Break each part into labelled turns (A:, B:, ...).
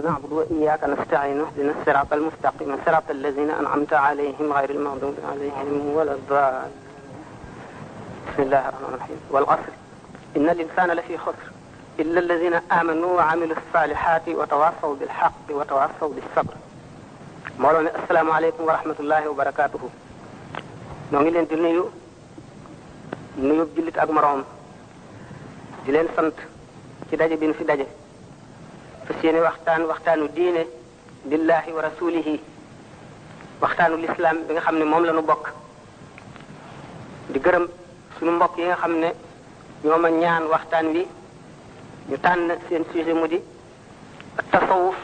A: نعبد وإياك نستعين اهدنا الصراط المستقيم صراط الذين أنعمت عليهم غير المغضوب عليهم ولا الضال بسم الله الرحمن الرحيم والعصر إن الإنسان لفي خسر إلا الذين آمنوا وعملوا الصالحات وتواصوا بالحق وتواصوا بالصبر مولانا السلام عليكم ورحمة الله وبركاته barakaatuhu noo ngi نيو نيو nuyu nuyu jullit ak moroom di leen sant fa seeni waxtaan waxtaanu diine billahi wa rasulihi waxtaanu lislaam bi nga xam ne moom la ñu bokk di gërëm suñu mbokk yi nga xam ne ñoo ma ñaan waxtaan wi ñu tànn seen sujet mu di tasawuf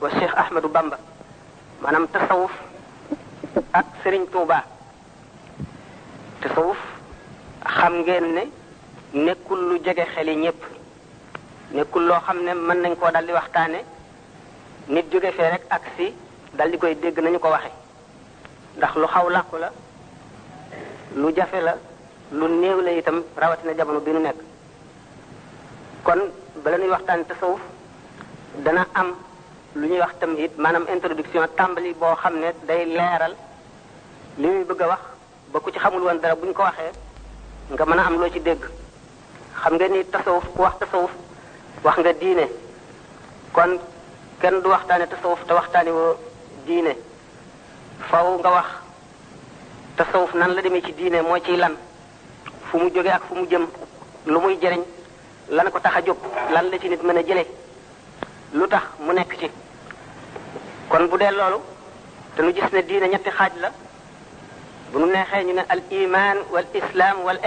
A: wa Cheikh Ahmadou Bamba maanaam tasawuf ak Serigne Touba tasawuf xam ngeen ne nekkul lu jege xeli ñépp nekul loo xam ne mën nañ koo dal di waxtaane nit jóge fee rek ak si dal di koy dégg nañu ko waxe ndax lu xaw làqu la lu jafe la lu néew la itam rawatina jamono bi nu nekk kon bala nuy waxtaan tasawuf dana am lu ñuy wax tam it maanaam introduction tàmbali boo xam ne day leeral li ñuy bëgg a wax ba ku ci xamul woon dara buñ ko waxee nga mën am loo ci dégg xam nga ni tasawuf ku wax tasawuf wax nga diine kon kenn du waxtaane tasawuf te waxtaane woo diine faw nga wax tasawuf nan la demee ci diine mooy ciy lan fu mu jóge ak fu mu jëm lu muy jëriñ lan ko tax a jóg lan la ci nit mën a jële lu tax mu nekk ci kon bu dee loolu te nu gis ne diine ñetti xaaj la bu nu neexee ñu ne al iman wal islam wal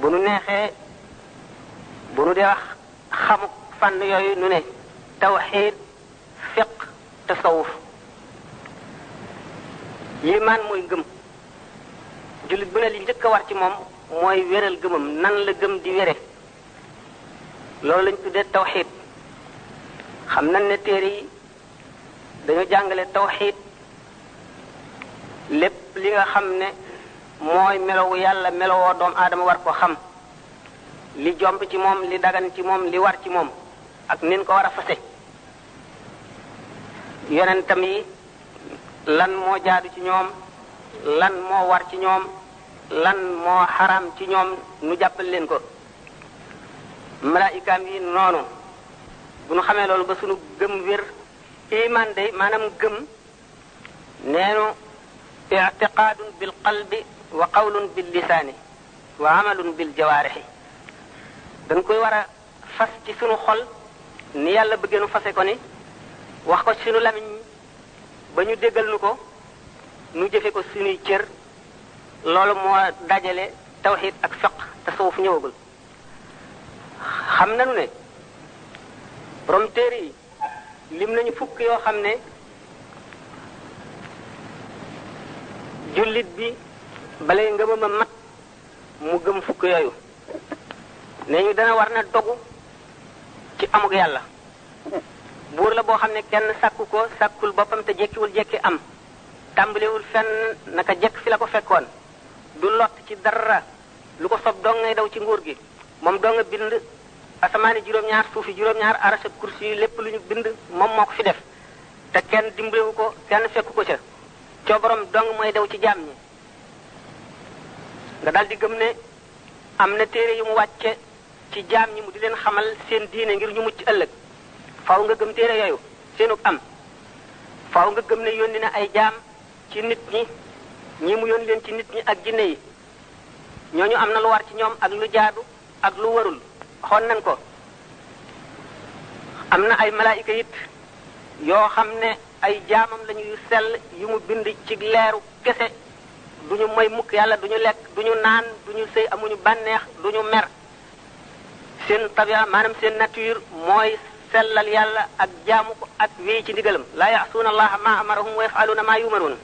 A: bu nu neexee bu nu dee wax xamuk fànn yooyu nu ne tawxiid fiq tasawuf liimaan mooy gëm jullit bu ne li njëkk a war ci moom mooy wéral gëmam nan la gëm di wére loolu lañ tuddee tawxiid xam nañ ne téere yi dañu jàngale tawxiit lépp li nga xam ne mooy melow yàlla melowoo doom aadama war ko xam li jomb ci moom li dagan ci moom li war ci moom ak nin ko war a fase yonentam yi lan moo jaadu ci ñoom lan moo war ci ñoom lan moo xaram ci ñoom nu jàppal leen ko malaayikaam yi noonu bu nu xamee loolu ba sunu gëm wér iman day maanaam gëm neenu i'tiqaadun bil qalbi wa qawlun bil lisaani wa amalun bil jawaarixi dañ koy war a fas ci sunu xol ni yàlla bëggee nu fase ko ni wax ko ci sunu lamiñ ba ñu déggal nu ko nu jëfe ko sunuy cër loolu moo dajale tawxid ak fiq tasawuf ñëwagul xam nañu ne borom téere yi lim nañu fukk yoo xam ne jullit bi balay ngëmam a mat mu gëm fukk yooyu nee ñu dana war na dogu ci amug yàlla buur la boo xam ne kenn sàkku ko sàkkul boppam te jekkiwul jekki am tàmbalewul fenn naka jekk fi la ko fekkoon du lott ci dara lu ko sob dong ngay daw ci nguur gi moom dong nga bind asamaani juróom-ñaar suufi juróom-ñaar arasa kursi yi lépp lu ñu bind moom moo ko fi def te kenn dimbalewu ko kenn fekku ko ca coobaram dong mooy daw ci jaam ñi nga daal gëm ne am na téere yu mu wàcce ci jaam ñi mu di leen xamal seen diine ngir ñu mucc ëllëg faaw nga gëm téere yooyu seenug am faw nga gëm ne yónni na ay jaam ci nit ñi ñii mu yónni leen ci nit ñi ak jinne yi ñooñu am na lu war ci ñoom ak lu jaadu ak lu warul xoon nañ ko am na ay malaayika it yoo xam ne ay jaamam lañuy sell yu mu bind ci leeru kese ñu moy mukk yàlla duñu lekk ñu naan ñu sëy amuñu bànneex ñu mer seen tabia maanaam seen nature mooy sellal yàlla ak jaamu ko ak wéy ci ndigalam laa yaasuuna allaha ma amarahum wa yafaluuna maa yumaruun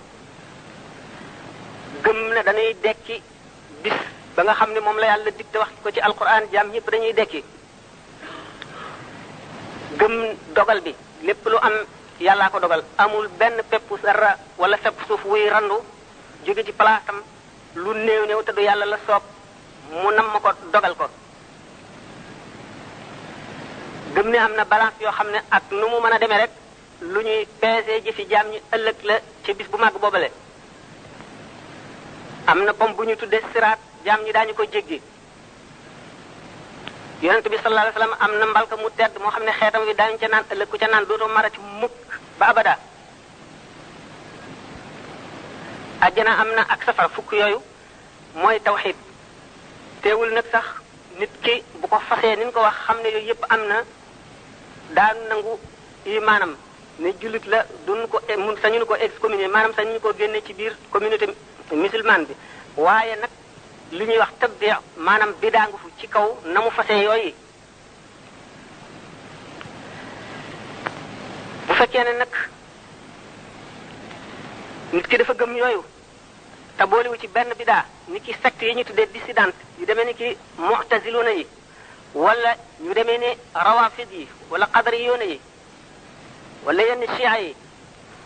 A: gëm ne dañuy dekki bis ba nga xam ne moom la yàlla dig te wax ko ci alquran jaam ñëpp dañuy dekki gëm dogal bi lépp lu am yàllaa ko dogal amul benn pepp sarra wala fepp suuf wuy randu jóge ci palaasam lu néew néew te yàlla la soob mu nam ko dogal ko gëm ne am na balance yoo xam ne ak nu mu mën a demee rek lu ñuy peese ji fi jaam ñu ëllëg la ci bis bu màgg boobale am na pom bu ñu tuddee siraat jaam ñi daañu ko jéggi yonent bi sallallahu alayhi wa sallam am na mbalka mu tedd moo xam ne xeetam bi daañu ca naan ëllëg ku ca naan dootoo marati mukk ba abada àjjana am na ak safara fukk yooyu mooy tawxid teewul nag sax nit ki bu ko fasee ni ko wax xam ne yooyu yëpp am na daanu nangu imaanam ne jullit la duñ ko e-, mun sañu ko excommunier maanaam sañu ko génne ci biir communauté musulmane bi waaye nag li ñuy wax tabdi maanaam bidaa nga fu ci kaw namu fase yooyu bu fekkee ne nag nit ki dafa gëm yooyu te boolewu ci benn bidaa ni ki secte yi ñu tuddee dissidente yu demee ni ki mu'taziluna yi wala ñu demee ni rawafid yi wala qadari yoone yi wala yenn chia yi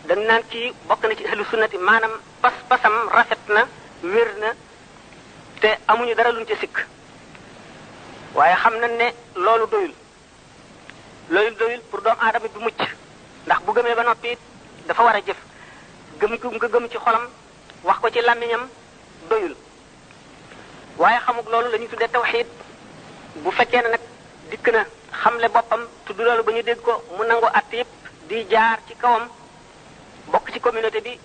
A: dañ naan kii bokk na ci ahlu sunnati maanaam pas pasam rafet na wér na te amuñu dara luñ ci sikk waaye xam nañ ne loolu doyul loolu doyul pour doomu aadama bi mucc ndax bu gëmee ba noppi dafa war a jëf gëm ku nga gëm ci xolam wax ko ci làmmiñam doyul waaye xamuk loolu lañu ñu tuddee bu fekkee ne nag dikk na xam xamle boppam tudd loolu ba ñu dégg ko mu nangu at yëpp di jaar ci kawam bokk ci communauté bi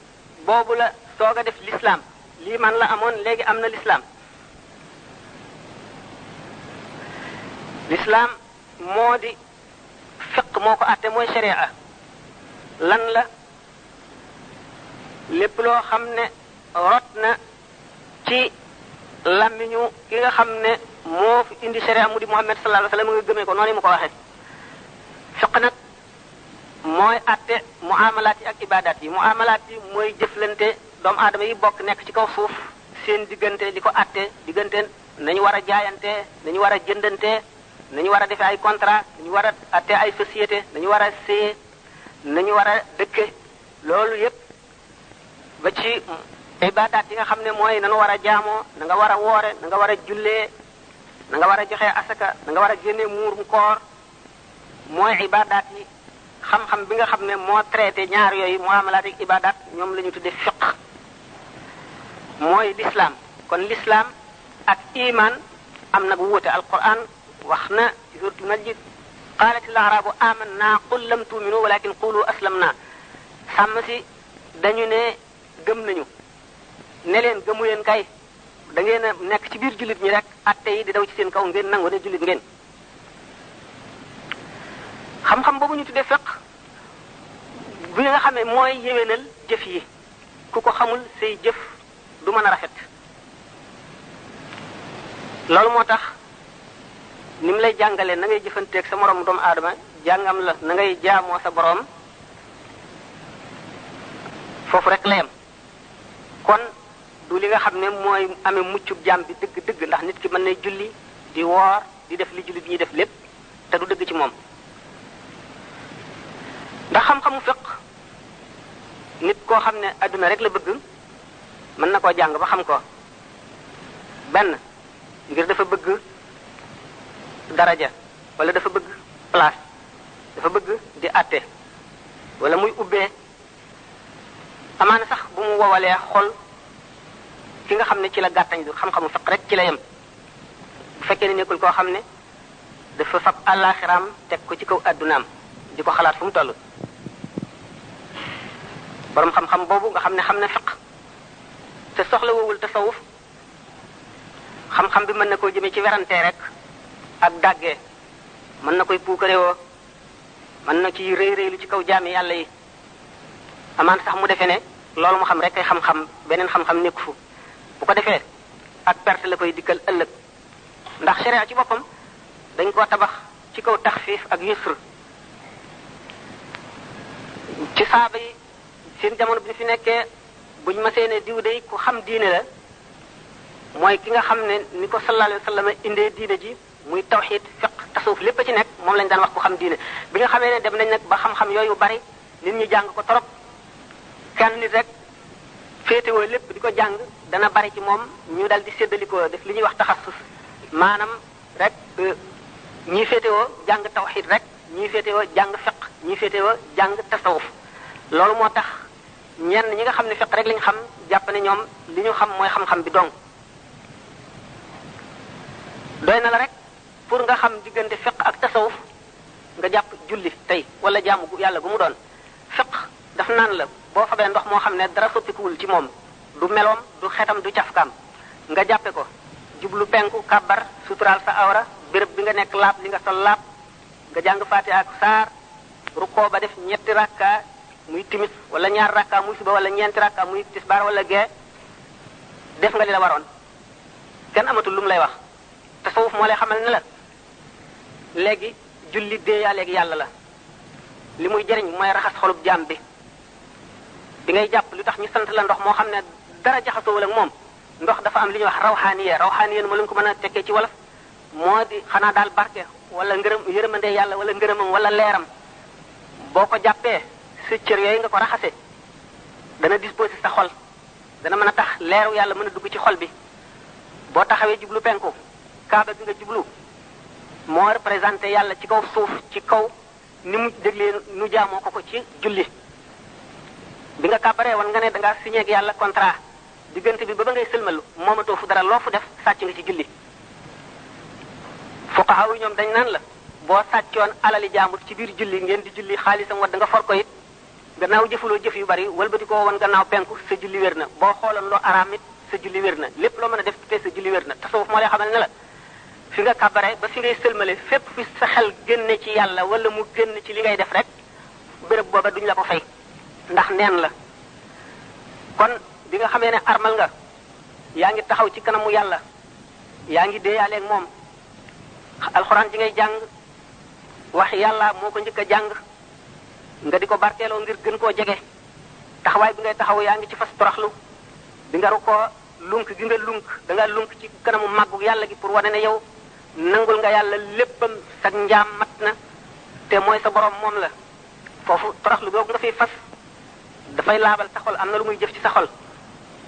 A: boobu la soog a def lislaam lii man la amoon léegi am na l'islam lislaam moo di fiq moo ko àtte mooy sharia lan la lépp loo xam ne rot na ci làmmiñu ki nga xam ne moo fi indi a mu di Muhammad sallallahu alayhi wasallam nga gëmee ko noonu mu ko waxee fiq nag mooy atte muamalaat yi ak ibadaat yi muamalaat yi mooy jëflante doomu aadama yi bokk nekk ci kaw suuf seen diggante di ko atte diggante nañu war a jaayante nañu war a jëndante nañu war a defee ay contrat nañu war a atte ay société nañu war a séye nañu war a dëkke loolu yépp ba ci ibadaat yi nga xam ne mooy nanu war a jaamoo na nga war a woore na nga war a jullee na nga wara joxe asaka na nga wara a mur mu koor moy ibadat yi xam-xam bi nga xam mo traité ñaar yooyu muamalaat ak ibadat ñom lañu tuddé fiqh moy l'islam kon l'islam ak iman am bu wote alquran waxna yurtu majid, qalat al arab amanna qul lam tuminu walakin qulu aslamna sàmm si dañu ne gëm nañu ne leen gëmu leen kay da ngeen a nekk ci biir jullit ñi rek atte yi di daw ci seen kaw ngeen nangu ne jullit ngeen xam-xam boobu ñu tuddee fiqh bi nga xamee mooy yéwénal jëf yi ku ko xamul say jëf du mën a rafet loolu moo tax ni mu lay jàngalee na ngay jëfanteeg sa moroom doomu aadama jàngam la na ngay jaamoo sa boroom foofu rek la kon du li nga xamne moy amé muccu jam bi deug deug ndax nit ki man julli di wor di def li julli bi ñuy def lepp te du deug ci mom ndax xam-xamu fiq nit ko xamne aduna rek la bëgg man na ba xam ko ben, ngir dafa bëgg daraja wala dafa bëgg place dafa bëgg di atté wala muy ubbé amana sax bu mu wowalé xol fi nga xamne ci la gàttañ du xam-xamu fiq rek ci la yam bu fekkee ne nekkul koo xam ne dafa fab alakhiram tek ko ci kaw addunaam diko ko xalaat fu mu tollu borom xam-xam bobu nga xamne xamna xam te soxla wowul tasawuf xam-xam bi mën na koo jëmee ci werante rek ak dàggee mën na koy puukarewoo mën na ci rëy lu ci kaw jaami yàlla yi amaan sax mu defe ne loolu mu xam rek ay xam-xam beneen xam-xam nekku fu bu ko defee ak perte la koy dikkal ëllëg ndax sharia ci boppam dañ koo tabax ci kaw taxfiif ak yusr ci saaba yi seen jamono bi ñu fi nekkee buñ masee ne diw day ku xam diine la mooy ki nga xam ne ni ko sallallahu alayhi wa sallam indee diine ji muy tawxid fiq tasawuf lépp ci nekk moom lañ daan wax ku xam diine bi nga xamee ne dem nañ nag ba xam-xam yooyu bari nit ñi jàng ko trop kenn nit rek féetewoo lépp di ko jàng dana bari ci mom ñu dal di séddalikoo def li ñuy wax taxassus manam rek euh, ñi wo jang tawhid rek ñi wo jang fiqh ñi wo jang tasawuf lolu motax ñen ñi nga xamni fiqh rek lañ xam japp ne ñom li ñu xam moy xam-xam bi dong doyna la rek pour nga xam diggante fiqh ak tasawuf nga japp julli tay wala jamu yàlla gu mu doon fiq daf nan la bo xabe ndox mo xamne ne dara ci mom du melom du xetam du tiafkam nga jappé ko jublu penku kabar sutural sa awra béréb bi nga nek laab li nga sol laab nga jang fati ak saar rukkoo ba def ñetti rakka muy timis wala ñaar rakka muy suba wala ñent rakka muy tisbar wala ge, def nga li la waroon kenn amatul lum lay wax fofu mo lay xamal ne la legi julli ya legi yalla la limuy jeriñ moy raxas xolub jambi bi ngay japp lu ñu sant la ndox mo xamne dara jaxasoowul ak moom ndox dafa am li ñuy wax rawxaaniye rawxaaniye nu ma leen ko mën a tekkee ci wolof moo di xanaa daal barke wala ngërëm yërmande yàlla wala ngërëmam wala leeram boo ko jàppee sa cër yooyu nga ko raxase dana disposé sa xol dana mën a tax leeru yàlla mën a dugg ci xol bi boo taxawee jublu penku kaaba gi nga jublu moo représenté yàlla ci kaw suuf ci kaw ni mu déglee nu jaamoo ko ko ci julli bi nga kàbbaree wan nga ne da yàlla contrat diggante bi ba ba ngay sëlmal moomatoo fu dara loo fu def sàcc nga ci julli fuqaha yi ñoom dañ naan la boo sàccoon alali jaambur ci biir julli ngeen di julli xaalisam wadd danga for ko it gannaaw jëfuloo jëf yu bari wëlbati koo won gannaaw penku sa julli wér na boo xooloon loo araamit it sa julli wér na lépp loo mën a def te sa julli wér na tasawuf moo lay xamal ne la fi nga kabare ba fi ngay sëlmale fépp fi sa xel génne ci yàlla wala mu génn ci li ngay def rek béréb booba duñ la fay ndax neen la bi nga xamee ne armal nga yaa ngi taxaw ci kanamu yàlla yaa ngi deeyaaleeg moom alxuraan ji ngay jàng wax yàlla moo ko njëkk a jàng nga di ko barkeeloo ngir gën koo jege taxawaay bi ngay taxaw yaa ngi ci fas toroxlu bi nga rukkoo lunk gi nga lunk da lunk ci kanamu màggu yàlla gi pour wane ne yow nangul nga yàlla léppam sa njaam mat na te mooy sa borom moom la foofu toroxlu googu nga fiy fas dafay laabal sa xol am na lu muy jëf ci sa xol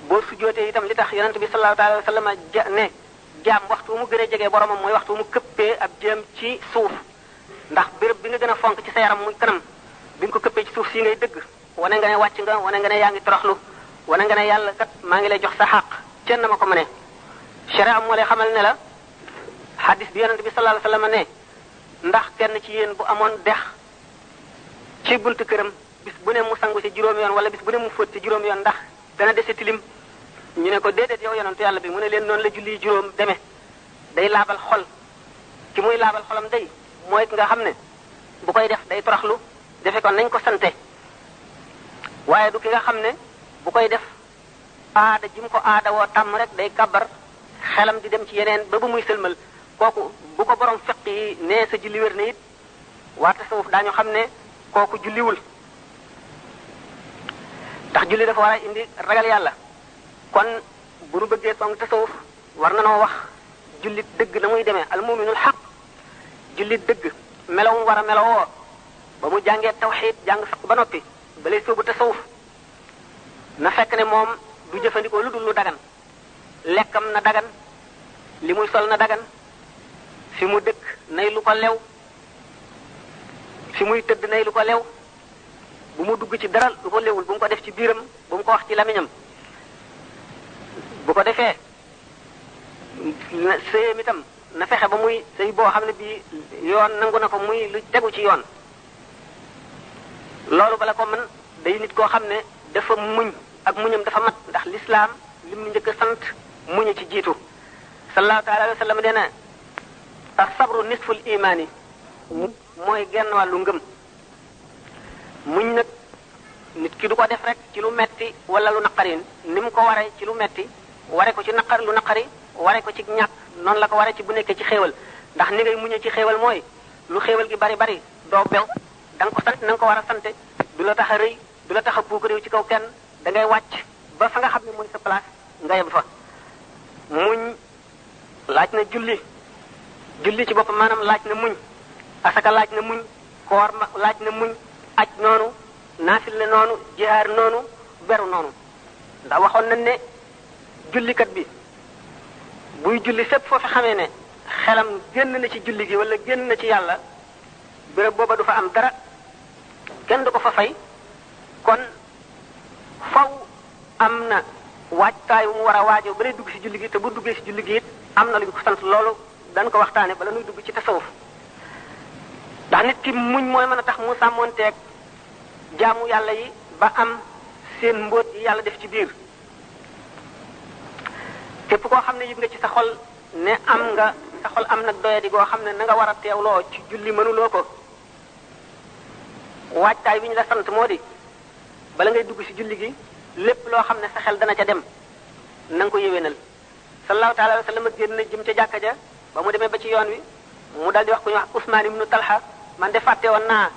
A: boo sujjootee itam li tax yonent bi sallallahu taala wa sallam ja ne jaam waxtu mu gën a jegee boromam mooy waxtu mu këppee ab jëm ci suuf ndax béréb bi nga gën a fonk ci sa yaram muy kanam bi nga ko këppee ci suuf si ngay dëgg wane nga ne wàcc nga wane nga ne yaa ngi toroxlu wane nga ne yàlla kat maa ngi lay jox sa xaq kenn ma ko mëne sharia moo lay xamal ne la xadis bi yonent bi sallallahu alayhi wasallam ne ndax kenn ci yéen bu amoon dex ci bunt këram bis ne mu sangu ci juróom yoon wala bis bu ne ndax dana dese tilim ñu ne ko déedéet yow yonentu yàlla bi mu ne leen noonu la julli juróom deme day laabal xol ki muy laabal xolam day mooy ki nga xam ne bu koy def day toroxlu defe ko nañ ko sante waaye du ki nga xam ne bu koy def aada ji mu ko aada woo tàmm rek day kabar xelam di dem ci yeneen ba bu muy sëlmal kooku bu ko boroom fiq yi nee sa julli wér na it waa daa daañu xam ne kooku julliwul ndax julli dafa war a indi ragal yàlla kon bu nu bëggee song tasawuf war na noo wax jullit dëgg na muy demee almuminul xaq jullit dëgg melawum war a melawoo ba mu jàngee tawxiid jàng sax ba noppi balay soobu tasawuf na fekk ne moom du jëfandikoo lu dul lu dagan lekkam na dagan li muy sol na dagan fi mu dëkk nay lu ko lew fi muy tëdd nay lu ko lew bu mu dugg ci dara lu ko lewul bu mu ko def ci biiram bu mu ko wax ci lamiñam bu ko defee sëyeem itam na fexe ba muy sëy boo xam ne bii yoon nangu na ko muy lu tegu ci yoon loolu bala ko mën day nit koo xam ne dafa muñ ak muñam dafa mat ndax lislaam lim nu njëkk a sant muñu ci jiitu sallallahu taala alayhi wa sallam nee na ak sabru nisful imaan yi mooy genn wàllu ngëm muñ nag nit ki du ko def rek ci lu metti wala lu naqarin ni ko waree ci lu metti ware ko ci naqar lu naqari ware ko ci ñàkk noonu la ko waree ci bu nekkee ci xéewal ndax ni ngay muñe ci xéewal mooy lu xéewal gi bari bari doo bew da nga ko sant na ko war a sante du la tax a rëy du la tax a puuk réew ci kaw kenn dangay ngay wàcc ba fa nga xam ne mooy sa place nga yem fa muñ laaj na julli julli ci boppam maanaam laaj na muñ asaka laaj na muñ koor ma laaj noonu naafil la noonu jihaar noonu beru noonu ndax waxoon nañ ne jullikat bi buy julli fépp foo xamee ne xelam génn na ci julli gi wala génn na ci yàlla béréb booba du fa am dara kenn du ko fa fay kon faw am na waajtaay mu war a waajoo ba dugg ci julli gi te bu duggee si julli gi it am na lu ñu ko sant loolu dañ ko waxtaane bala nuy dugg ci tasawuf ndax nit ki mooy mën a tax mu sàmmoonteeg jaamu yàlla yi ba am seen mbóot yi yàlla def ci biir képp koo xam ne yëg nga ci sa xol ne am nga sa xol am nag doyadi goo xam ne na war a teewloo ci julli mënuloo ko waajtaay bi ñu la sant moo di bala ngay dugg ci julli gi lépp loo xam ne sa xel dana ca dem na nga ko yéwénal sallallahu taala wa sallam génn na jëm ca jàkka ja ba mu demee ba ci yoon wi mu dal wax ku ñu wax Usmaan ibnu Talha man de fàtte woon nela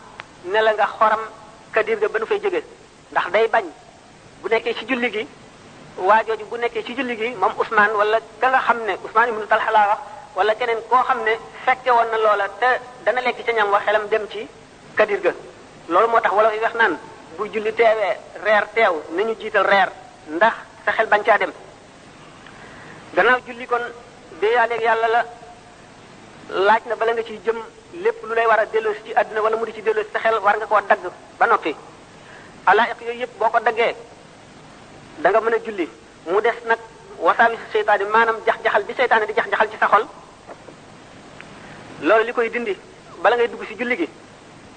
A: ne la nga xoram kadir ga ba nu fay jóge ndax day bañ bu nekkee ci julli gi ju bu nekké ci julli gi moom usman wala ka nga xamné Usman ibn Talha la wax wala keneen ko xamné fekke woon na loola te dana lek ci ñam wa xelam dem ci kadir ga loolu motax wala wax naan bu julli téwé reer téw nañu jital reer ndax sa xel bañ ca dem gannaaw julli kon déeyaaleeg yalla la laaj na bala nga ci jëm lepp lu lay wara delo ci aduna wala mu di ci delo sa xel war nga ko dag ba nopi boko dagge danga mën a julli mu des nag wasaawisu seytaane maanaam jax-jaxal bi seytaane di jax-jaxal ci sa xol loolu li koy dindi bala ngay dugg ci julli gi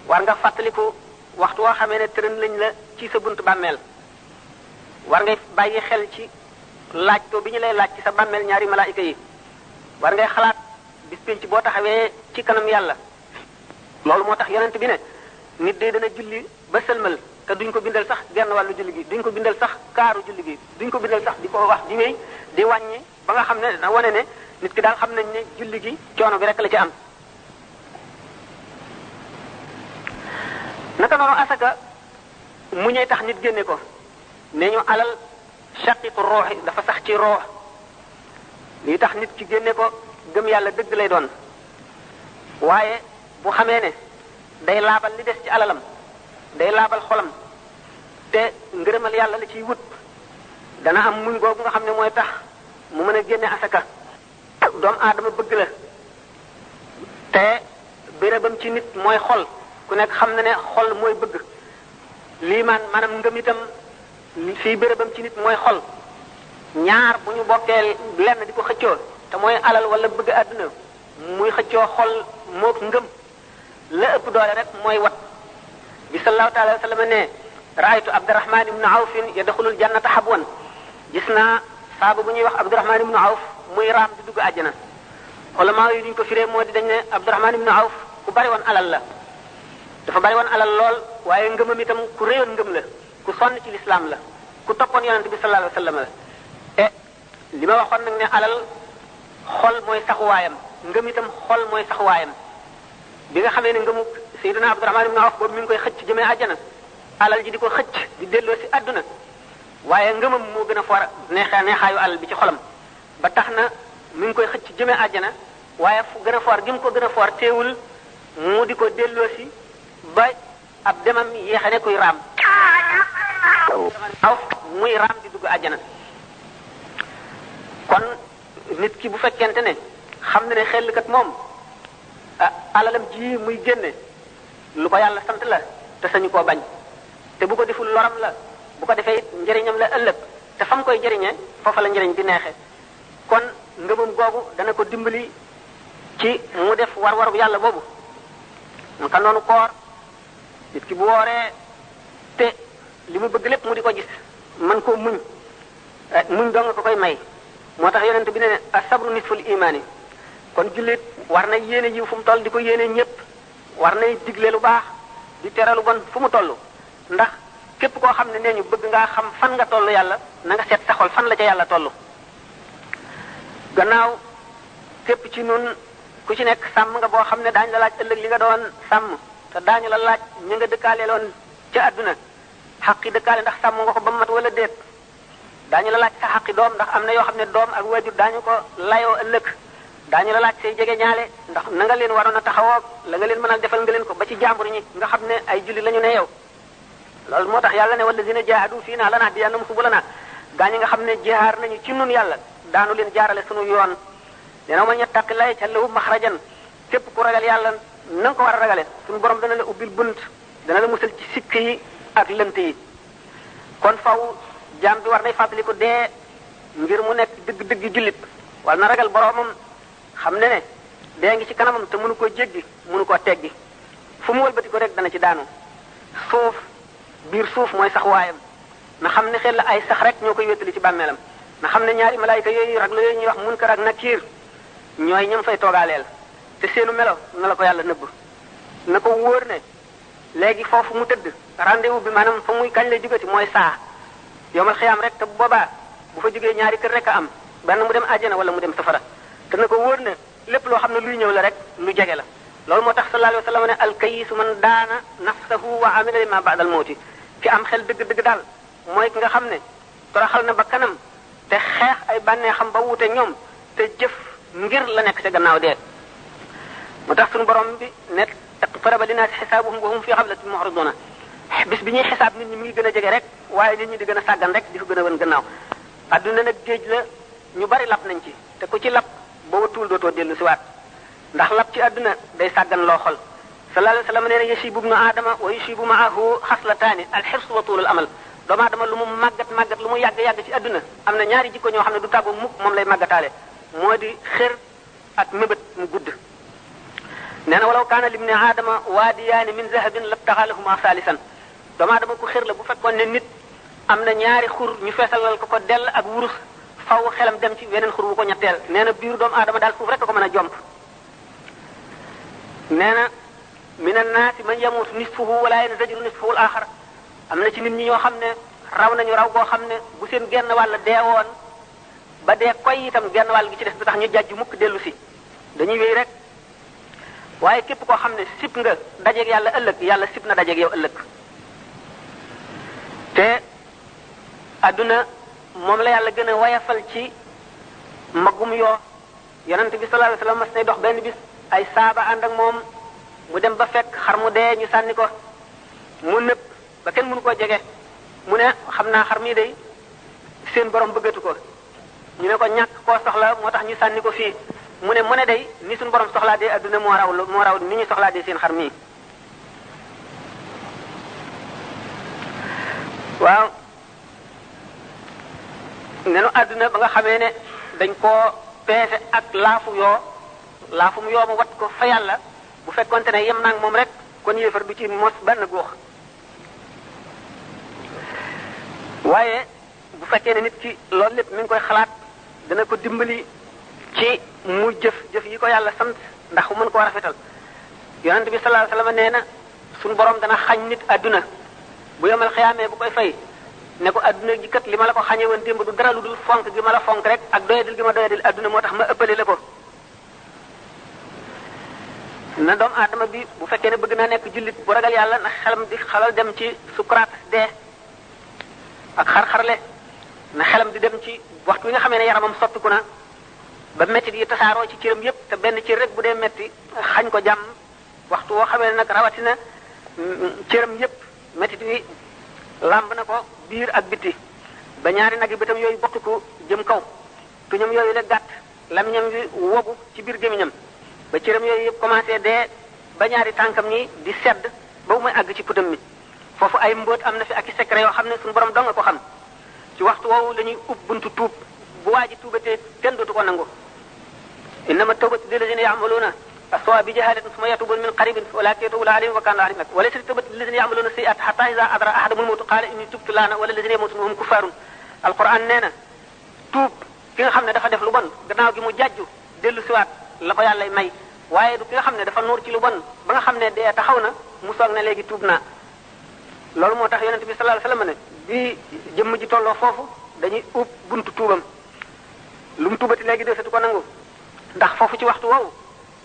A: war nga fàttaliku waxtu woo xame ne tërën lañu la ci sa bunt bàmmeel war ngay bàyyi xel ci laaj to bi ñu lay laaj ci sa bàmmeel ñaari malaayika yi war ngay xalaat bis pénc boo taxawee ci kanam yàlla loolu moo tax yonent bi ne nit day dana julli ba sëlmal te duñ ko bindal sax genn wàllu julli gi duñ ko bindal sax kaaru julli gi duñ ko bindal sax di ko wax di wéy di wàññi ba nga xam ne dana wane ne nit ki daal xam nañ ne julli gi coono bi rek la ci am. naka noonu asaka mu ñëw tax nit génne ko ne ñu alal shaqiqu rooxi dafa sax ci roox lii tax nit ki génne ko gëm yàlla dëgg lay doon waaye bu xamee ne day laabal li des ci alalam. day laabal xolam te ngeureumal yalla la ci wut dana am muñ googu nga xamne ne tax mu meuna genné asaka doom adama bëgg la te bérébam ci nit moy xol ku nek xam na ne xol moy bëgg liman manam ngëm itam fii bérébam ci nit moy xol ñaar buñu ñu lenn di ko te moy alal wala bëgg aduna muy xëccio xol mook ngëm la ëpp doole rek moy wat bi sallallahu taala wa sallam ne raaytu abdurahman ibnu awfin a jannata xabwan gis naa saaba bu ñuy wax abdurahman ibnu awf muy raam di dugg àjjana xulamaa yi duñ ko firee moo di dañ ne abdurahman ibnu awf ku bari woon alal la dafa bari woon alal lool waaye ngëmam itam ku réyoon ngëm la ku sonn ci lislaam la ku toppoon yonente bi sallallahu alayhi wa sallam la e li ma waxoon nag ne alal xol mooy saxuwaayam ngëm itam xol mooy saxuwaayam bi nga xamee Seydina Abdourahmaan ibn Awf boobu mi ngi koy xëcc jëmee àjjana alal ji di ko xëcc di delloo si àdduna waaye ngëmam moo gën a for neexa neexaayu alal bi ci xolam ba tax na mi ngi koy xëcc jëmee àjjana waaye fu gën a for gi mu ko gën a for teewul mu di ko delloo si ba ab demam yéexa ne kuy raam muy raam di dugg àjjana kon nit ki bu fekkente ne xam na ne xel kat moom ah, alalam ji muy génne lu ko yàlla sant la te sañu koo bañ te bu ko deful loram la bu ko defee it njëriñam la ëllëg te fam koy jëriñee foofa la njëriñ di neexe kon ngëmam googu dana ko dimbali ci mu def war-waru yàlla boobu naka noonu koor ki bu te li mu bëgg lépp di ko gis man koo muñ eh, muñ doo nga ko koy may moo tax yonent bi ne ne asabru nisful imaani kon jullit war na yéene jiw fu mu toll di ko yéene ñëpp war nay digle lu baax di tere lu bon fu mu toll ndax képp koo xam ne nee ñu bëgg ngaa xam fan nga toll yàlla na nga seet sa fan la ca yàlla toll gannaaw képp ci nun ku ci nekk sàmm nga boo xam ne daañu la laaj ëllëg li nga doon sàmm te daañu la laaj ñu nga dëkkaale loon ca àdduna xaqi dëkkaale ndax sàmm nga ko ba mat wala déet daañu la laaj sa xaqi doom ndax am na yoo xam ne doom ak waajur daañu ko layoo ëllëg daañu la laaj say jege ñaale ndax na leen waroon na taxawoo la nga leen a defal nga leen ko ba ci jàmbur ñi nga xam ne ay julli la ñu ne yow loolu moo tax yàlla ne wallazina jaahadu fii naa lanaa diyaanum subulanaa gaa ñi nga xam ne jihaar nañu ci nun yàlla daanu leen jaarale sunu yoon dina ma ñettaq lay ca lawu maxrajan képp ku ragal yàlla na ko war a ragale suñu borom dana la ubbil bunt dana la musal ci sikk yi ak lënt yi kon faw jaam bi war nay fàttaliku dee ngir mu nekk dëgg-dëgg jullit war na ragal boromam xam ne ne dee ngi ci kanamam te mënu koo jéggi mënu koo teggi fu mu wëlbati ko rek dana ci daanu suuf biir suuf mooy sax waayam na xam ne xel la ay sax rek ñoo koy wéttali ci bàmmeelam na xam ne ñaari malaayika yooyu rag la yooyu ñuy wax mun ko munkar na nakiir ñooy ñam fay toogaaleel te seenu melo na la ko yàlla nëbb na ko wóor ne léegi foofu mu tëdd rendez-vous bi maanaam fa muy kañ lay jugati mooy saa yomal xiyaam rek te boobaa bu fa jógee ñaari kër rek a am benn mu dem àjjana wala mu dem safara te na ko wóor na lépp loo xam ne luy ñëw la rek lu jege la loolu moo tax sallallahu alayhi wa sallam ne alkayisu man daana nafsahu wa amila lima ba'dal mawti ki am xel dëgg-dëgg daal mooy ki nga xam ne toroxal na ba kanam te xeex ay bànneexam ba wuute ñoom te jëf ngir la nekk ca gannaaw de moo tax suñu borom bi net faraba linaasi xisaabuhum wa hum fi xablatin doona bis bi ñuy xisaab nit ñi mu ngi gën a jege rek waaye nit ñi di gën a sàggan rek di ko gën a wan gannaaw adduna géej la ñu bari lap nañ ci te ku ci lap ba wattuwul delu ci wat ndax lab ci aduna day sagan lo xol sallallahu alaihi wasallam neena yashibu ibn adama wa yashibu ma'ahu khaslatan al-hirs wa tul al-amal doom dama lu mu magat magat lu mu yag yag ci aduna amna ñaari jikko ño xamne du tagu mu mom lay magatalé modi xër ak mébét mu gudd neena walaw kana limni adama wadiyan min zahabin labtaxalahuma saalisan doom dama ku xër la bu fekkone nit amna ñaari xur ñu fessalal ko ko del ak wurus faw xelam dem ci weneen xur ko ñetteel nee na biiru doomu aadama daal suuf rek a ko mën a jomp nee na ma annaasi ni yamuutu nisfuhu wala yanzajru nisfuhu al axar am na ci nit ñi ñoo xam ne raw nañu raw goo xam ne bu seen genn wàll deewoon ba dee koy itam genn wàll gi ci def du tax ñu jàjj mukk dellu si dañuy wéy rek waaye képp koo xam ne sib nga dajeeg yàlla ëllëg yàlla sib na dajeeg yow ëllëg te adduna mom la yalla gëna a wayafal ci magum yo yonent bi sallallahu alayhi wasallam mas nay dox ben bis ay saaba and ak mom mu dem ba fek xar mu de ñu sanni ko mu nepp ba kenn mënu ko jégé mu ne xamna xar mi day seen borom bëggatu ko ñu ne ko ñak ko soxla motax ñu sanni ko fi mu ne mu ne day ni suñu borom soxla de aduna mo raw mo raw ni ñu soxla de seen xar mii waaw nenu àdduna ba nga xamee ne dañ koo peese ak laafu yoo laafum yoo mu wat ko fa yàlla bu fekkonte ne yem naag moom rek kon yéefar du ci mos benn góox waaye bu fekkee ne nit ki loolu lépp mi ngi koy xalaat dana ko dimbali ci mu jëf jëf yi ko yàlla sant ndax mu mën koo rafetal yonent bi sallallahu alayhi wasallam nee na suñu borom dana xañ nit àdduna bu yomal xiyaamee bu koy fay ne ko adduna ji kat li la ko xagne won dembu du dara lu dul fonk gi mala fonk rek ak doyadil gi ma doyadil aduna motax ma ëppale la ko na dom aadama bi bu fekkee ne bëgg naa nekk jullit bu ragal yàlla na xalam di xalal dem ci sukrat de ak xar-xarle na xalam di dem ci waxtu nga xamene yaramam sottiku kuna ba metti di tassaro ci cëram yep te ben ci rek bu de metti xagn ko jam waxtu wo xamene nak rawati na cëram yep metti di làmb na ko biir ak biti ba ñaari nag yi bëtam yooyu bokk ko jëm kaw tuñam yooyu la gàtt lamiñam wi wobu ci biir gémmiñam ba cëram yooyu yëpp commencé de ba ñaari tànkam ni di sedd ba muy àgg ci putam mi foofu ay mbóot am na fi ak i secret yoo xam ne suñu borom dong nga ko xam ci waxtu wow la ñuy ub buntu tuub bu waa ji tuubatee kenn dootu ko nangu innama tawbatu lillazina ya'maluna السواء بجهالة ثم يتوب من قريب فأولئك يتوب عليهم وكان عليم وليس لتوبة الذين يعملون السيئات حتى إذا أدرى أحدهم الموت قال إني تبت الآن ولا الذين يموتون وهم كفار القرآن nee na tuub ki nga xam ne dafa def lu bon gannaaw gi mu jàjju dellu siwaat la ko yàlla may waaye du ki nga xam ne dafa nuur ci lu bon ba nga xam ne dee taxaw na mu soog ne léegi tuub naa loolu moo tax yonent bi sallallahu alayhi wasallam ne bi jëmm ji tolloo foofu dañuy ub buntu tuubam lu mu tuubati léegi desatu ko nangu ndax foofu ci waxtu woowu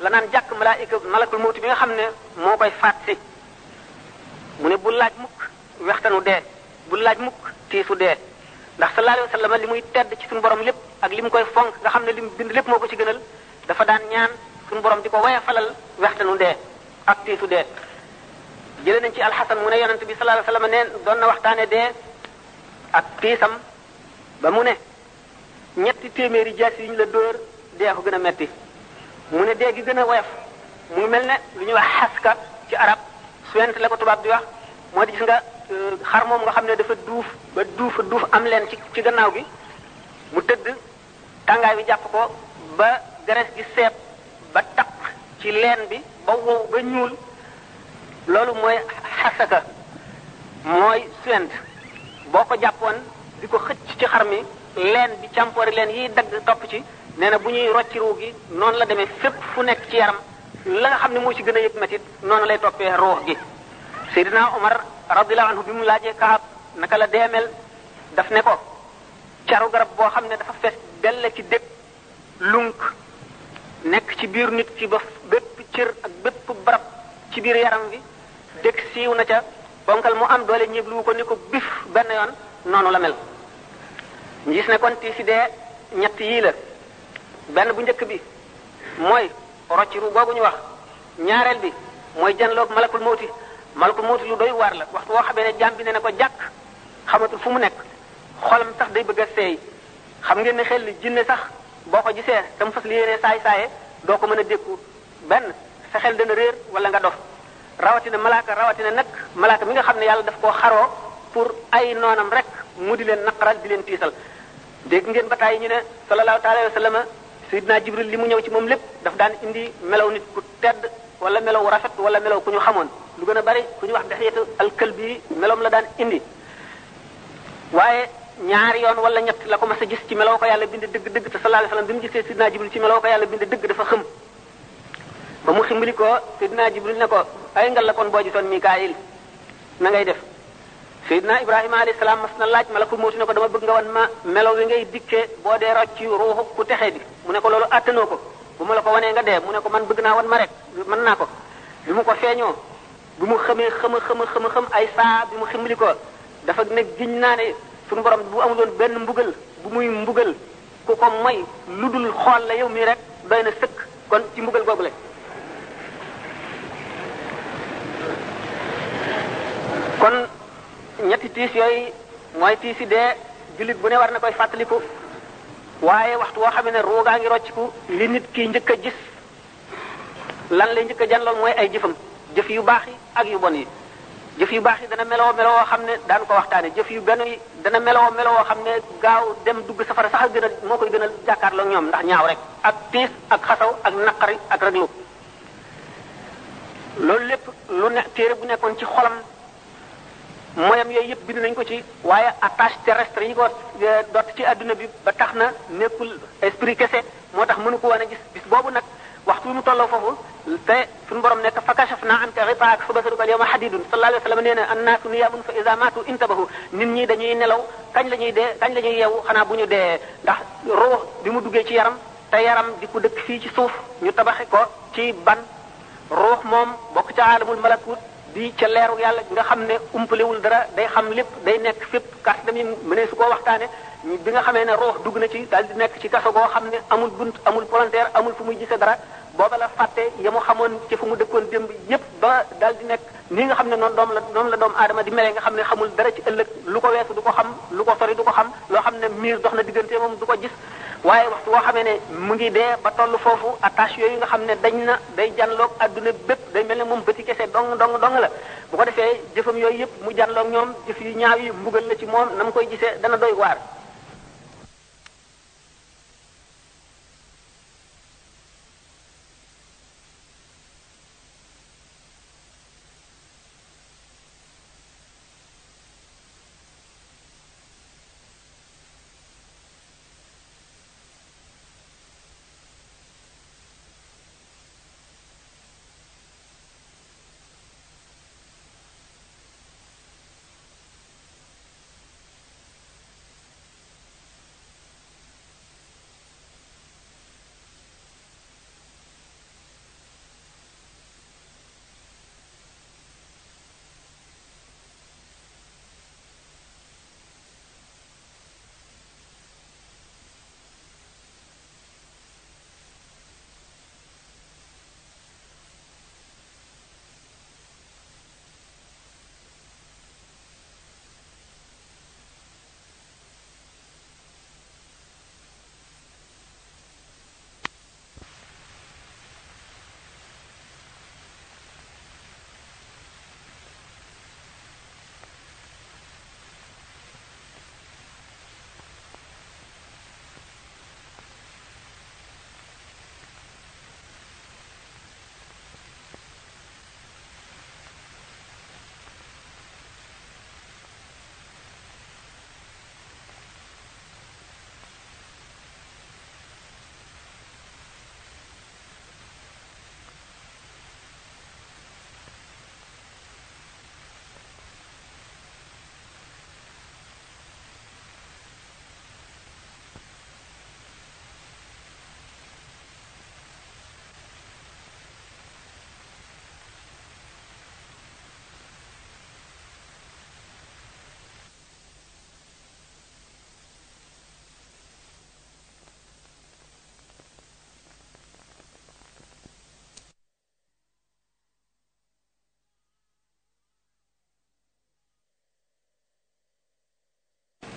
A: la naan jàkk malaayika malakul mawti bi nga xam ne moo koy faat si mu ne bu laaj mukk wextanu dee bu laaj mukk tiisu dee ndax sallallahu alayhi wa sallam li muy tedd ci suñu borom lépp ak li mu koy fonk nga xam ne li mu bind lépp moo ko ci gënal dafa daan ñaan suñu borom di ko waye falal wextanu de ak tiisu de jëlee nañ ci alxasan mu ne yonent bi sallallahu alayhi wa neen doon na waxtaane dee ak tiisam ba mu ne ñetti téeméeri jaas yi la dóor dee ko gën a metti mu ne dee gi gën a woyof mu mel ne lu ñuy wax xaska ci arab suwent la ko tubaab di wax moo di gis nga euh, xar moom nga xam ne dafa duuf ba duufa duuf am leen ci ci gannaaw gi mu tëdd tàngaay bi jàpp ko ba graisse gi seet ba taq ci leen bi ba wow ba ñuul loolu mooy xasaka mooy suwent boo ko jàppoon di ko xëcc ci xar mi leen bi càmpoori leen yi dagg topp ci nee na bu ñuy rocci ruu gi noonu la demee fépp fu nekk ci yaram la nga xam ne moo ci gën a yëg metit noonu lay toppee ruux gi Seydina Omar radiyallahu anhu naka la deemel daf ne ko caru garab boo xam ne dafa fees ci dëkk ci biir nit ki ba ak bépp barab ci biir yaram bi dëkk siiw na ca bonkal mu am doole ñibluwu ko ni ko bif benn yoon noonu la mel gis ne kon ti si ñett yii la benn bu njëkk bi mooy rocc ru googu ñu wax ñaareel bi mooy janloog malakul mawti malakul mawti lu doy waar la waxtu woo xamee ne jaam bi ne na ko jàkk xamatul fu mu nekk xolam sax day bëgg a seey xam ngeen ne xel li jinne sax boo ko gisee te mu fas li yéenee saay saaye doo ko mën a dékku benn sa xel dana réer wala nga dof rawatina malaaka rawatina nag malaaka mi nga xam ne yàlla daf koo xaroo pour ay noonam rek mu di leen naqaral di leen tiisal Seydina Jibril li mu ñëw ci moom lépp daf daan indi melaw nit ku tedd wala melaw rafet wala melaw ku ñu xamoon lu gën a bari ku ñu wax dexeetu alkël bi meloom la daan indi waaye ñaari yoon wala ñett la ko mas a gis ci melaw ko yàlla bind dëgg dëgg te sallallahu alayhi wasallam bi mu gisee Seydina Jibril ci melaw ko yàlla bind dëgg dafa xëm ba mu ximbali ko Seydina Jibril ne ko ay ngal la kon boo gisoon Mikaayil na ngay def Seydina Ibrahima alayhi salaam mas na laaj malakul mawti ne ko dama bëgg nga wan ma melo wi ngay dikkee boo dee rocci ruuxu ku texe di mu ne ko loolu àttanoo ko bu ma la ko wanee nga dee mu ne ko man bëgg naa wan ma rek mën naa ko bi mu ko feeñoo bi mu xamee xama xama xama xam ay saa bi mu ximli ko dafa ne giñ naa ne suñu borom bu amuloon benn mbugal bu muy mbugal ku ko moy lu dul xool la yow mii rek doy na sëkk kon ci mbugal googu la kon ñetti tiis yooyu mooy tiis yi dee jullit bu ne war na koy fàttaliku waaye waxtu woo xam ne ruugaa ngi rocciku li nit ki njëkk a gis lan lay njëkk a jan mooy ay jëfam jëf yu baax yi ak yu bon yi jëf yu baax yi dana meloo meloo xam ne daan ko waxtaane jëf yu benn yi dana meloo meloo xam ne gaaw dem dugg safara sax a gën a moo koy gën a jàkkaarloo ñoom ndax rek ak tiis ak xasaw ak naqari ak rëglu loolu lépp lu ne téere bu nekkoon ci xolam mooyam yooyu yëpp bind nañ ko ci waaye attache terrestre yi ko eh, dot ci adduna bi ba tax na nekkul esprit kese moo tax mënu ko woon a gis boobu nag waxtu bi mu tolloo foofu te suñu borom nekk fa kachaf naa anka ripaak fa basaruka al yawma hadidun sallallahu alayhi wa sallam nee na annaasu niyaamun fa iza maatu intabahu nit ñi dañuy nelaw kañ la ñuy dee kañ la ñuy yeewu xanaa bu ñu dee ndax bi mu duggee ci yaram te yaram di ko dëkk fii ci suuf ñu tabaxi ko ci ban ruux moom bokk ci aalamul malakut di ca leeru yàlla nga xam ne umpalewul dara day xam lépp day nekk fépp kàtt dami mënee su ko waxtaane bi nga xamee ne roox dugg na ci daal di nekk ci kaso goo xam ne amul bunt amul volontaire amul fu muy gisee dara booba la fàtte ya mu xamoon ci fu mu dëkkoon démb yépp ba daal di nekk nii nga xam ne noonu doom la noonu la doomu aadama di melee nga xam ne xamul dara ci ëllëg lu ko weesu du ko xam lu ko sori du ko xam loo xam ne miir dox na diggante moom du ko gis waaye waxtu woo xamee ne mu ngi dee ba toll foofu attache yooyu nga xam ne dañ na day janloog adduna bépp day mel ne moom bëti kese dong dong dong la bu ko defee jëfam yooyu yëpp mu janloog ñoom jëf yu ñaaw yi mbugal la ci moom na mu koy gisee dana doy waar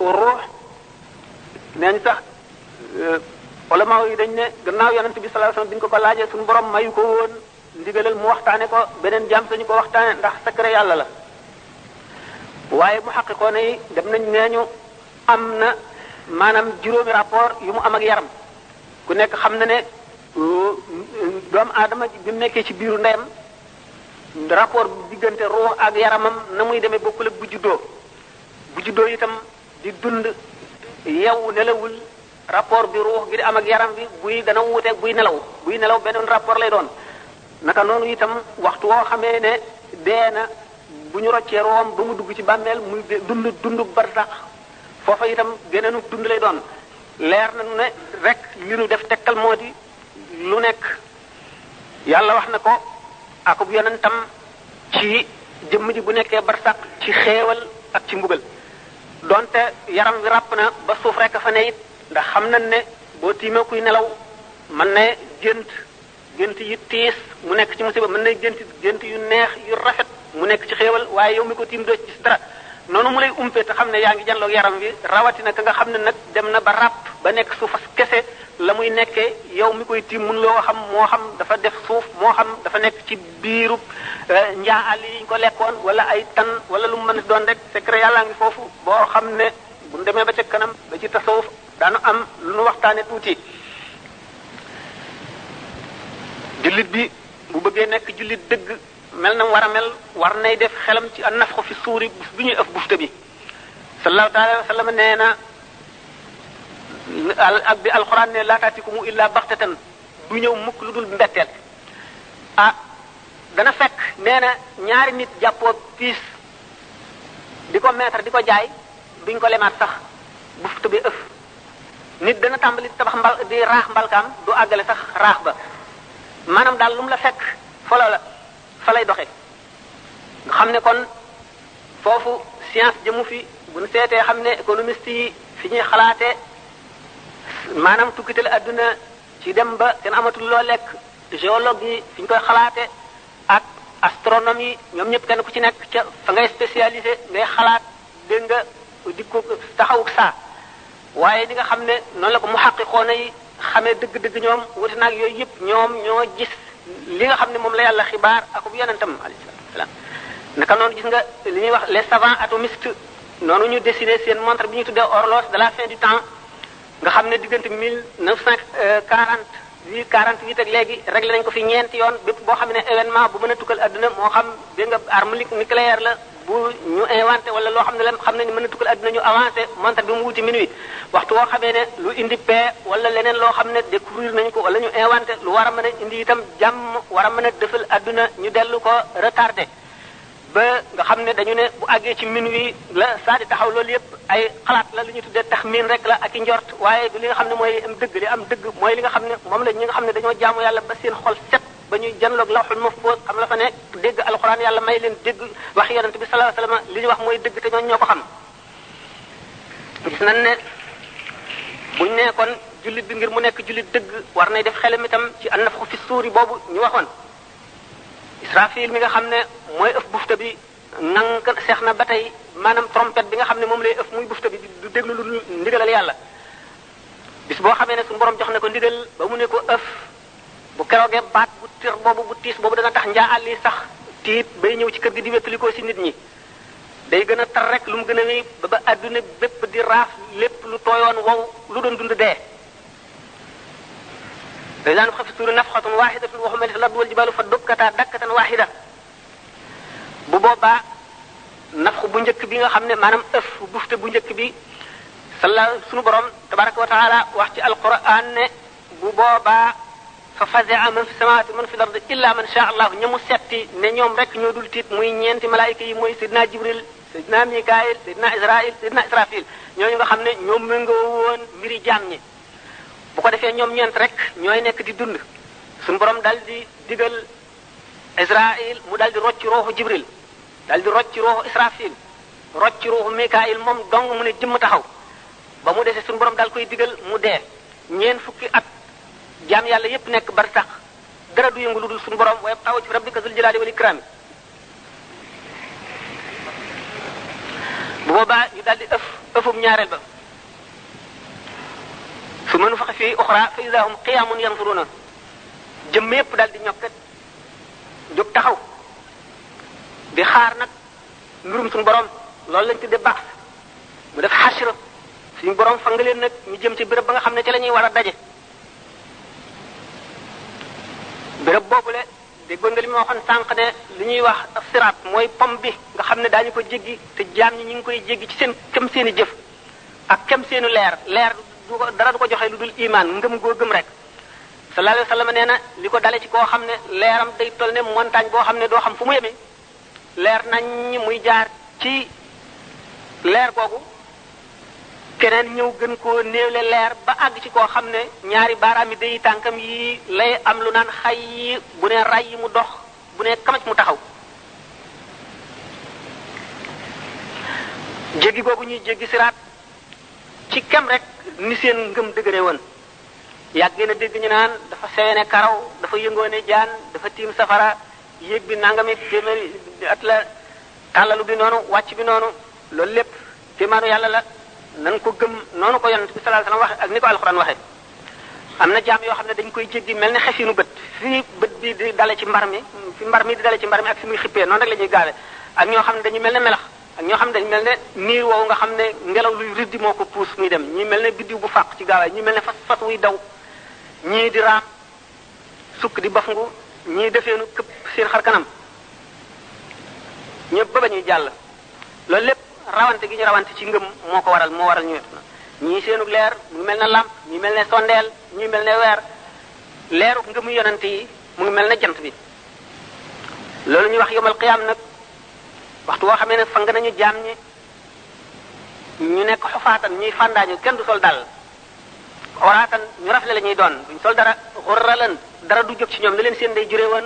A: wa ruux nee ñu sax euh, ulama yi dañ ne gannaaw yonent bi sallallahu alayhi wasallam bi ñu ko ko laajee suñu borom mayu ko woon ndigalal mu waxtaane ko beneen jàmm sañu ko waxtaane ndax secret yàlla la waaye mu xaqiqoona yi dem nañ nee ñu am na maanaam juróomi rapport yu mu am ak yaram ku nekk xam na ne euh, doom aadama bi mu nekkee ci biiru ndeyam rapport diggante ruux ak yaramam na muy demee bokkul ak bu juddoo bu juddoo itam di dund yeewu nelawul rapport bi ruux gi di am ak yaram bi buy dana wuuteeg buy nelaw buy nelaw beneen rapport lay doon naka noonu itam waxtu woo xamee ne dee bu ñu roccee ruuxam ba mu dugg ci bàmmeel muy dund dund barsax foofa itam geneenu dund lay doon leer na nu ne rek li nu def tekkal moo di lu nekk yàlla wax na ko akub yonentam ci jëmm ji bu nekkee barsax ci xéewal ak ci mbugal donte yaram wi ràpp na ba suuf rekk fa ne it ndax xam nañ ne boo tiimee kuy nelaw mën na gént gënt yu tiis mu nekk ci musiba mën na gént gënt yu neex yu rafet mu nekk ci xéewal waaye yow mi ko tiim doo ci dara noonu mu lay umpet xam ne yaa ngi janloog yaram wi rawatina ka nga xam ne nag dem na ba ràpp ba nekk suufas kese la muy nekkee yow mi koy tiim loo xam moo xam dafa def suuf moo xam dafa nekk ci biiru eh, njaa àll yi ko lekkoon wala ay tan wala lu mu mën a doon rek secret yàllaa ngi foofu boo xam ne bu ñu demee ba ca kanam ba ci tasawuf daanu am lu nu waxtaane tuuti jullit bi bu bëggee nekk jullit dëgg mel na war a mel war nay def xelam ci a nafxu fi suuri bu ñuy ëf bufta bi sallallahu taala wa sallam ak bi alxuraan ne laa taatikumu illaa baxtatan du ñëw mukk lu dul mbetteel ah dana fekk nee ñaari nit jàppoo piis di ko mettre di ko jaay biñ ko lemaat sax bu fi tëbee ëf nit dana tàmbali tabax mbal di raax mbalkaam du àggale sax raax ba maanaam daal lu la fekk folo la fa lay doxe xam ne kon foofu science jëmu fi bu ñu seetee xam ne économiste yi fi ñuy xalaatee maanaam tukkital adduna ci dem ba seen amatul loo lekk géologue yi fi ñu koy xalaate ak astronomie ñoom ñëpp kenn ku ci nekk ca fa ngay spécialisé ngay xalaat dégg nga di ko taxawuk saa waaye di nga xam ne noonu la ko mu xaqiqoona yi xamee dëgg-dëgg ñoom wuti nag yooyu yëpp ñoom ñoo gis li nga xam ne moom la yàlla xibaar ak bu yonentam alayhi salaam naka noonu gis nga li ñuy wax les savants atomistes noonu ñu dessiné seen montre bi ñu tuddee horloge de la fin du temps nga xam ne diggante mille neuf cent quarante huit quarante huit ak léegi réglé nañ ko fi ñeenti yoon bépp boo xam ne événement bu mën a tukkal adduna moo xam bi nga arme nucléaire la bu ñu inventé wala loo xam ne la xam ne ni mën a tukkal adduna ñu avancé montre bi mu wuti minuit waxtu woo xamee ne lu indi paix wala leneen loo xam ne découvrir nañ ko wala ñu inventé lu war a mën a indi itam jàmm war a mën a dëfal adduna ñu dellu ko retardé ba nga xam ne dañu ne bu àggee ci min wi la saa di taxaw loolu yépp ay xalaat la lu ñu tuddee tax miin rek la ak i njort waaye du li nga xam ne mooy am dëgg li am dëgg mooy li nga xam ne moom la ñi nga xam ne dañoo jaamu yàlla ba seen xol set ba ñuy janloog lawxul mahfuz xam la fa ne dégg alquran yàlla may leen dégg wax yonente bi sallallahu alayhi wasallam li ñu wax mooy dëgg te ñoo ñoo ko xam gis nañ ne buñ ne kon julit bi ngir mu nekk julit dëgg war nay def xelam itam ci annafxu fi suuri boobu ñu waxoon Israfil mi nga xam ne mooy ëf bufta bi nank seex na ba tey maanaam trompette bi nga xam ne moom lay ëf muy bufta bi du déglu lu ndigalal yàlla bis boo xamee ne suñu borom jox na ko ndigal ba mu ne ko ëf bu keroogee baat bu tir boobu bu tiis boobu dana tax njaa àll yi sax tiit bay ñëw ci kër gi di wettalikoo si nit ñi day gën a tar rek lu mu gën a wéy ba ba àdduna bépp di raaf lépp lu tooyoon wow lu doon dund dee فإذا نفخ في الصور نفخة واحدة في الوهم الأرض والجبال فدكتا دكة واحدة بوبا نفخ بنجك بي nga xamne manam اف بوفت بنجك بي صلى سنو بروم تبارك وتعالى وحتي القران نه بوبا ففزع من في السماوات ومن في الارض الا من شاء الله نيمو سيتي ني رك ньо دول تيت موي نينتي ملائكه موي سيدنا جبريل سيدنا ميكائيل سيدنا اسرائيل سيدنا اسرافيل ньо nga xamne ньо مڠو وون ميري جامني bu ko defee ñoom ñeent rek ñooy nekk di dund suñu borom dal di digal Israil mu dal di rocci rooxu Jibril dal di rocci rooxu Israfil rocci rooxu Mikail moom dong mu ne jëmm taxaw ba mu desee suñu borom dal koy digal mu dee ñeen fukki at jaam yàlla yépp nekk barsax dara du yëngu lu dul suñu borom waaye taw ci rabbika zul jalaali wal ikraam bu boobaa ñu daal di ëf ëfum ñaareel ba su mënu faxe fii oxra fa ida hum qiyamun yanzuruna jëmm yépp daal di ñokket jóg taxaw di xaar nag mbirum suñu borom loolu lañ tudde baax mu def xasra suñu borom fa nga leen nag mu jëm ci bërëb ba nga xam ne ci lañuy ñuy war a daje béréb boobule déggoon nga li li ñuy wax siraat mooy pom bi nga xam ne ñu ko jéggi te jaam ñi ñu ngi koy jéggi ci seen kem seeni jëf ak kem seenu leer leer du ko dara du ko joxe lu dul imaan ngëm goo gëm rek sallallahu alayhi wa sallam nee na li ko ci koo xam ne leeram day toll ne montagne boo xam ne doo xam fu mu yemee leer nañ muy jaar ci leer googu keneen ñëw gën koo néewle leer ba àgg ci koo xam ne ñaari baaraam yi day tànkam yi lay am lu naan xay bu ne ray mu dox bu ne kamac mu taxaw jéggi googu ñuy jéggi siraat ci kem rek ni seen ngëm dëgëre woon yàgg na dégg ñu naan dafa seene karaw dafa yëngoone jaan dafa tiim safara yéeg bi nangami téeméeri at la tàllalu bi noonu wàcc bi noonu loolu lépp téemaanu yàlla la nan ko gëm noonu ko yonent bi sallallahu alayhi waxe ak ni ko alxuraan waxe am na jaam yoo xam ne dañ koy jéggi mel ne xefinu bët fi bët bi di dale ci mbar mi fi mbar mi di dale ci mbar mi ak fi muy xippee noonu rek la ñuy gaale ak ñoo xam ne dañu mel ne melax ak ñoo xam ne dañ mel ne nii wow nga xam ne ngelaw luy riddi moo ko puus muy dem ñi mel ne biddiw bu fàq ci gaawaay ñi mel ne fas fas wuy daw ñii di raam sukk di bafangu ñii defeenu këpp seen xar kanam ñëpp ñuy jàll loolu lépp rawante gi ñu rawante ci ngëm moo ko waral moo waral ñu wet na ñii seenu leer mu ngi mel ne làmp ñii mel ne sondeel ñii mel ne weer leeru ngëmu yonante yi mu ngi mel ne jant bi loolu ñu wax yomal xiyaam nag waxtu wo xamee ne fang nañu jaam ñi ñu nek xufatan ñi fandañu kenn du sol dal oraatan ñu rafle lañuy doon buñ sol dara xurralan dara du jóg ci ñom ni leen seen day jure won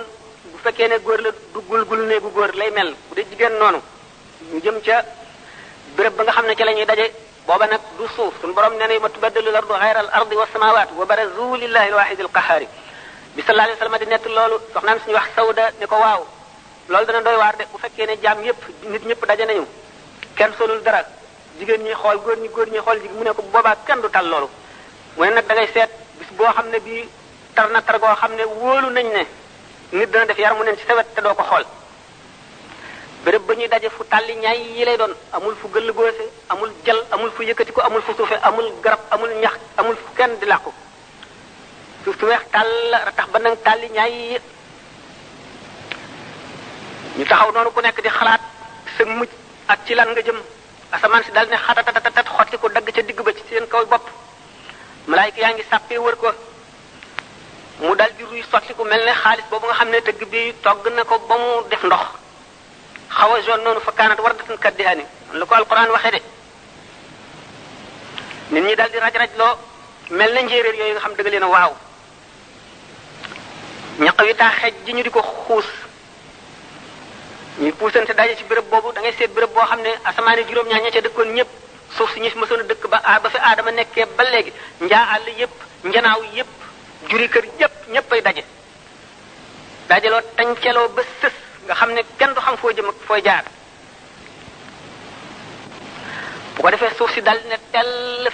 A: bu fekkee ne góor la du gul gul ne gu góor lay mel bu dee jigéen nonu ñu jëm ca bërepp ba nga xamne ci lañuy daje boba nak du suuf sun borom nee na yuma ardu lardu al ardi was samawati wa barazu lillahi alwahid alqahari bi sallallahu alayhi wa sallam di net lolu soxnaan suñu wax sawda ne ko waaw loolu dana doy waar de bu fekkee ne jaam yépp nit ñëpp daje nañu kenn solul dara jigéen ñi xool góor ñi góor ñi xool jigéen mu ne ko boobaa kenn du tal loolu mu ne nag dangay seet bis boo xam ne bii tar na tar goo xam ne wóolu nañ ne nit dana def yar mu neen ci te doo ko xool béréb ba ñuy daje fu tàlli ñaay yi lay doon amul fu gëll góose amul jël amul fu yëkkati amul fu suufe amul garab amul ñax amul kenn di làqu suuf su weex tàll tax ba nag tàlli ñaay ñu taxaw noonu ku nekk di xalaat sa mujj ak ci lan nga jëm asamaan si dal ne xatatatatat xotti dagg ca digg ba ci seen kaw bopp malaayika yaa ngi sàppee wër ko mu dal di ruy sotti ku mel ne xaalis boobu nga xam ne tëgg bi togg na ko ba mu def ndox xaw a jaune noonu fa kaanat wardatan kaddihaani lu ko alquran waxee de nit ñi dal di raj raj loo mel na njéeréer yooyu nga xam dëgg leen a waaw ñaq wi taa xej ñu di ko xuus ñuy puusante daje ci béréb boobu da ngay seet béréb boo xam ne asamaani juróom-ñaar ña ca dëkkoon ñëpp suuf si ñu mësoon a dëkk ba a ba fi aadama nekkee ba léegi njaa àll yëpp njanaaw yëpp juri kër yëpp ñëppay daje dajaloo tanceloo ba sës nga xam ne kenn du xam foo jëm ak fooy jaar bu defee suuf si dal ne tell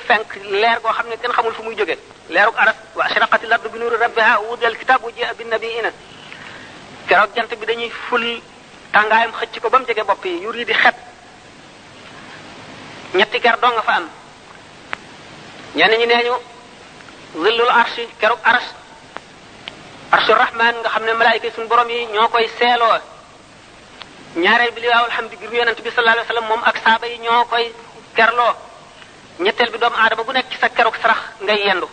A: leer goo xam ne kenn xamul fu muy jóge leeruk aras wa ashraqatil ardu bi nuuri rabbiha wudiyal kitaab wa ji'a bin nabiyina keroog jant bi dañuy ful tàngaayam xëcc ko ba mu jege bopp yi yur yi di xet ñetti ker doo nga fa am ñenn ñi nee ñu zillul arshi kerug arsh arshu nga xam ne malaayika suñu borom yi ñoo koy seeloo ñaareel bi liwaawul hamdi gi yonent bi sallallahu alayhi moom ak saaba yi ñoo koy kerloo ñetteel bi doomu aadama bu nekk ci sa kerug sarax ngay yendu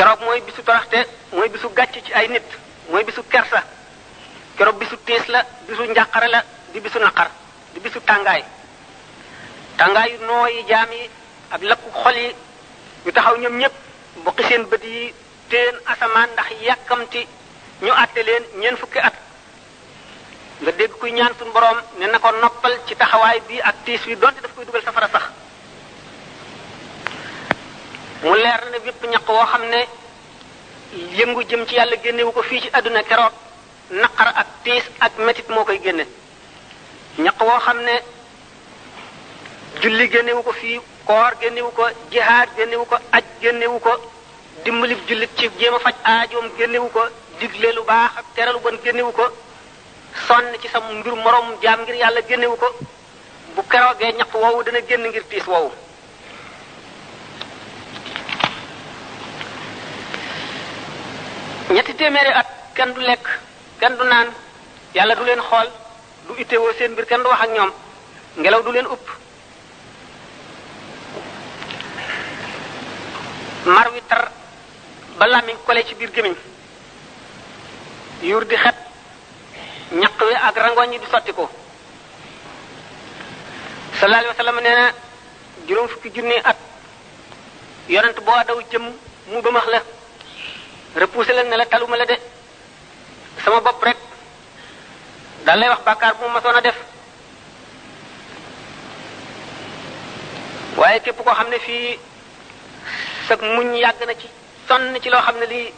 A: kérok moy bisu toroxte moy bisu gatch ci ay nit moy bisu kersa kérok bisu tiis la bisu njaqara la di bisu naqar di bisu tangay tangay noy jami ak lakku xol yi ñu taxaw ñom ñep bu xiseen teen ndax yakamti ñu atté leen ñen fukki at nga dégg kuy ñaan sun borom ne nako noppal ci taxaway bi ak tiis wi donte daf koy duggal safara sax mu leer ne bépp ñaq woo xam ne yëngu jëm ci yàlla génnewu ko fii ci àdduna keroog naqar ak tiis ak metit moo koy génne ñaq woo xam ne julli génnewu ko fii koor génnewu ko jihaad génnewu ko aj génnewu ko dimbalib jullit jéem a faj aajoom génnewu ko digle lu baax ak tere lu bon génnewu ko sonn ci sam mbir moroom jaam ngir yàlla génnewu ko bu keroogee ñaq woowu dana génn ngir tiis woowu ñetti téméré at kenn du lek kenn du naan yalla du len xol du wo seen bir kenn du wax ak ñom ngelaw du len upp marwi tar ba ko lé ci bir gemiñ yur di xat ñak wi ak rangoñ du soti ko sallallahu alayhi wasallam neena juroom fukki at yonent bo daw jëm mu bamax la repousser la ne la taluma la de sama bop rek dal lay wax bàkkaar bu ma sona def waye kep ko xamne fi sak muñ yag na ci son ci lo xamne li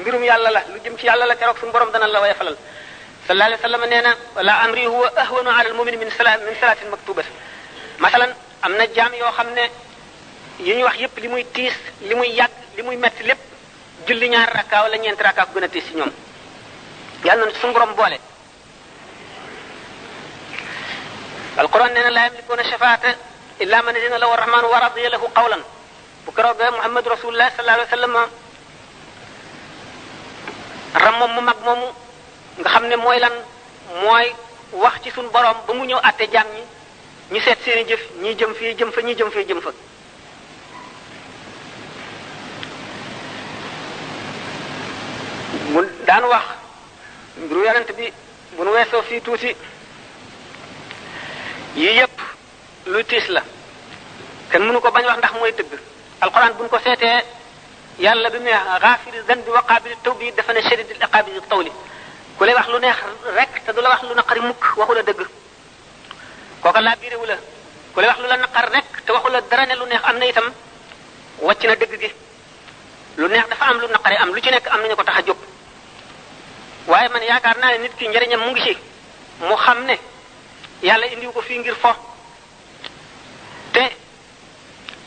A: mbirum yàlla la lu jëm ci yàlla la kérok suñu borom dana la waye falal sallallahu alayhi wasallam neena wala amri huwa ahwanu ala almu'min min salat min salatin maktubat masalan amna jam yo xamne yiñ wax yépp limuy tiss limuy yag limuy metti lépp julli ñaar rakka wala ñent rakka ko gëna tiss ci ñom yàlla na suñu borom boole alquran nee la laa yamlikuuna shafaata illa man jina lahu arrahman wa radiya lahu qawlan bu keroog be muhammad rasulullah sallallahu alayhi wasallam sallam mu mag mom nga xamne moy lan moy wax ci suñu borom bu mu ñëw atte jaam ñi ñu seet seeni jëf ñi jëm fi jëm fa ñi jëm fi jëm fa daan wax mbiru yonent bi bu nu weesoo fii tuuti yi yépp lu tiis la kenn mënu ko bañ wax ndax mooy dëgg alquran buñ ko seetee yàlla bi mu neex gaafiri zan bi wa qaabili taw bi dafa ne shadid al iqaabi di tawli ku lay wax lu neex rek te du la wax lu naqari mukk waxu la dëgg kooka laa biirewu la ku lay wax lu la naqar rek te waxu la dara ne lu neex am na itam wàcc na dëgg gi lu neex dafa am lu naqari am lu ci nekk am nañu ko tax a jóg waye man yaakar na nit ki njariñam mu ngi ci mu xamne yalla indi ko fi ngir fo te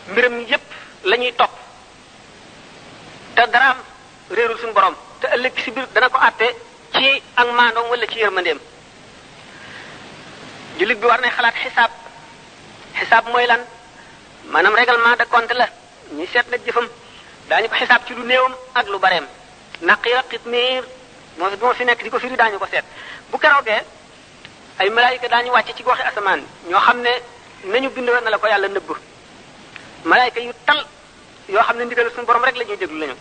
A: mbiram yépp lañuy top te daraam réerul suñu borom te ëlëk ci bir dana ko atté ci ak maandoom wala ci yermandem julit bi war na xalaat hisab hisab moy lan manam règlement de compte la ñi seet na jëfëm dañu ko hisab ci lu neewum ak lu barem naqira qitmir moom it bu ma fi nekk di ko firi daañu ko seet bu keroogee ay malaayika daañu wàcc ci goxi asamaan ñoo xam ne nañu bind na la ko yàlla nëbb malaayika yu tal yoo xam ne ndigal suñu borom rek la ñuy déglu lañu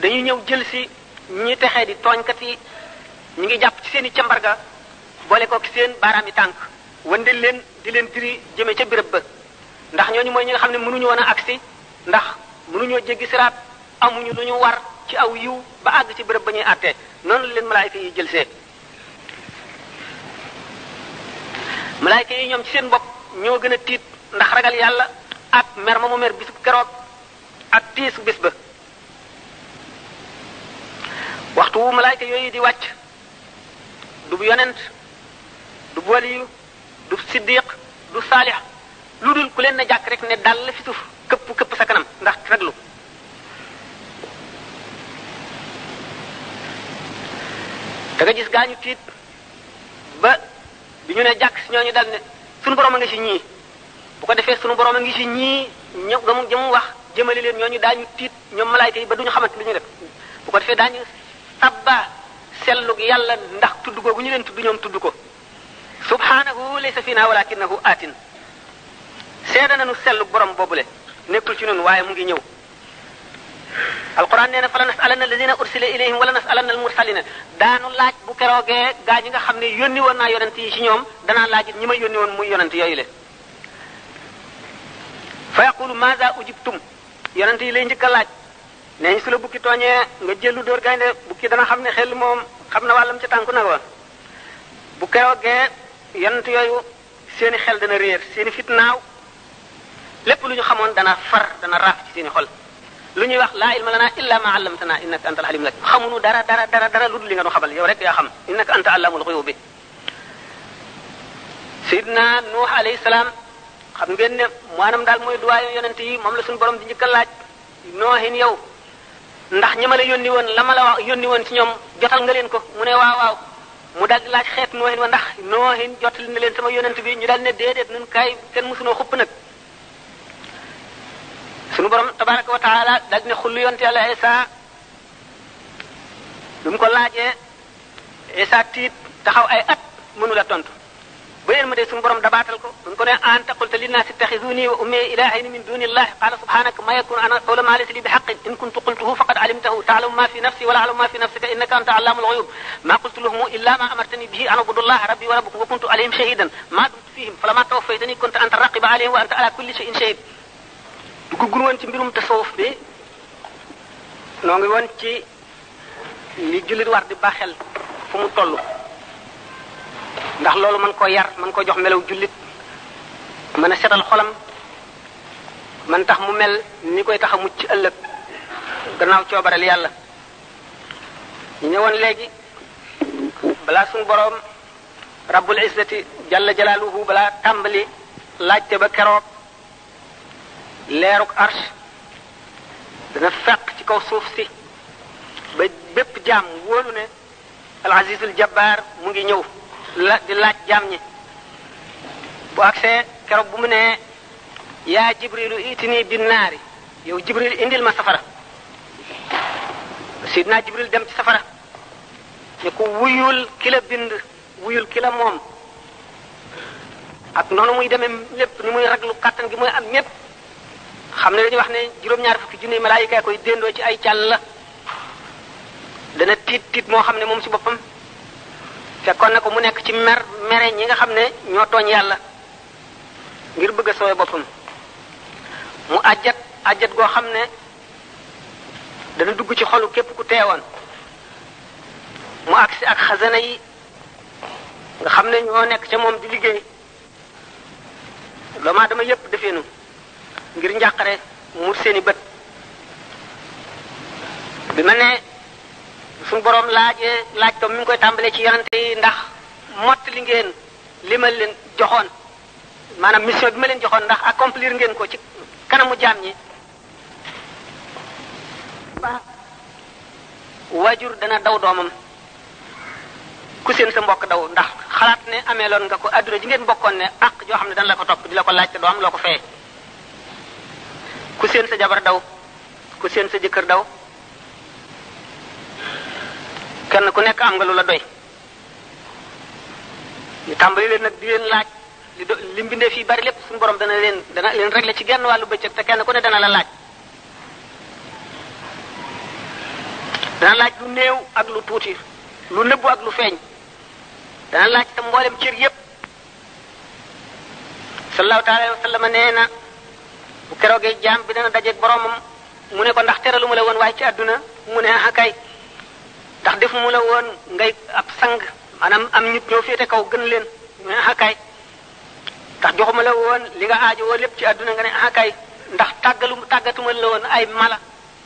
A: dañuy ñëw jël si ñi texee di tooñkat yi ñu ngi jàpp ci seen i càmbarga boole kook seen baaraam yi tànk wëndeel leen di leen diri jëmee ca béréb ba ndax ñooñu mooy ñi nga xam ne mënuñu woon agsi ndax mënuñoo jéggi siraat amuñu lu ñu war ci aw yiw ba àgg ci bërëb ba ñuy àttee noonu la leen malaayka yi jël see malaayka yi ñoom ci seen bopp ñoo gën a tiit ndax ragal yàlla ak mer ma mu keroog ak tiisu bis ba waxtu wu malaayka yooyu di wàcc du bu yonent du bu waliyu du siddiq du saalix lu dul ku leen na jàkk rek ne dal fi suuf këpp këpp sa kanam ndax raglu da nga gis gaañu tiit ba bi ñu ne jàkk si ñooñu dal ne sunu borom a ngi si ñii bu ko defee sunu borom a ngi si ñii ñëw ga mu jëm wax jëmale leen ñooñu daañu tiit ñoom malaayka yi ba duñu xamante lu ñu def bu ko defee daañu sabba sellug yàlla ndax tudd googu ñu leen tudd ñoom tudd ko subhanahu laysa fina walakinahu na nu nañu sellug borom le nekkul ci noonu waaye mu ngi ñëw alquran nee na fa la nasalanna alladina ursila ilayhim wala nasalanna almursalina daanu laaj bu keroogee gaa ñi nga xam ne yónni woon naa yonent yi ci ñoom dana laaj it ñi ma yónni woon muy yonent yooyu le fa yaqulu maza ujibtum yonent yi lay njëkk a laaj nee ñu su la bukki tooñee nga jëlu dóor gaynde bukki dana xam ne xel moom xam na wàllam ca tànku nag wa bu keroogee yonent yooyu seeni xel dana réer seeni fitnaaw lépp lu ñu xamoon dana far dana seeni xol lu ñuy wax laa ilma lana illa ma allamtana innaka anta alalimul hakim xamuñu dara dara dara dara lu dul li nga nu xamal yow rek yaa xam innaka anta allamul xuyubi sidna nuux alayhi salaam xam ngeen ne maanaam daal mooy duwaayu yonent yi moom la suñu borom di njëkk a laaj noohin yow ndax ñi ma la yónni woon la ma la wax woon ci ñoom jotal ngaleen ko mu ne waaw waaw mu daal laaj xeet noohin wa ndax noohin jotal na leen sama yonent bi ñu daal ne déedéet nun kaay kenn mësunoo sunu borom tabaraka wa taala dag ne xullu yonte yàlla isa lu mu ko laajee isa tiit taxaw ay at mënu la tontu bu leen ma dee sunu borom dabaatal ko bu ko ne an taqulta linnaasi ittaxiduni wa ummi ilaahayni min duni illahi qaala subhanaka ma yakun ana qawla ma laysa li bihaqin in kuntu qultuhu faqad alimtahu taalamu ma fi nafsi wala alamu ma fi nafsika innaka anta allamu lghuyub ma qultu lahum illa ma amartani bihi an ubudu allah rabbi wa rabbukum wa kuntu alayhim shahidan ma dumtu fihim falama tawaffaytani kunta anta raqiba alayhim wa anta ala kulli shay'in shahid duggagul woon ci mbirum tasawuf bi noo ngi woon ci li jullit war di baaxel fu mu toll ndax loolu mën koo yar mën koo jox melaw jullit mën a setal xolam mën tax mu mel ni koy tax a mucc ci ëllëg gannaaw coobareel yàlla ñu ñëwoon léegi balaa suñu boroom rabbul izzati jalla jalaaluhu balaa tàmbali laajte ba keroog leeruk ars dana fekk ci kaw suuf si ba bépp jaam wóolu ne al azizul jabbaar mu ngi ñëw la di laaj jaam ñi bu agsee keroog bu mu nee yaa jibrilu itini bi naari yow jibril indil ma safara sidna jibril dem ci safara ne ko wuyul ki bind wuyul ki moom ak noonu muy deme lépp ni muy raglu kàttan gi muy am ñépp xam ne dañuy wax ne juróom-ñaar fukki junni malaayika koy déndoo ci ay càll la dana tiit tiit moo xam ne moom si boppam fekkoon na ko mu nekk ci mer mere ñi nga xam ne ñoo tooñ yàlla ngir bëgg a sooy boppam mu ajjat ajjat goo xam ne dana dugg ci xolu képp ku teewoon mu agsi ak xasana yi nga xam ne ñoo nekk ca moom di liggéey loo loomaa dama yépp defeenu ngir njàqare muur seeni bët bi ma ne suñu boroom laajee laaj ko mi ngi koy tàmbalee ci yonante yi ndax mott li ngeen li ma leen joxoon maanaam mission bi ma leen joxoon ndax accomplir ngeen ko ci kanamu jaam ñi waajur dana daw doomam ku seen sa mbokk daw ndax xalaat ne ameeloon nga ko adduna ji ngeen bokkoon ne ak joo xam ne dana la ko topp di la ko laaj te doo loo ko feye ku seen sa jabar daw ku seen sa jëkkër daw kenn ku nekk am nga lu la doy ñu tàmbali leen nag di leen laaj li li mbindee fii bari lépp suñu borom dana leen dana leen réglé ci genn wàllu bëccëg te kenn ku ne dana la laaj dana laaj lu néew ak lu tuuti lu nëbbu ak lu feeñ dana laaj te mboolem cër yépp sallallahu taala wa sallam neena bu keroogee jaam bi dana dajeeg boromam mu ne ndax teralu ma la woon waaye ci àdduna mu ne ah ndax def mu la woon ngay ab sang maanaam am nit ñoo féete kaw gën leen mu ne ah ndax joxuma la woon li nga aajo woo lépp ci àdduna nga ne ah kay ndax tàggalu tàggatuma la woon ay mala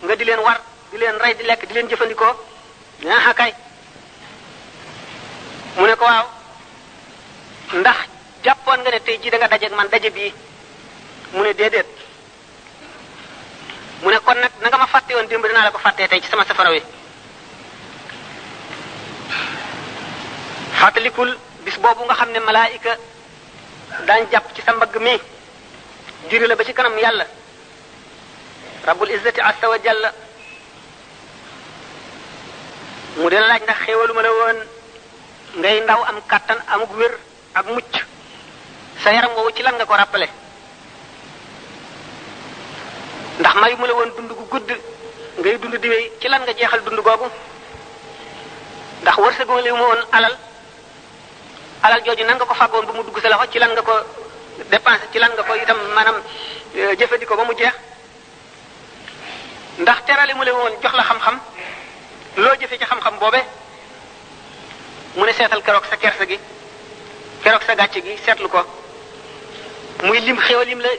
A: nga di leen war di leen rey di lekk di leen jëfandikoo ne ah kay mu ne ko waaw ndax jàppoon nga ne tey jii da nga dajeeg man daje bii mu ne déedéet. mu ne kon nag na ma fàtte woon démb dinaa la ko fàttee tey ci sama safara wi fàttalikul bis boobu nga xam ne malaayika daañ jàpp ci sa mbagg mi jiri la ba ci kanam yàlla rabbul izzati azza wa jalla mu dina laaj ndax xéewaluma la woon ngay ndaw am kàttan amug wér ak mucc sa yaram woowu ci lan nga ko rappelé ndax mayu mu la woon dund gu gudd ngay dund di ci lan nga jeexal dund googu ndax wërsëgoo li mu woon alal alal jooju nan nga ko fàggoon ba mu dugg sa loxo ci lan nga ko dépensé ci lan nga ko itam maanaam euh, jëfandikoo ba mu jeex ndax terali mu la woon jox la xam-xam loo jëfe ci xam-xam boobe mu ne seetal keroog sa kersa gi keroog sa gàcce gi seetlu ko muy lim xéwal lim la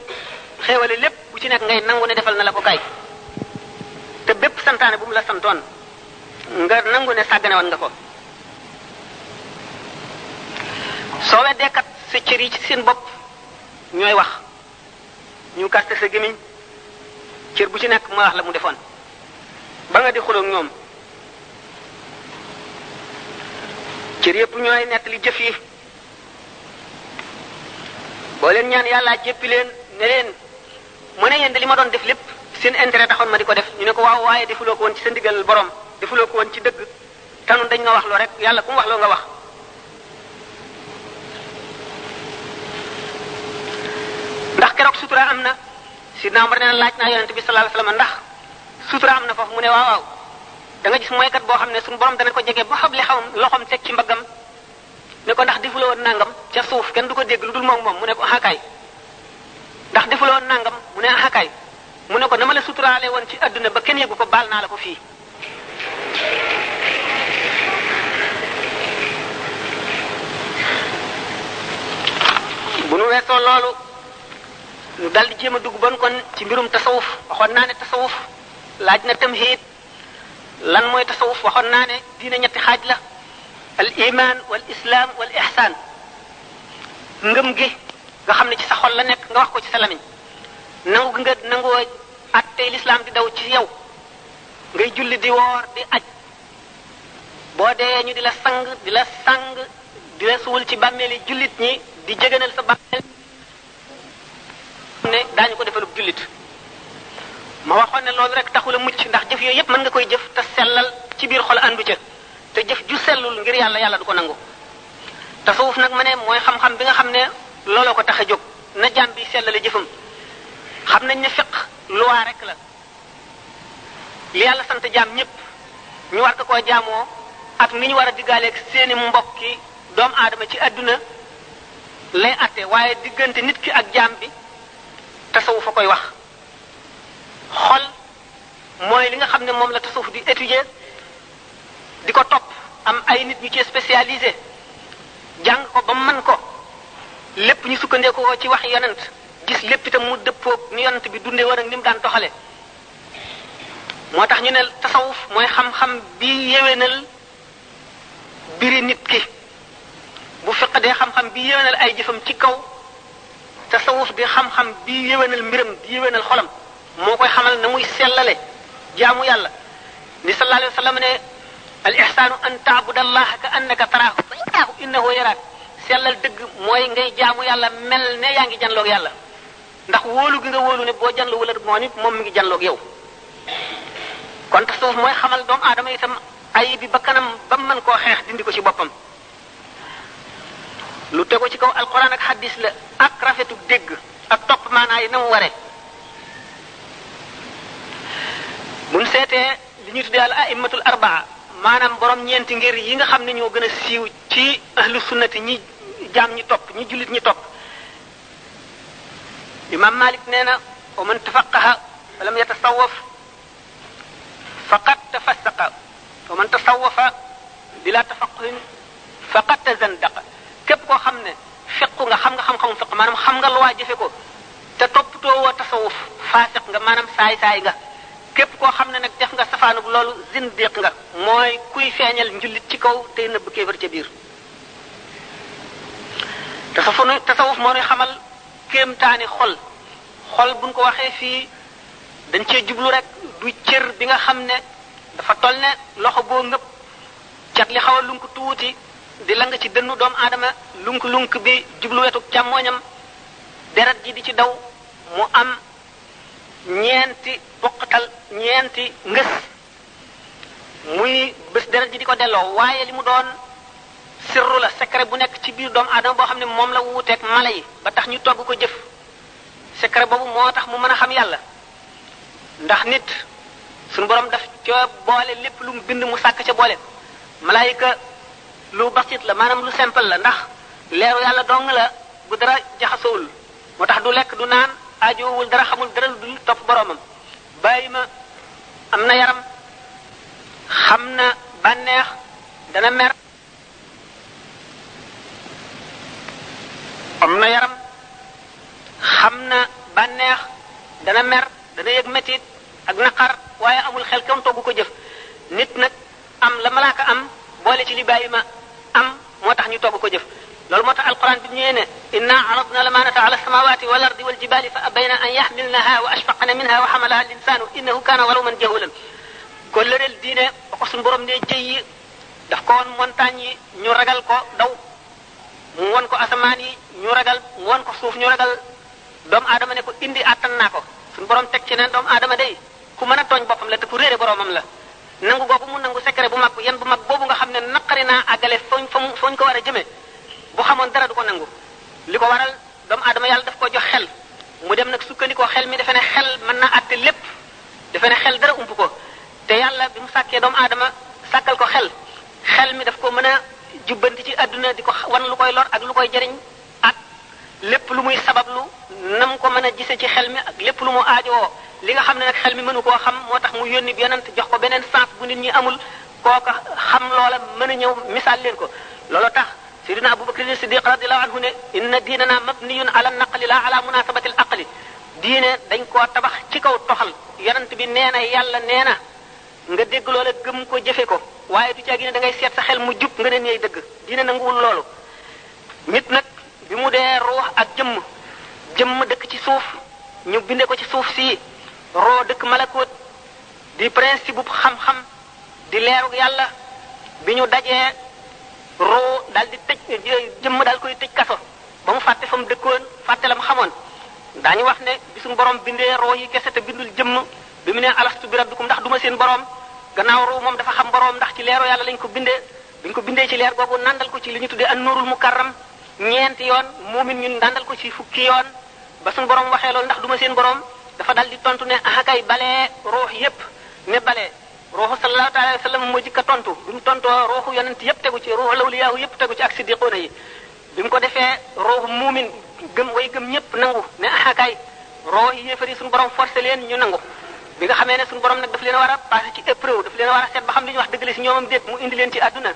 A: xewale lepp bu ci nek ngay nangou ne defal na la ko kay te bepp santane bu mu la santoon nga nangou ne sagane won nga ko soo weddee kat se cër ci seen bop ñoy wax ñu kaste sa gemiñ ciir bu ci nek ma wax la mu defoon ba nga di xulok ñom ciir yépp ñoy net li jëf yi bo len ñaan yalla mu ne yéen de li ma doon def lépp seen intérêt taxoon ma di ko def ñu ne ko waaw waaye defuloo ko woon ci sa ndigal borom defuloo ko woon ci dëgg tanun dañ nga wax loo rek yàlla ku mu wax loo nga wax ndax keroog sutura am na sidna bi sallallahu alayhi wasallam ndax am na foofu mu ne waaw waaw da gis mooykat boo xam ne suñu borom dana ko jege ba xam li xawam loxoom teg ci mbaggam ne ko ndax defuloo woon nangam ca suuf kenn du ko dégg lu dul moom moom mu ne ko xaakaay ah, ndax defuloo nangam mu ne axakay mu ne ko dama la suturaale woon ci àdduna ba kenn yëgu ko baal naa la ko fii bu nu weesoo loolu nu dal di jéem a dugg bon kon ci mbirum tasawuf waxoon naa ne tasawuf laaj na tam xiit lan mooy tasawuf waxoon naa ne diina ñetti xaaj la al iman wal islam wal ihsan ngëm gi nga xam ne ci sa xol la nekk nga wax ko ci sa lamiñ nangu nga nangoo tey lislaam di daw ci yow ngay jullit di woor di aj boo dee ñu di la sang di la sang di la suul ci bàmmeeli jullit ñi di jégganal sa bàmmeel ne daañu ko defalub jullit ma waxoon ne loolu rek taxula mucc ndax jëf yooyu yépp mën nga koy jëf te sellal ci biir xol àndu ca te jëf ju sellul ngir yàlla yàlla du ko nangu tasawuf nag ma ne mooy xam-xam bi nga xam ne looloo ko tax a jóg na jaam bi la jëfam xam nañ ne fiq luwaa rek la li yàlla sant jaam ñépp ñu war ko koo jaamoo ak ni ñu war a diggaaleeg seeni mbokki doomu aadama ci àdduna lay atte waaye diggante nit ki ak jaam bi tasawuf a koy wax xol mooy li nga xam ne moom la tasawuf di étudier di ko topp am ay nit ñu ci spécialisé jàng ko ba mën ko lépp ñu sukkandeekoo ci wax yonent gis lépp itam mu dëppoog ni yonent bi dunde woon ak mu daan doxale moo tax ñu ne tasawuf mooy xam-xam bi yewenal biri nit ki bu fiq dee xam-xam bi yewenal ay jëfam ci kaw tasawuf di xam-xam bi yewenal mbiram di yewenal xolam moo koy xamal na muy sellale jaamu yàlla ni sallallahu alayhi wa sallam ne al ihsaanu an taabudallaha ka annaka taraahu fa in taraahu sellal dëgg mooy ngay jaamu yàlla mel ne yaa ngi janloog yàlla ndax wóolu gi nga wóolu ne boo janloo wala moo moom mu ngi janloog yow kon tasawuf mooy xamal doomu aadama itam ay bi ba kanam ba mën koo xeex dindi ko ci boppam lu tego ci kaw alquran ak xaddis la ak rafetu dégg ak topp maanaa yi na mu ware buñ seetee li ñu tuddee al aimmatul arbaa maanaam borom ñeenti ngir yi nga xam ne ñoo gën a siiw ci ahlu sunnati ñi jaam ñi topp ñi jullit ñi topp imam malik nee na wa man tafaqaha wa lam fakat faqad tafassaqa wa man tasawafa bila tafaquhin faqad tazandaqa képp koo xam ne fiqu nga xam nga xam-xamu fiq maanaam xam nga luwaa jëfe ko te toppatoo woo tasawuf faasiq nga maanaam saay-saay nga képp koo xam ne nag def nga safaanug loolu zindiq nga mooy kuy feeñal njullit ci kaw tey nëbb kéefar ca biir tasafu ne tasawuf moo ne xamal kéemtaani xol xol buñ ko waxee fii dañ cee jublu rek du cër bi nga xam ne dafa toll ne loxo boo ngëpp cat li xaw lunk tuuti di lang ci dënnu doomu aadama lunk lunk bi jublu wetu càmmooñam deret ji di ci daw mu am ñeenti boqatal ñeenti ngës muy bés deret ji di ko delloo waaye li mu doon sirru la secret bu nekk ci biir doomu aadama boo xam ne moom la wuuteeg mala yi ba tax ñu togg ko jëf secret boobu moo tax mu mën a xam yàlla ndax nit suñu borom daf ca boole lépp lu mu bind mu sàkk ca boole malaayika lu basit la maanaam lu simple la ndax leeru yàlla dong la bu dara jaxasowul moo tax du lekk du naan aajowul dara xamul dara du topp boromam bàyyi ma am na yaram xam na bànneex dana mer amna yaram xamna banex dana mer dana yëg metit ak naqar waye amul xel kam togu ko jëf nit nak am la malaka am boole ci li bayima am motax ñu togu ko jëf loolu motax alquran bi ñëwee ne inna aradna lamanata ala samawati wal ardi wal jibali fa abayna an yahmilnaha wa ashfaqna minha wa xamalaha linsanu innahu kana waluman jahulan ko lëral diine ko sun borom ne jeeyi daf ko won montagne ñu ragal ko daw mu wan ko asamaan yi ñu ragal mu won ko suuf ñu ragal doomu aadama ne ko indi àttan naa ko suñu borom teg ci ne doomu aadama day ku mën a tooñ boppam la te ku réere boromam la nangu googu mu nangu secret bu mag yan bu mag boobu nga xam ne naqari naa àggale fooñ fooñ ko war a jëmee bu xamoon dara du ko nangu li ko waral doomu aadama yàlla daf ko jox xel mu dem nag sukkandikoo xel mi defe ne xel mën naa àtte lépp defe ne xel dara ump ko te yàlla bi mu sàkkee doomu aadama sàkkal ko xel xel mi daf ko mën a jubbanti ci àdduna di ko wan lu koy lor ak lu koy jariñ ak lépp lu muy lu nam ko mën a gise ci xel mi ak lépp lu mu woo li nga xam ne nag xel mi mënu koo xam moo tax mu yónni bi yonent jox ko beneen sens bu nit ñi amul kooka xam loola mën a ñëw misaal leen ko loolu tax sidina Abu Bakr Siddiq radiyallahu anhu ne inna diinana mabniyun ala naqli la ala munasabati al aqli diine dañ koo tabax ci kaw toxal yonent bi nee na yàlla nee na nga dégg loola gëm ko jëfe ko waaye du caagi ne da ngay seet sa xel mu jub nga ne ñooy dëgg dina nanguwul loolu nit nag bi mu dee ruux ak jëmm jëmm dëkk ci suuf ñu bindee ko ci suuf si roo dëkk malakoot di principe bu xam-xam di leerug yàlla bi ñu dajee roo dal di tëj jëmm dal koy tëj kaso ba mu fàtte fa dëkkoon fàtte la mu xamoon daañu wax ne bi suñu borom bindee roo yi kese te bindul jëmm bi mu ne alastu bi rabbikum ndax du ma seen borom gannaaw ruu moom dafa xam boroom ndax ci leeru yàlla lañ ko bindee ko bindee ci leer googu nandal ko ci li ñu tuddee an nuurul mukarram ñeenti yoon muumin ñun nandal ko ci fukki yoon ba suñu borom waxee loolu ndax duma seen borom dafa dal di tontu ne ahakay balee ruux yépp ne balee ruuxu sallallahu taala alayhi wa sallam moo jikka tontu bi mu tontoo ruuxu yonent yépp tegu ci ruuxu lawliyaahu yépp tegu ci ak siddiqoona yi bi mu ko defee ruuxu muumin gëm way gëm ñépp nangu ne ahakay ruux yéefari suñu borom forcé leen ñu nangu bi nga xamee ne suñu borom nag daf leen a war a passé ci épreuve daf leen a war a seet ba xam li ñu wax dëgg si ñoomam déet mu indi leen ci àdduna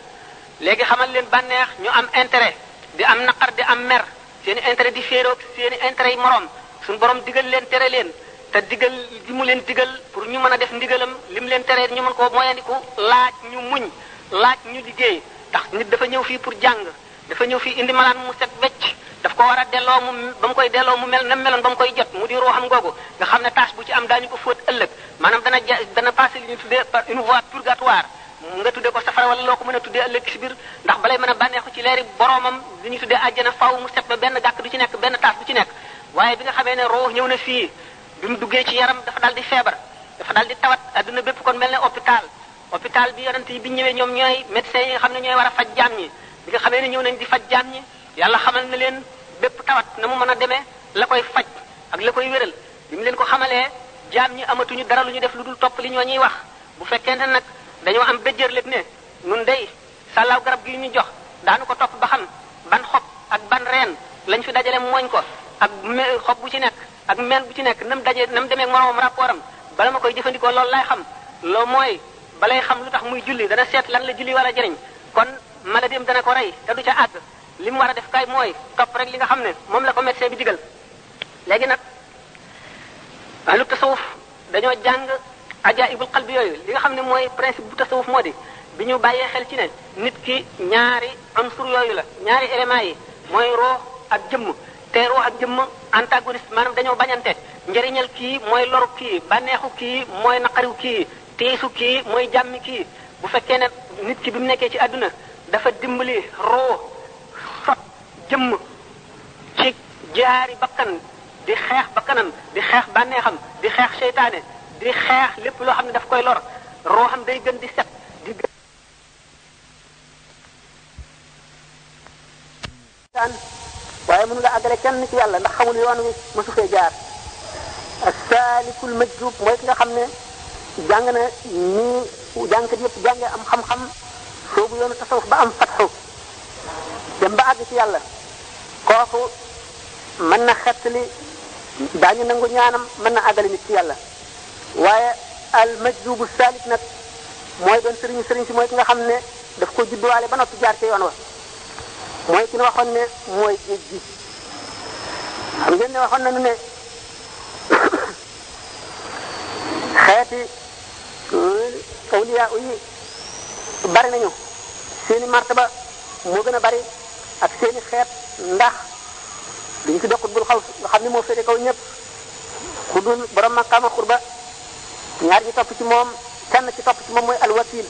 A: léegi xamal leen bànneex ñu am intérêt di am naqar di am mer seen i intérêt di féeroog seen i intérêt yi morom suñu borom digal leen tere leen te digal li mu leen digal pour ñu mën a def ndigalam li mu leen tere ñu mën ko moyandiku laaj ñu muñ laaj ñu liggéey tax nit dafa ñëw fii pour jàng dafa ñëw fii indi malaan mu set wecc daf ko war a delloo mu ba mu koy delloo mu mel na meloon ba mu koy jot mu di ruuxam googu nga xam ne taas bu ci am daañu ko fóot ëllëg maanaam dana ja dana passé li ñu tuddee par une voie purgatoire nga tuddee ko safara wala loo ko mën a tuddee ëllëg si biir ndax balay mën a bànneexu ci leeri boromam li ñu tuddee àjjana faw mu set ba benn gàkk du ci nekk benn taas du ci nekk waaye bi nga xamee ne ruux ñëw na fii bi mu duggee ci yaram dafa daal di feebar dafa daal di tawat aduna bépp kon mel ne hôpital hôpital bi yonent yi bi ñëwee ñoom ñooy médecin yi nga xam ne ñooy war a faj jaam ñi bi nga xamee ne ñëw nañ di faj jaam ñi yàlla xamal na leen bépp tawat na mu mën a demee la koy faj ak la koy wéral bi mu leen ko xamalee jaam ñi amatuñu dara lu ñu def lu dul topp li ñoo ñuy wax bu fekkente nag dañoo am bëjjër lépp ne nun day sàllaaw garab gi ñu jox daanu ko topp ba xam ban xob ak ban reen lañ fi dajale mooñ ko ak me xob bu ci nekk ak meen bu ci nekk nam daje nam demee moroomam rapport am bala ma koy jëfandikoo loolu lay xam loo mooy balay xam lu tax muy julli dana seet lan la julli wala jëriñ kon maladie am dana ko rey te du ca àgg li mu war a def kay mooy topp rek li nga xam ne moom la ko médecin bi digal léegi nag ahlu tasawuf dañoo jàng ajaibul qalbi yooyu li nga xam ne mooy principe bu tasawuf moo di bi ñu bàyyee xel ci ne nit ki ñaari ansur yooyu la ñaari éléments yi mooy roo ak jëmm te roo ak jëmm antagoniste maanaam dañoo bañante njëriñal kii mooy loru kii bànneexu kii mooy naqariw kii tiisu kii mooy jàmm kii bu fekkee ne nit ki bi mu nekkee ci àdduna dafa dimbali roo jëmm ci jaari bakkan di xeex bakkanam di xeex bànneexam di xeex seytaane di xeex lépp loo xam ne daf koy lor ruuxam day gën di set di gën waaye mënu la àggale kenn ci yàlla ndax xamul yoon wi mësu fee jaar asaalikul majjub mooy ki nga xam ne jàng na nii jàngkat yëpp jàngee am xam-xam soobu yoonu tasawuf ba am fatxu dem ba àgg ci yàlla kooku mën na xettali daañu nangu ñaanam mën na àggale nit ci yàlla waaye al majdubu salik nag mooy doon sëriñu sëriñ si mooy ki nga xam ne daf ko judduwaale ba noppi jaar ci yoon wa mooy ki ñu waxoon ne mooy géej gi xam ngeen ne waxoon nañu ne xeeti euh, awliya yi bari nañu seeni martaba moo gën a bari ak seeni xeet ndax duñ ci dokkut bul xaw nga xam ni moo féete koo ñëpp ku dul borom maqaama xurba ñaar ñu topp ci moom kenn ci topp ci moom mooy alwakil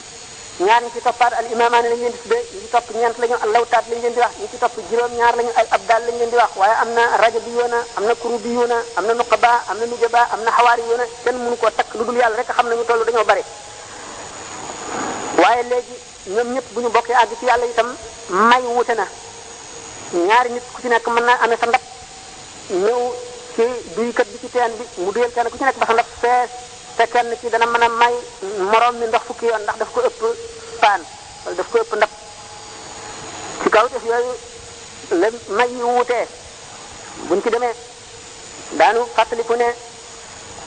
A: ñaar ñi ci toppaat al imamaani lañ leen di tuddee ñi ci topp ñeent lañu al lawtaat lañ leen di wax ñi ci topp juróom-ñaar lañu ay abdal lañ leen di wax waaye am na rajabiyuuna am na kurubiyuuna am na nuqaba am na nujaba am na xawaariyuuna kenn mënu koo takk lu dul yàlla rek xam nañu toll dañoo bare léegi ñoom ñëpp bu ñu bokkee àgg ci yàlla itam may wute na ñaari nit ku ci nekk mën naa amee sa ndab ñëw ci duykat bi ci teen bi mu duyal kenn ku ci nekk ba sa fees te kenn ci dana mën a may moroom mi ndox fukki yoon ndax daf ko ëpp paan wala daf ko ëpp ndab ci kaw def yooyu la may yi wuutee buñ ci demee daanu fàttaliku ne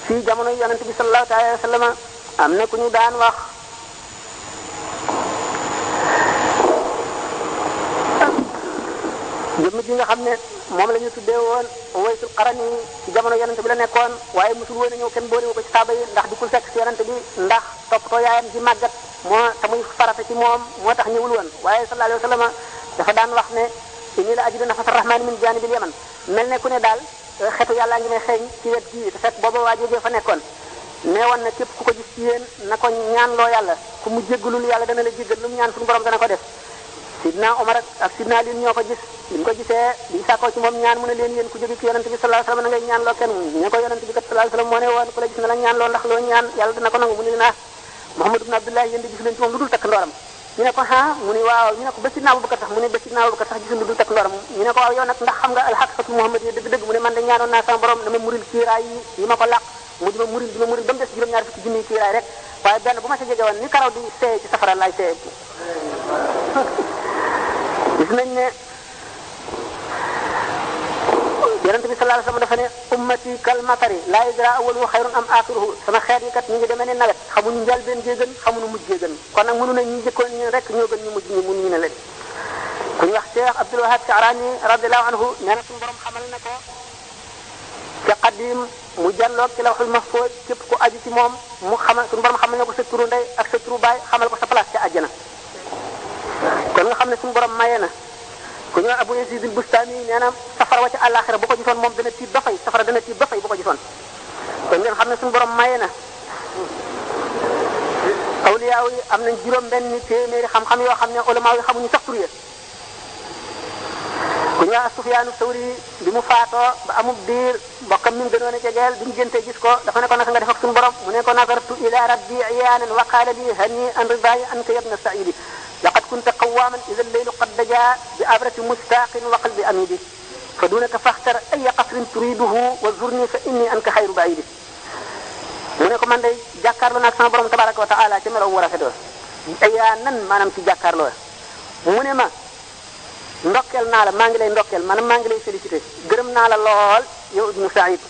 A: ci jamono yonent bi sallallahu taala wa sallama am na ku ñu daan wax jëmm ji nga xam ne moom la ñu tuddee woon waysul xarani ci jamono yonente bi la nekkoon waaye mosul woon a ñëw kenn boolewu ko ci saaba yi ndax di ko fekk ci yonente bi ndax toppatoo yaayam ji màggat moo te muy ci moom moo tax ñëwul woon waaye sallallahu alayhi wa sallam dafa daan wax ne inni la ajidu nafata rahmani min janibil yaman mel ne ku ne daal eh, xetu yàllaa ngi may xeeñ ci wet gii te fekk booba waa jooju fa nekkoon nee woon na képp ku ko gis ci yéen na ko ñaan loo yàlla ku mu jéggalul yàlla dana la jéggal lu mu ñaan suñu borom dana ko def sidna omar ak sidna lin ñoko gis lim ko gisee bi sako ci mom ñaan mu ne leen yeen ku jogi ci yonent bi sallallahu alayhi wasallam ngay ñaan lo kenn ñe ko yonent bi sallallahu alayhi wasallam mo ne won ko la gis na la ñaan lo ndax lo ñaan yalla dina ko nangu mu ne na muhammad ibn abdullah yeen di gis leen ci mom ludul tak ndoram ñu ne ko ha mu ne waaw ñu ne ko ba sidna abubakar tax mu ne ba sidna abubakar tax gis ludul tak ndoram ñu ne ko waaw yow nak ndax xam nga al haqatu muhammad ya deug deug mu ne man da ñaanon na sama borom dama muril ci raay yi ma ko laq mu dima muril dima muril bam dess juroom ñaar fukki jinni ci raay rek waye ben bu ma ci jégué won ni karaw di sey ci safara lay sey gis nañ ne yonent bi sallallahu alayhi wasallam dafa ne ummati kal matari laa yadra awaluhu xayrun am aaxiruhu sama xeet yi kat ñu ngi demee ne nawet xamuñu njëlbeen gee gën xamuñu mujj gee gën kon nag mënu ne ñu jëkkoon ñu rek ñoo gën ñu mujj ñu mënu ñu ne leen ku ñu wax Cheikh Abdul Wahab Sha'rani radiyallahu anhu nee na suñu borom xamal na ko ci qadim mu jàlloog ci lawxul mahfuz képp ku aju ci moom mu xamal suñu borom xamal na ko sa turu ndey ak sa turu baay xamal ko sa place ci àjjana kon nga xam ne suñu borom maye na ku ñu abu yazid al bustani nee na safara wa ci alaxira bu ko gisoon moom dana tiit ba fay safara dana tiit ba fay bu ko gisoon kon ngeen xam ne suñu borom maye na awliya yi am nañ juróom benn téeméeri xam-xam yoo xam ne ulama yi xamuñu sax tur ya ku ñu sufyaanu sawri bi mu faatoo ba amub diir mbokkam mi mu gënoon a jegeel bi mu géntee gis ko dafa ne ko naka nga def ak suñu borom mu ne ko nazartu ila rabbi iyaanan wa qaala li hani an ridayi an ka yabna saidi لقد كنت قواما إذا الليل قد دجا بأبرة مستاق وقلب أميدي فدونك فاختر أي قصر تريده وزرني فإني أنك خير بعيد منكم من دي جاكار لنا سنبرم تبارك وتعالى كمير أورا كدور أي أنن ما نمت جاكار لنا من ما ndokkel naa la maa ngi lay ndokkel man maa ngi lay félicité gërëm naa la lool yow ibnu saïd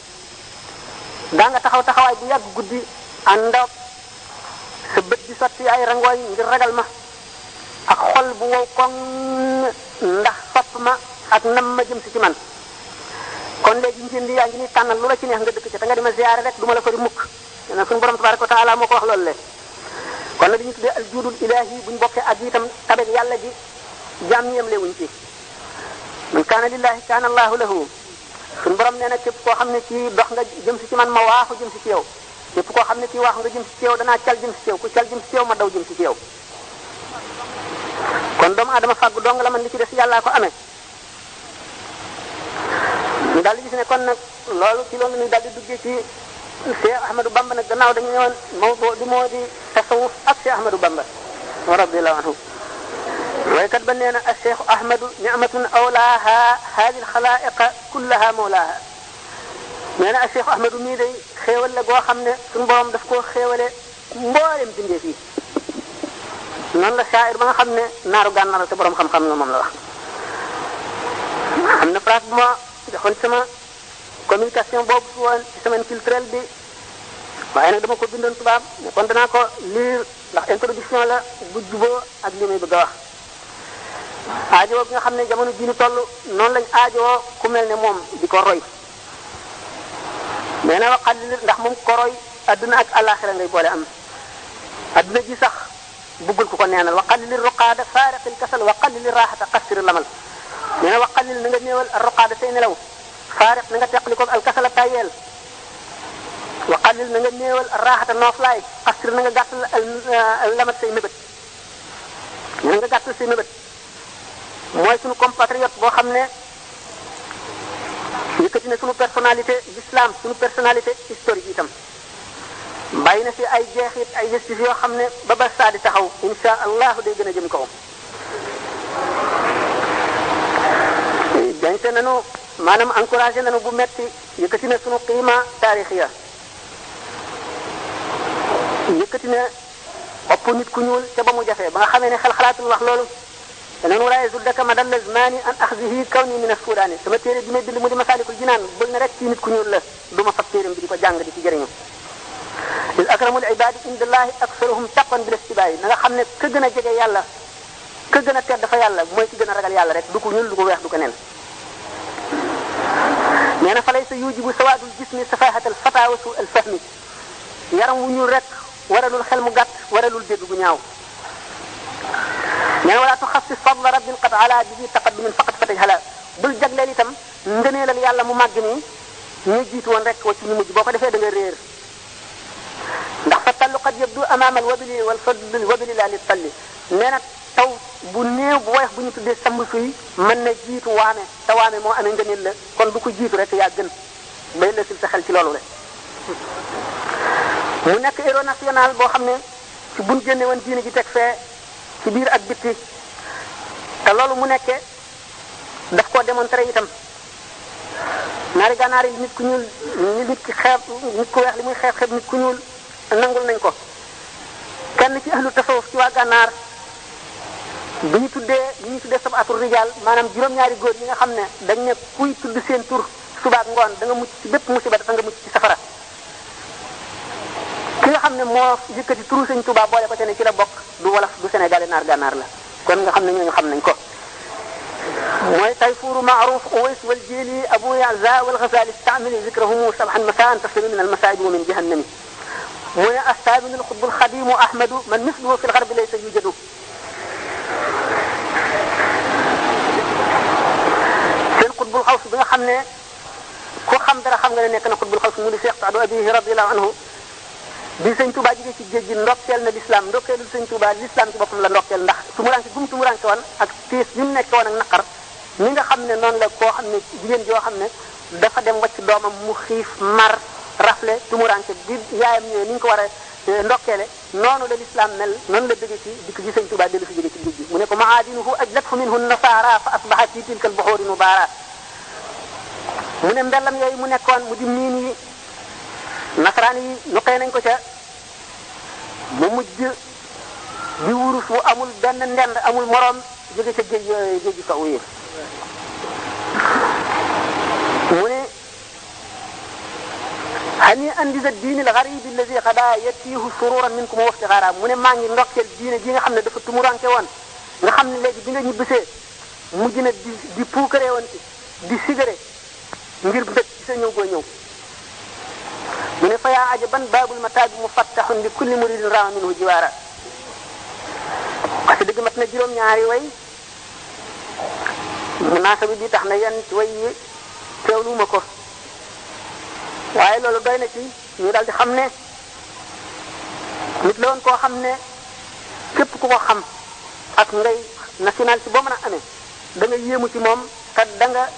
A: daa nga taxaw taxawaay bu yàgg guddi àndoog sa ak xol bu wow kon ndax topp ma ak nam ma jëm si ci man kon léegi njën li yaa ngi ni tànnal lu la ci neex nga dëkk ci te nga dima ziyaare rek du ma la ko di mukk nag suñu borom tabaraka wa taala moo ko wax loolu le kon nag li ñu tuddee al juudul ilaahi buñ bokkee ak itam tabet yàlla ji jaam ñi yem leewuñ ci man kaana lillahi kaana allahu lahu suñu borom nee koo xam ne ci dox nga jëm si ci man ma waaxu jëm si ci yow képp koo xam ne ci waaxu nga jëm si ci danaa cal jëm si ci yow ku cal jëm ci yow ma daw jëm si ci yow kon doomu aadama fàggu dong la man li ci des yàllaa ko amee daal di gis ne kon nag loolu ci loolu ñu daal di duggee ci Cheikh Bamba nag gannaaw dañu ñëwoon mawdu bi moo di tasawuf ak Cheikh Ahmadou Bamba radiyallahu anhu waykat ba nee na ak Cheikh Ahmadou ni'matun awlaaha haadi alxalaa'iqa kullaha mii day xéewal la goo xam ne suñu borom daf koo xéewale mboolem bindee fii noonu la saayir ba nga xam ne naaru gànnaar la te borom xam-xam nga moom la wax. am na phrase bu ma joxoon sama communication boobu woon ci semaine culturelle bi waaye nag dama ko bindoon tubaab kon danaa ko lire ndax introduction la bu juboo ak li may bëgg a wax. aajowoo bi nga xam ne jamono ji ñu toll noonu lañ aajowoo ku mel ne moom di ko roy mais na waxal ndax moom ko roy adduna ak àllaaxira ngay boole am adduna ji sax. bëggul ku ko neenal wa qallil ruqaada faariqil kasal wa qallil raaxata qassir lamal nee na wa qallil na nga néewal ruqaada say nelaw faariq na nga teqli ko al kasala tayeel wa qallil na nga néewal raaxata nooflaay qassir na nga gàttal lamat say mébét na nga gàttal say mébét mooy sunu compatriote boo xam ne yëkkati na sunu personnalité l'islam sunu personnalité historique itam باينا في اي جيخيت اي جيستي فيو خمنا بابا السادة تخو ان شاء الله دي جنة جمكو جانتا ننو ما نم انكوراجي ننو بمتي يكتنا سنو قيمة تاريخية يكتنا وقو نيت كنيول تبا مجافة بغا خميني خل خلات الله لولو أنا لا يزول لك مدى الزمان أن أخذه كوني من السوداني ثم تيري دمي دلي مدى مسالك الجنان بل نرك تيني كنيول لك دوما فتيرم بديكو جانغ ديكي جرينو الاكرم العباد عند الله اكثرهم تقوا بالاستباء نغا خامني كا گنا جيجي يالا كا گنا تيد فا يالا موي كي گنا رغال يالا ريك دوكو نيل دوكو ويخ دوكو نين نينا فليس يوجب سواد الجسم سفاهه الفتى وسوء الفهم يرم ونيو ريك ورل الخلم غات ورل الدب بو نياو نينا ولا تخصص فضل رب قد على ذي تقدم فقط فتجهلا بل جاغلي تام نغنيلال يالا مو ماغني ني جيتو ون ريك وتي ني مجي بوكو ديفه دا ngay rer ndax fa tallu qad yabdu amama alwabli wal fadl wabli la litalli talli taw bu néew bu wayx bu ñu tuddee samb suy mën na jitu waame te waame moo amee ngëneel la kon du ko jitu rek ya gën may la sa xel ci lolu rek mu nek héros national bo xamné ci buñu génne won diine ji tek fé ci biir ak bitti ta lolu mu nekké daf ko démontrer itam nari ganari nit ku ñuul nit ki xeeb nit ku weex limuy muy xeeb nit ku ñuul nangul nañ ko kenn ci ahlu tasawuf ci waa gànnaar bu ñu tuddee bu ñu tuddee sabatul rijaal maanaam juróom-ñaari góor yi nga xam ne dañ ne kuy tudd seen tur subaak ngoon da nga mucc ci bépp musiba dafa nga mucc ci safara ki nga xam ne moo yëkkati turu sëñ Tuubaa boole ko seen ci la bokk du wolof du sénégalais naar gànnaar la kon nga xam ne ñooñu xam nañ ko mooy tayfuuru maaruf uways wal jili abu yaza wal xasali staamili zikrahum sabahan masaan tafsiru min al masaajid wa min jahannami هنا الثامن الخطب الخديم أحمد من مثله في الغرب ليس يوجد في الخطب الخوص بن حمنا كو خمد را خمد لنك نخطب الخوص مولي سيخت عدو أبيه رضي الله عنه بي سنة توبا جيجي في جيجي نوكيال نبيسلام نوكيال سنة توبا الإسلام توبا كم لنوكيال نخ تمران كم تمران كوان أك تيس نمنا كوان نقر نيجا خمنا نون لكو خمنا جيجي جيجي خمنا دفا دم وچ دوما مخيف مر rafle tumuranke bi yaayam ñëwee ni ñu ko war a ndokkeele noonu la lislaam mel non la dëgg ci dik ji señtu ba delu fi jóge ci dëgg mu ne ko maadinuhu ajlatu minhu an-nasara fa asbaxat fi tilka al-buhur mubara mu ne mbellam yoy mu nekkon mu di miin yi lu yi nañ ko ca mu mujj di wuru fu amul ben ndend amul morom jëgé ca géej yoy gi ka wuyé mu ne هنيئا للدين الغريب الذي قد يأتيه سرورا منكم وافتخارا mu ne maa ngi ndokkeel diine ji nga xam ne dafa tumuranke woon nga xam ne léegi bi nga ñibbisee mujj na di di puukaree woon di sigare ngir bëgg ci sa ñëw goo ñëw mu ne fa yaa ajaban baabul mataabi mufattaxun li kulli muridin raama minhu jiwaara parce que dëgg mat na juróom-ñaari way munaasa bi bii tax na yan way teewluuma ko waaye loolu doy na ci ñu daal di xam ne nit la woon koo xam ne képp ku ko xam ak ngay national ci boo mën a amee da nga yéemu ci moom kat da nga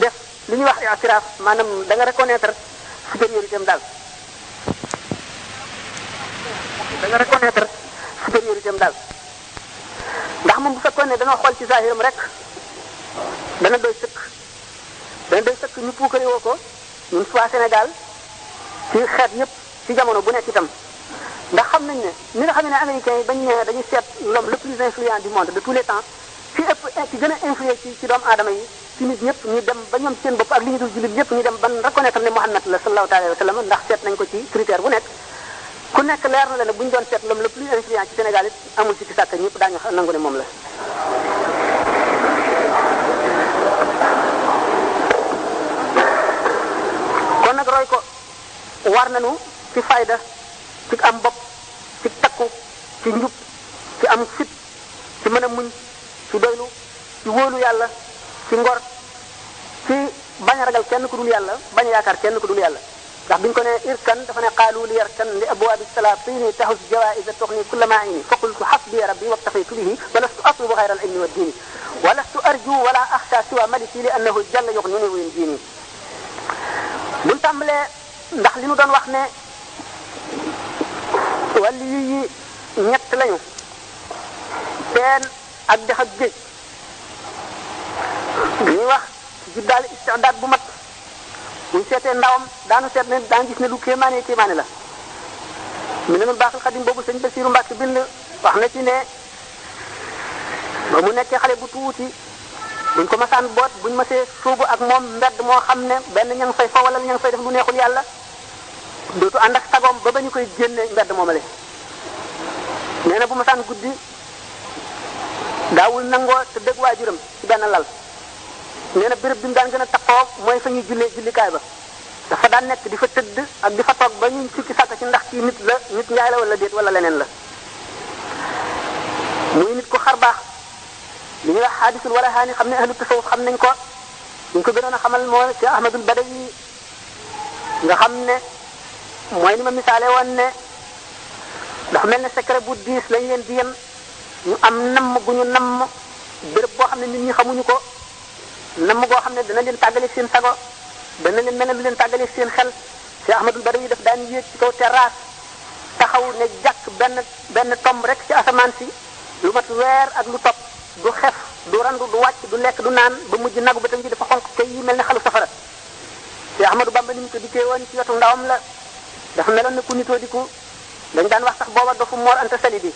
A: def li ñuy wax i'tiraaf maanaam da nga reconnaître supériorité daal da nga reconnaître supériorité daal ndax moom bu fekkoon ne dana xool ci zahiram rek dana doy sëkk dana doy sëkk ñu puukare woo ko ñun waa Sénégal ci xeet yëpp ci jamono bu nekk itam ndax xam nañ ne ni nga xam ne américains yi bañ ne dañuy seet l'homme le plus influent du monde de tous les temps ci ëpp ci gën a influer ci ci doomu aadama yi ci nit ñëpp ñu dem ba ñoom seen bopp ak li ñu dul jullit ñëpp ñu dem ban reconnaître ne Muhammad la sallallahu alayhi wa sallam ndax seet nañ ko ci critère bu nekk ku nekk leer na la ne bu ñu doon seet l'homme le plus influent ci Sénégal it amul ci ci sàkk ñëpp daañu nangu ne moom la nag roy ko war nañu ci fayda ci am bopp ci takku ci njub ci am fit ci mën a muñ ci doylu ci wóolu yàlla ci ngor ci bañ a ragal kenn ku dul yàlla bañ a yaakaar kenn ku dul yàlla ndax biñ ko ne irkan dafa ne qaalu li yarkan li abwaabi salaatini tahus jawaisa tuxni kulla ma ini fa qultu xasbiya rabbi waktafaytu bihi walastu atlubu xayra al ilmi wa diini walastu arju wala axsha siwa maliki li annahu jalla yugnini wa yundini bu ñu ndax li mu doon wax ne wàllu yi ñett lañu teen ak dex ak géej ñuy wax daal istidaad bu mat buñ seetee ndawam daanu seet ne daan gis ne lu kéemaane kéemaane la mi nenul baaxul xadim boobu sëñ Basiru Mbàkke bind wax na ci ne ba mu nekkee xale bu tuuti buñ ko masaan boot buñ masee suubu ak moom mbedd moo xam ne benn ña ngi fay fa wala ña fay def lu neexul yàlla dootu ànd ak sagoom ba ba ñu koy génne mbedd moomale nee na bu masaan guddi daawul nangoo te dëgg waajuram ci benn lal nee na béréb bi mu daan gën a taxawoo mooy fa ñuy jullee jullikaay ba dafa daan nekk di fa tëdd ak di fa toog ba ñu sikki sàkk ci ndax ci nit la nit njaay la wala déet wala leneen la muy nit ku xar baax li ñuy wax xaadisul wala xaani xam ne ahlu tasawuf xam nañ ko ñu ko gënoon a xamal mooy Cheikh Ahmadul Badawi nga xam ne mooy ni ma misaale woon ne dafa mel ne secret bu diis lañ leen di yem ñu am namm gu ñu namm béréb boo xam ne nit ñi xamuñu ko namm goo xam ne dana leen tàggale seen sago dana leen mel ne lu leen tàggale seen xel Cheikh Ahmadul Badawi daf daan yéeg ci kaw terrasse taxaw ne jàkk benn benn tomb rek ci asamaan si lu mat weer ak lu topp. du xef du randu du wàcc du lekk du naan ba mujj nagu ba tam ji dafa xonq te yi mel ne xalu safara te Ahmadou Bamba ni mu ko dikkee woon ci wetu ndawam la dafa meloon ne ku nitoo di ku dañ daan wax sax booba dofu Mor Anta Sali bi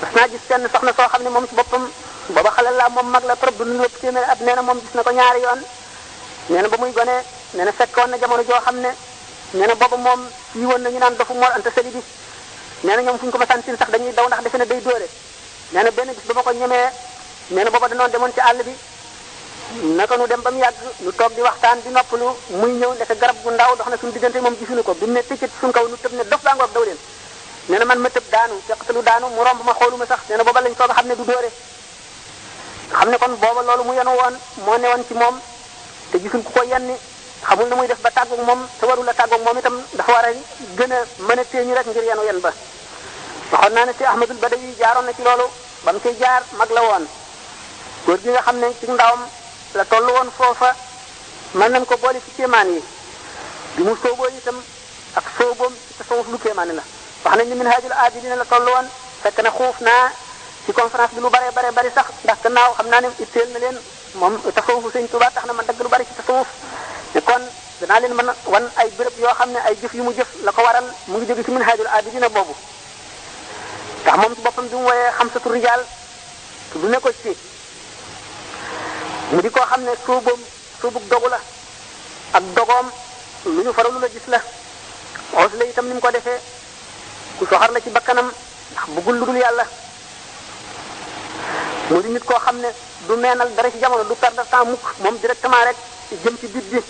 A: bas naa gis seen soxna soo xam ne moom ci boppam booba xale la moom mag la trop du nu lépp téeméer at nee na ko ñaari yoon nee na ba muy gone nee na fekkoon na jamono joo xam ne nee na booba moom yi woon nañu naan dofu Mor Anta Sali bi nee na ñoom fu ñu ko masaan sin sax dañuy daw ndax defe ne day dóore nee na benn bis ba ma ko ñemee nee na booba danoon demoon ci àll bi naka nu dem ba mu yàgg nu toog di waxtaan di noppalu muy ñëw ndeke garab gu ndaw dox na suñu diggante moom gisuñu ko bi mu ne tëccët suñu kaw nu tëb ne dof baa ngoog daw leen nee man ma tëb daanu feqatalu daanu mu romb ma xooluma sax nee na booba lañ xam ne du dóore xam ne kon booba loolu mu yenu woon moo ne woon ci moom te gisul ku ko yenni xamul na muy def ba tàggoog moom te warul a tàggoog moom itam dafa war a gën a mën a téeñu rek ngir yenu yen ba waxoon naa ne ci ahmadul badawi jaaroon na ci loolu ba mu ciy jaar mag la woon góor gi nga xam ne ci ndawam la toll woon foofa mën nañ ko boole ci kéemaan yi bi mu sooboo itam ak sooboom ci tasawuf lu kéemaane la wax nañ ni min haajul aabidina la toll woon fekk na xuuf naa ci conférence bi lu bare bare bari sax ndax gannaaw xam naa ne itteel na leen moom tasawufu sëñ Tuubaa tax na ma dagg lu bari ci tasawuf ne kon danaa leen mën wan ay béréb yoo xam ne ay jëf yu mu jëf la ko waral mu ngi jóge ci min haajul aabidina boobu ndax moom ci boppam bi mu woyee xamsatu rijaal du ne ko ci mu di koo xam ne suubam suubug dogu la ak dogoom lu ñu faralu la gis la os la itam ni mu ko defee ku soxar la ci bakkanam ndax bëggul lu dul yàlla mu di nit koo xam ne du meenal dara ci jamono du perdre temps moom directement rek jëm ci bit bi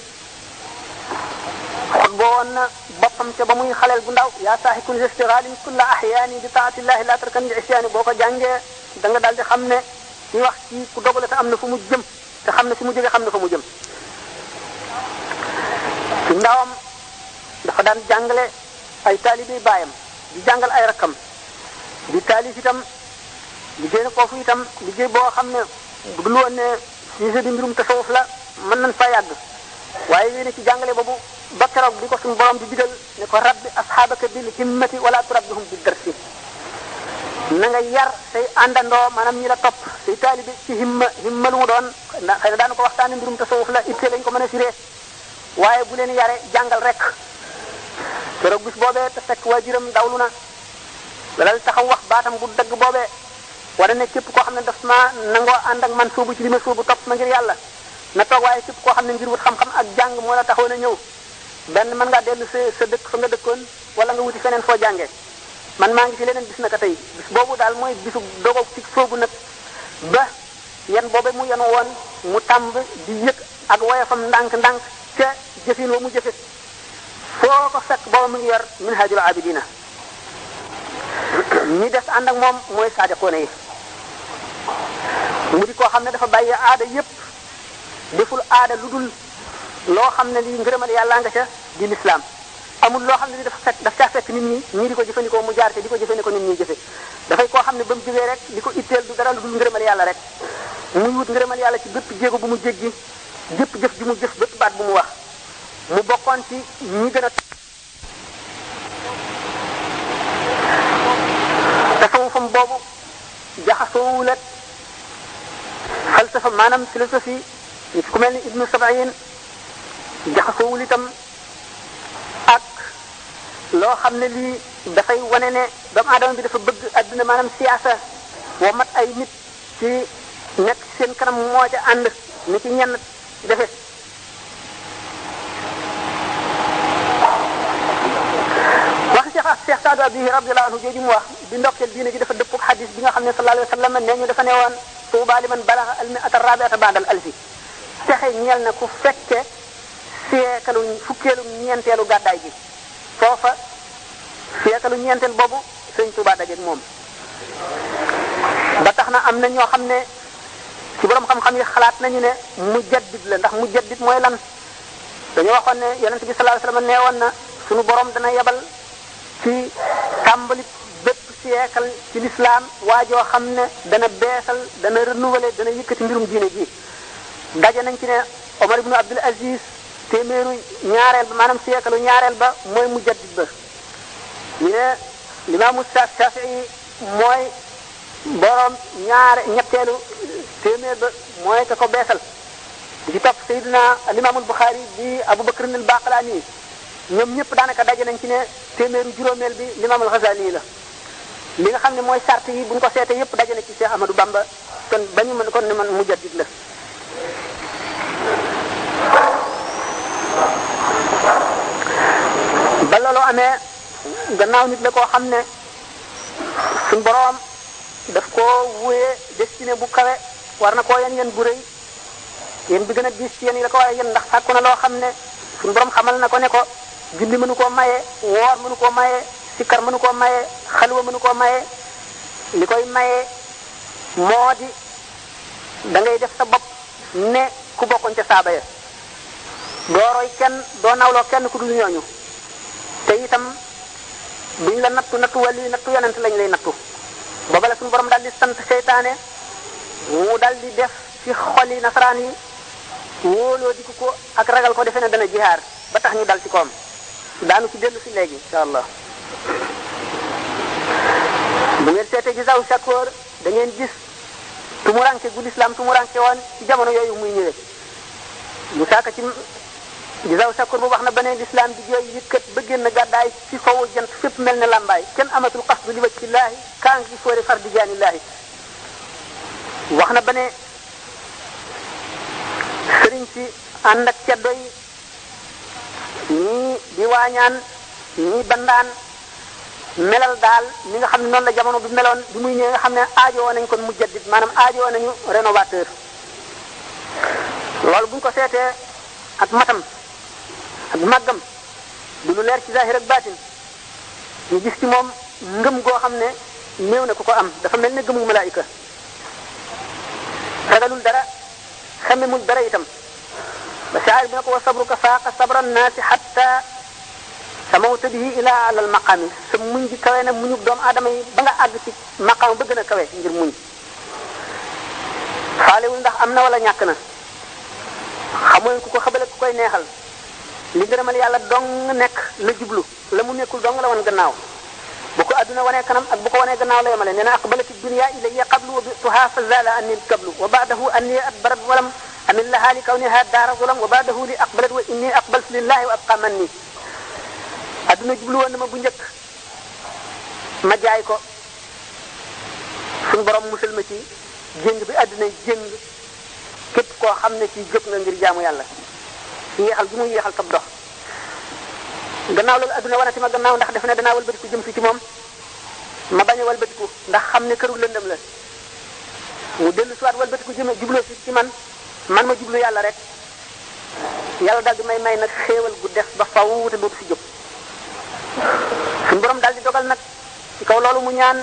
A: xut boo woon na boppam ca ba muy xaleel bu ndaw yaa saahikun istiralin kulla ahyaani bi taatillahi la tarkan li isyaani boo ko jàngee da nga daal di xam ne ñuy wax ci ku dogale te am na fu mu jëm te xam ne fi mu jógee xam na fa mu jëm ci daan jàngale ay taalibi baayam di jàngal ay rakkam di taalif itam liggéey na foofu itam liggéey boo xam ne bu dul woon di mbirum tasawuf la mën nañ fa yàgg waaye ki ci jàngale boobu ba keroog bi ko suñu bi di digal ne ko rabbi asxaabaka bil himmati wala turabbihum bi darsi na nga yar say àndandoo maanaam ñi la topp say taalibi ci himma himma mu doon xëy na daanu ko waxtaanee mbirum tasawuf la itte lañ ko mën a firee waaye bu leen yare jàngal rek keroog bis boobee te fekk waajuram dawlu na dalal taxaw wax baatam bu dëgg boobee wala ne képp koo xam ne daf ma nangoo ànd ak man suubu ci li ma suubu topp ma ngir yàlla na toog waaye képp koo xam ne ngir wut xam ak jàng moo la taxoon a ñëw ben man nga delu sa sa dekk fa nga dëkkoon wala nga wuti fenen fo jange man ma ngi ci leneen bis naka tey bis boobu daal mooy bisu dogo ci soobu nag ba yan boobee mu yan woon mu tàmb di yëg ak woyafam ndànk ndànk ca jëfin wa mu jëfe foo ko fekk booba mu ngi yor min hajul abidina ñi des ànd ak moom mooy saadiqoone yi mu di koo xam ne dafa bàyyi aada yépp deful aada lu dul loo xam ne lii ngërëmal yàlla nga ca di lislaam amul loo xam ne li dafa fekk daf caa fekk nit ñi ñii di ko jëfandikoo mu jaar te di ko jëfandikoo nit ñi jëfe dafay koo xam ne ba mu jëfee rek li ko itteel du dara lu dul ngërëmal yàlla rek mu wut ngërëmal yàlla ci bépp jéego bu mu jéggi jëpp jëf ji mu jëf bépp baat bu mu wax mu bokkoon ci ñi gën a tasawufam boobu jaxasoowul ak falsafa maanaam philosophie ku mel ni ibnu sabayin jaxasoowul itam ak loo xam ne lii dafay wane ne doomu aadama bi dafa bëgg adduna maanaam siyaasa woo mat ay mit ci nekk seen kanam moo ca ànd ni ci ñenn defe wax Cheikh ak Cheikh Saadu Abi radiyallahu anhu jooju mu wax di ndokkeel diine ji dafa dëpp xadis bi nga xam ne sallallahu alayhi wa sallam ñu dafa newoon tuuba liman balaxa al mi'ata rabi'ata ba'da al alfi texe ñeel na ku fekke siyeekalu fukkeelu ñeenteelu gàddaay gi foofa siyeekalu ñeenteel boobu sëñ Tuubaa dajeek moom ba tax na am na ñoo xam ne ci borom xam-xam yi xalaat nañu ne mujaddid la ndax mujaddid mooy lan dañu waxoon ne yonent bi sallallahu alayhi wasallam nee woon na suñu borom dana yebal ci tàmbali bépp siyeekal ci lislaam waa joo xam ne dana beesal dana renouveler dana yëkkati mbirum diine ji daje nañ ci ne Omar ibnu Abdul Aziz téeméeru ñaareel ba maanaam siècle ñaareel ba mooy mujaddid ba ñu ne limaamu Shafii mooy borom ñaare ñetteelu téeméer ba mooy ka ko beesal di ci topp Seydina limaamul Buxaari di Abubakar al Baqlaani ñoom ñëpp daanaka daje nañ ci ne téeméeru juróomeel bi limaamul Xasaali la li nga xam ne mooy sarti yi bu ñu ko seetee yëpp daje na ci Cheikh Ahmadou Bamba kon ba ñu mën kon ne man la ba loolu amee gannaaw nit la koo xam ne suñ boroom daf koo wuyee destiné bu kawe war na koo yen yen bu rëy yéen bi gën a diis ci yéen yi la ko waaye yéen ndax sàkku loo xam ne suñ boroom xamal na ko ne ko julli mënu koo maye woor mënu koo maye sikar mënu koo maye xalwa mënu koo maye li koy maye moo di da def sa bopp ne ku bokkoon ca saaba ya do roy kenn do nawlo kenn ku dul ñooñu te itam buñ la nattu nattu wali nattu yonent lañ lay nattu booba la sun borom dal di sant seytaane mu dal di def ci xoli nasaraan yi wóoloo di ko ak ragal ko dana jihar ba tax ñu dal ci kom daanu ci delu ci legi inshallah bu ngeen sété ci saw shakoor da ngeen gis tumuranke islam tumuranke won ci jamono yoyu muy mu ci gisaw sakkur bu wax na beneen islam di jooy yëkkat ba génn gàddaay ci fawu jant fépp mel ne làmbaay kenn amatul qasdu li wacci laahi kaa ngi foore far di jaanillaahi wax na beneen sëriñ fi ànd ak ceddo yi ñii di waañaan ñii bandaan melal daal ni nga xam ne noonu la jamono bi meloon bi muy ñëw nga xam ne aajowoo nañ kon mujaddid maanaam aajowoo nañu rénovateur loolu bu ñu ko seetee ak matam ak màggam du lu leer ci zahir baatin ñu ci moom ngëm goo xam ne néew na ku ko am dafa mel ne gëmu malaayika ragalul dara xamemul dara itam ba saar bi na ko wa sabruka faaqa sabra naasi xatta sa mawta bihi ilaa alal maqaami sa muñ ji kawe na muñu doomu aadama yi ba nga àgg ci maqaam ba gën a kawe ngir muñ ndax am na walla ñàkk na xamul ku ko xabale ku koy neexal li ngërëmal yàlla dong nekk la jublu la mu nekkul dong la wan gannaaw bu ko adduna wanee kanam ak bu ko wanee gannaaw la yemale nee na aqbalati dunya ilayya qablu wa bi'tuha fa zala anni qablu wa ba'dahu anni adbarat walam amin laha li kawniha daara walam wa ba'dahu li aqbalat wa inni aqbaltu lillahi wa abqa manni adduna jublu woon na ma bu njëkk ma jaay ko suñu borom musal ma ci jéng bi adduna jéng képp koo xam ne ci jóg nga ngir jaamu yàlla yéexal gi muy yéexal sab dox gannaaw loolu adduna wanati ma gannaaw ndax def ne danaa walbatiku jëm si ci moom ma bañ a walbatiku ndax xam ne këru lëndëm la mu dellu si waat walbatiku jëm jubloo si ci man man ma jublu yàlla rek yàlla daal may may nag xéewal gu def ba faw te dootu si jóg suñu borom daal dogal nag ci kaw loolu mu ñaan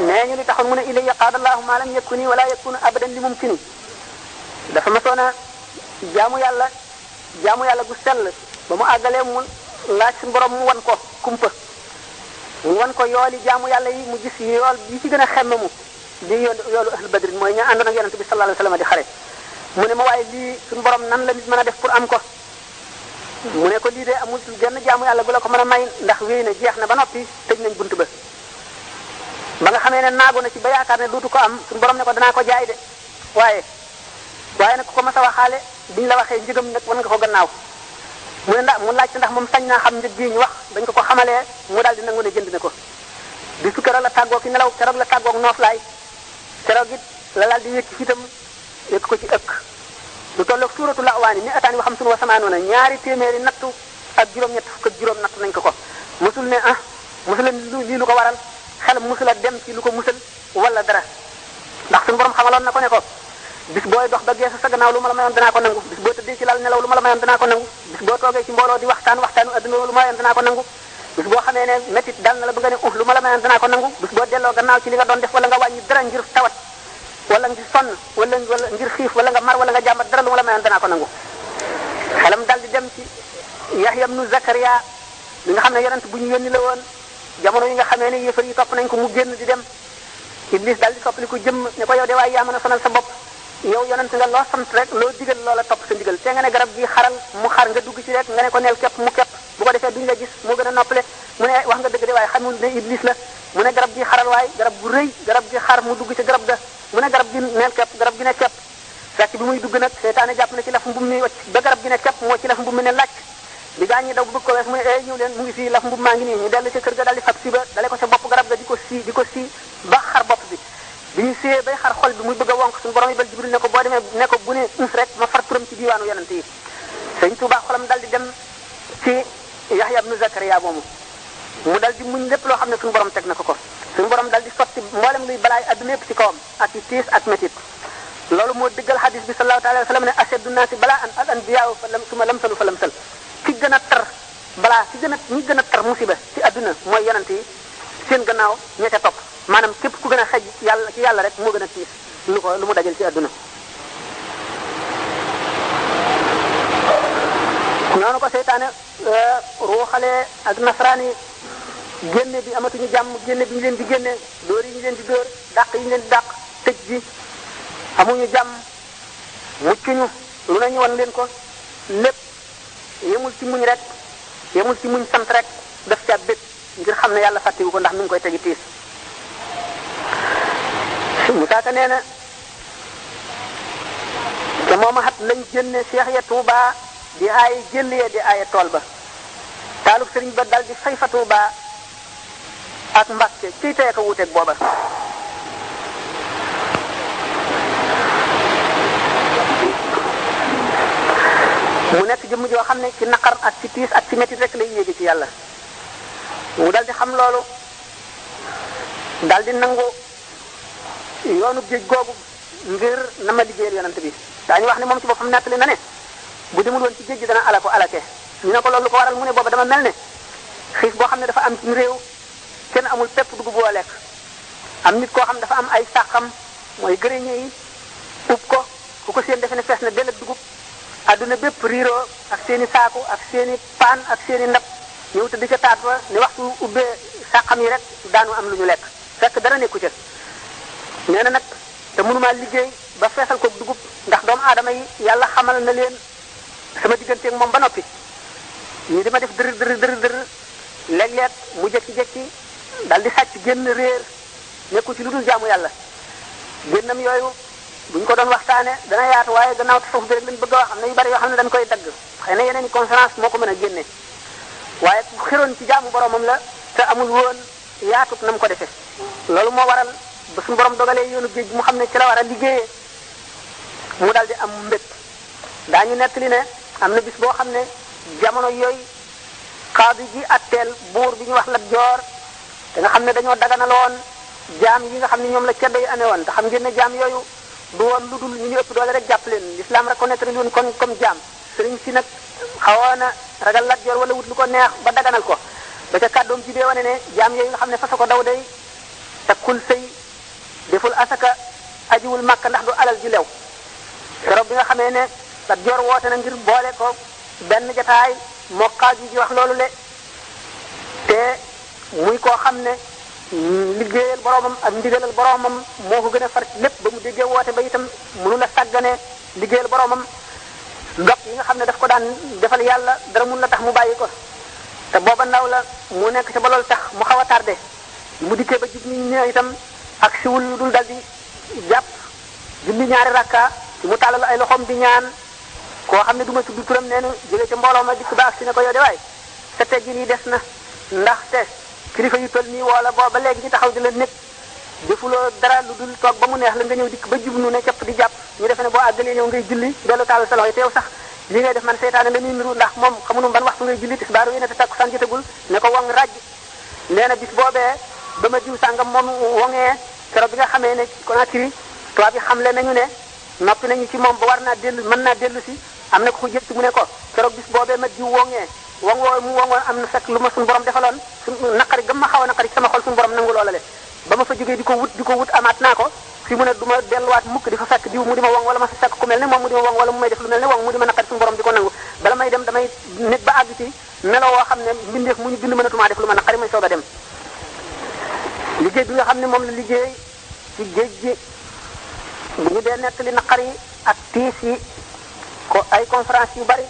A: nee ñu li taxoon mu ne ilayya qaada allahu ma lam yakuni wala yakunu abadan li mumkini dafa masoon a jaamu yàlla jaamu yàlla gu sell ba mu àggalee mu laaj suñu borom mu wan ko kumpa mu wan ko yool yi jaamu yàlla yi mu gis yool yi ci gën a xemme mu di yoolu yoolu ahlu badrin mooy ña àndoon ak yonente bi sallallahu alayhi wasallam di xare mu ne ma waaye lii suñu borom nan la nit mën a def pour am ko mu ne ko lii de amul genn jaamu yàlla gu la ko mën a may ndax wéy na jeex na ba noppi tëj nañ bunt ba ba nga xamee ne naagu na ci ba yaakaar ne dootu ko am suñu borom ne ko dana ko jaay de waaye waaye biñ la waxee njëgam nag wan nga ko gannaaw mu ne ndax mu laajte ndax moom sañ naa xam njëg gi ñu wax dañ ko ko xamalee mu daal di nangu ne jënd na ko bisu keroog la tàggoog ki nelaw keroog la tàggoog nooflaay keroog it la daal di yëkk ci itam yëkk ko ci ëkk lu tolloog suuratu laawaani mi ataani wa xam sunu wa samaanoona ñaari téeméeri nattu ak juróom-ñett fukk ak juróom nattu nañ ko ko musul ne ah musula lii lu ko waral xelam musula dem ci lu ko musal walla dara ndax suñu borom xamaloon na ko ne ko bis booy dox ba geesu sa gannaaw lu ma la mayoon danaa ko nangu bis boo tëddee ci lal nelaw lu ma la mayoon danaa ko nangu bis boo ci mbooloo di waxtaan adduna lu ma la mayoon danaa ko nangu bis boo xamee ne métit dal na la ba nga ne uh lu ma la nangu bis boo delloo gannaaw ci li nga doon def wala nga wàññi dara ngir tawat wala ngir sonn wala wala xiif wala nga mar wala nga jàmbat dara lu ma la nangu xelam dal di dem ci Yahya ibnu Zakariya li nga xam ne yonent bu ñu yónni la woon jamono yi nga xamee ne yëfar yi topp nañ ko mu génn di dem Iblis dal di soppali ko jëmm ne ko yow de waaye sa bopp yow yonent nga lo sant rek loo digal la top sa ndigal te nga ne garab gi xaral mu xar nga dugg ci rek nga ne ko neel kep mu kep bu ko defee duñ la gis mo gëna noppale mu ne wax nga dëgg de way xamul ne iblis la mu ne garab gi xaral way garab bu reuy garab gi xar mu dugg ci garab da mu ne garab gi neel kep garab gi ne kep fekk bi muy dugg nag seetaane jàpp na ci laf mbum mi wacc ba garab gi ne kep mo ci laf mbum mi ne làcc bi gañi daw bu ko wees mu ne eh ñëw leen mu ngi fi laf mbum ma ngi ni ñu dal ci kër ga dal di fat si ba dale ko ci bop garab ga diko si diko si ba xar bop bi bi ñu suyee bay xar xol bi muy bëgg a wonk suñu borom yi bal jibril ne ko boo demee ne ko bu ne us rek ma far turam ci diiwaanu yonante yi sëñ Tuuba xolam dal di dem ci Yaxya ibnu Zakariya moomu mu dal di muñ lépp loo xam ne suñu borom teg na ko ko suñu borom dal di sotti mboolem luy balaay adduna yëpp ci kawam ak i tiis ak métit loolu moo diggal xadis bi sallallahu taala wa sallam ne ashaddu naasi balaa an al anbiyaaw fa lam suma lamsalu fa lamsal ki gën a tar balaa ki gën a ñi gën a tar musiba ci adduna mooy yonante yi seen gannaaw ña ca topp maanaam képp ku gën a xaj yàlla ci yàlla rek moo gën a tiis lu lu mu dajal ci àdduna noonu ko seytaane euh, ruuxalee ak nasaraan yi génne bi amatuñu jàmm génne bi ñu leen di génne dóor yi ñu leen di dóor dàq yi ñu leen di dàq tëj gi amuñu jàmm muccuñu lu nañu wan leen ko lépp yemul ci muñ rek yemul ci muñ sant rek daf ca bépp ngir xam ne yàlla fàttiwu ko ndax mi ngi koy tegi tiis Musaa Ka nee na te mooma xat lañ génne seex ya Tuuba di aaye jël ya di aaye tool ba taalub sëriñ ba dal di fay fa Tuuba ak Mbàkke ciy teye ko wuuteeg booba mu nekk jëmm joo xam ne ci naqar ak ci tiis ak ci métit rek lay yéegi ci yàlla mu dal di xam loolu dal di nangu yoonu géej googu ngir na ma liggéeyal yonent bi daañu wax ne moom ci boppam nettali na ne bu demul woon ci géej gi dana ala ko alake ñu ne ko loolu ko waral mu ne boobu dama mel ne xiif boo xam ne dafa am ci réew kenn amul pepp dugub boo lekk am nit koo xam dafa am ay sàqam mooy gërëñe yi ub ko ku ko seen defe ne fees na dell dugub adduna bépp riiroo ak seeni i saaku ak seeni i paan ak seeni i ndab ñëw tëdd ca taat ba ne waxtu ubbee sàqam yi rek daanu am lu ñu lekk fekk dara nekku ca nee na nag te mënumaa liggéey ba feesal ko dugub ndax doomu aadama yi yàlla xamal na leen sama digganteeg moom ba noppi ñu dama def dër dër dër dër léeg-léeg mu jekki-jekki dal di sàcc génn réer nekku ci lu dul jaamu yàlla génnam yooyu bu ñu ko doon waxtaane dana yaatu waaye gannaaw tasawuf bi rek lañ bëgg a wax am na yu bari yoo xam ne dañ koy dagg xëy na yeneen i conférence ko mën a génne waaye ku xiroon ci jaamu boromam la te amul woon yaatut na mu ko defee loolu moo waral ba suñu borom dogalee yoonu géej mu xam ne ci la war a liggéeyee mu daal di am mbépp daañu nettali ne am na bis boo xam ne jamono yooyu xaadi ji atteel buur bi ñu wax Lat Joor te nga xam ne dañoo daganaloon jaam yi nga xam ne ñoom la ceddo yu amee woon te xam ngeen ne jaam yooyu du woon lu dul ñu ñu ëpp doole rek jàpp leen l'islam reconnaître leen kon comme jaam si nag xawoon ragal Lat Joor wala wut lu ko neex ba daganal ko ba ca kàddoom ji bee wane ne jaam yooyu nga xam ne fasa ko daw day takkul sëy deful asaka ajiwul màkka ndax du alal ju lew keroog bi nga xamee ne Lat Joor woote na ngir boole ko benn jataay mokkaal ji ji wax loolu le te muy koo xam ne liggéeyal boromam ak ndigalal boromam moo ko gën a far lépp ba mu déggee woote ba itam mënu la sàggane liggéeyal boromam dog yi nga xam ne daf ko daan defal yàlla dara mun la tax mu bàyyi ko te booba ndaw la mu nekk ci ba tax mu xaw a tardé mu dikkee ba jig ni ñëw ak siwul lu dul dal di jàpp julli ñaari rakka mu tàllal ay loxoom di ñaan koo xam ne du ma tudd turam nee na jóge ci mbooloo ma dikk ba ak si ne ko yow de waay sa teggin yi des na ndax ndaxte kilifa yu toll nii wala booba léegi ñu taxaw di la nekk defuloo dara lu dul toog ba mu neex la nga ñëw dikk ba jublu ne capp di jàpp ñu defe ne boo àggalee ñëw ngay julli dellu taal sa loxo yi teew sax li ngay def man seytaane la ñuy niru ndax moom xamunum ban waxtu ngay julli tisbaar yi ne te takkusaan jotagul ne ko wong raj nee na bis boobee ba ma diw sàngam moom wongee bi nga xamee ne Conakry tubaab yi xamle nañu ne noppi nañu ci moom ba war naa dellu mën naa dellu si am na ko ko jël ci mu ne ko keroog bis boobee ma diw wongee wong woo mu wongoon am na fekk lu ma suñu borom defaloon su naqari gëm a naqari sama xol suñu borom nangu ba ma fa jógee di ko wut di ko wut amaat naa ko fi mu ne du delluwaat mukk di fa fekk diw mu di ma wong wala ma fekk ku mel ne moom mu di ma wong wala mu may def lu mel ne wong mu di ma naqar suñu borom di ko nangu bala may dem damay nit ba xam ne mbindeef mu ñu bind mënatumaa def lu ma naqari may soog liggéey bi nga xam ne moom la liggéey ci géej gi bu ñu dee nettali naqar yi ak tiis yi ko ay conférence yu bari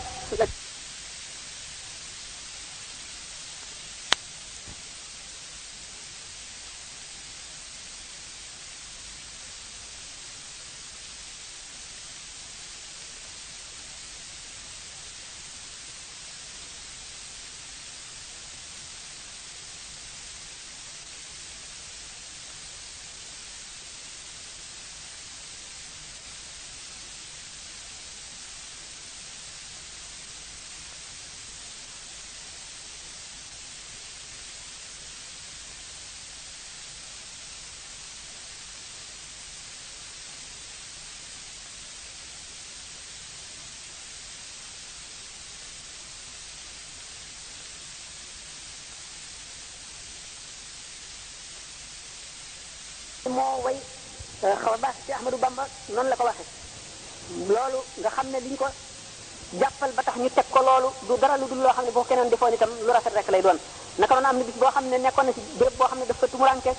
A: dul loo xam ne boo keneen defoon itam lu rafet rek lay doon naka doon am na bis boo xam ne nekkoon na ci béréb boo xam ne dafa tumuranke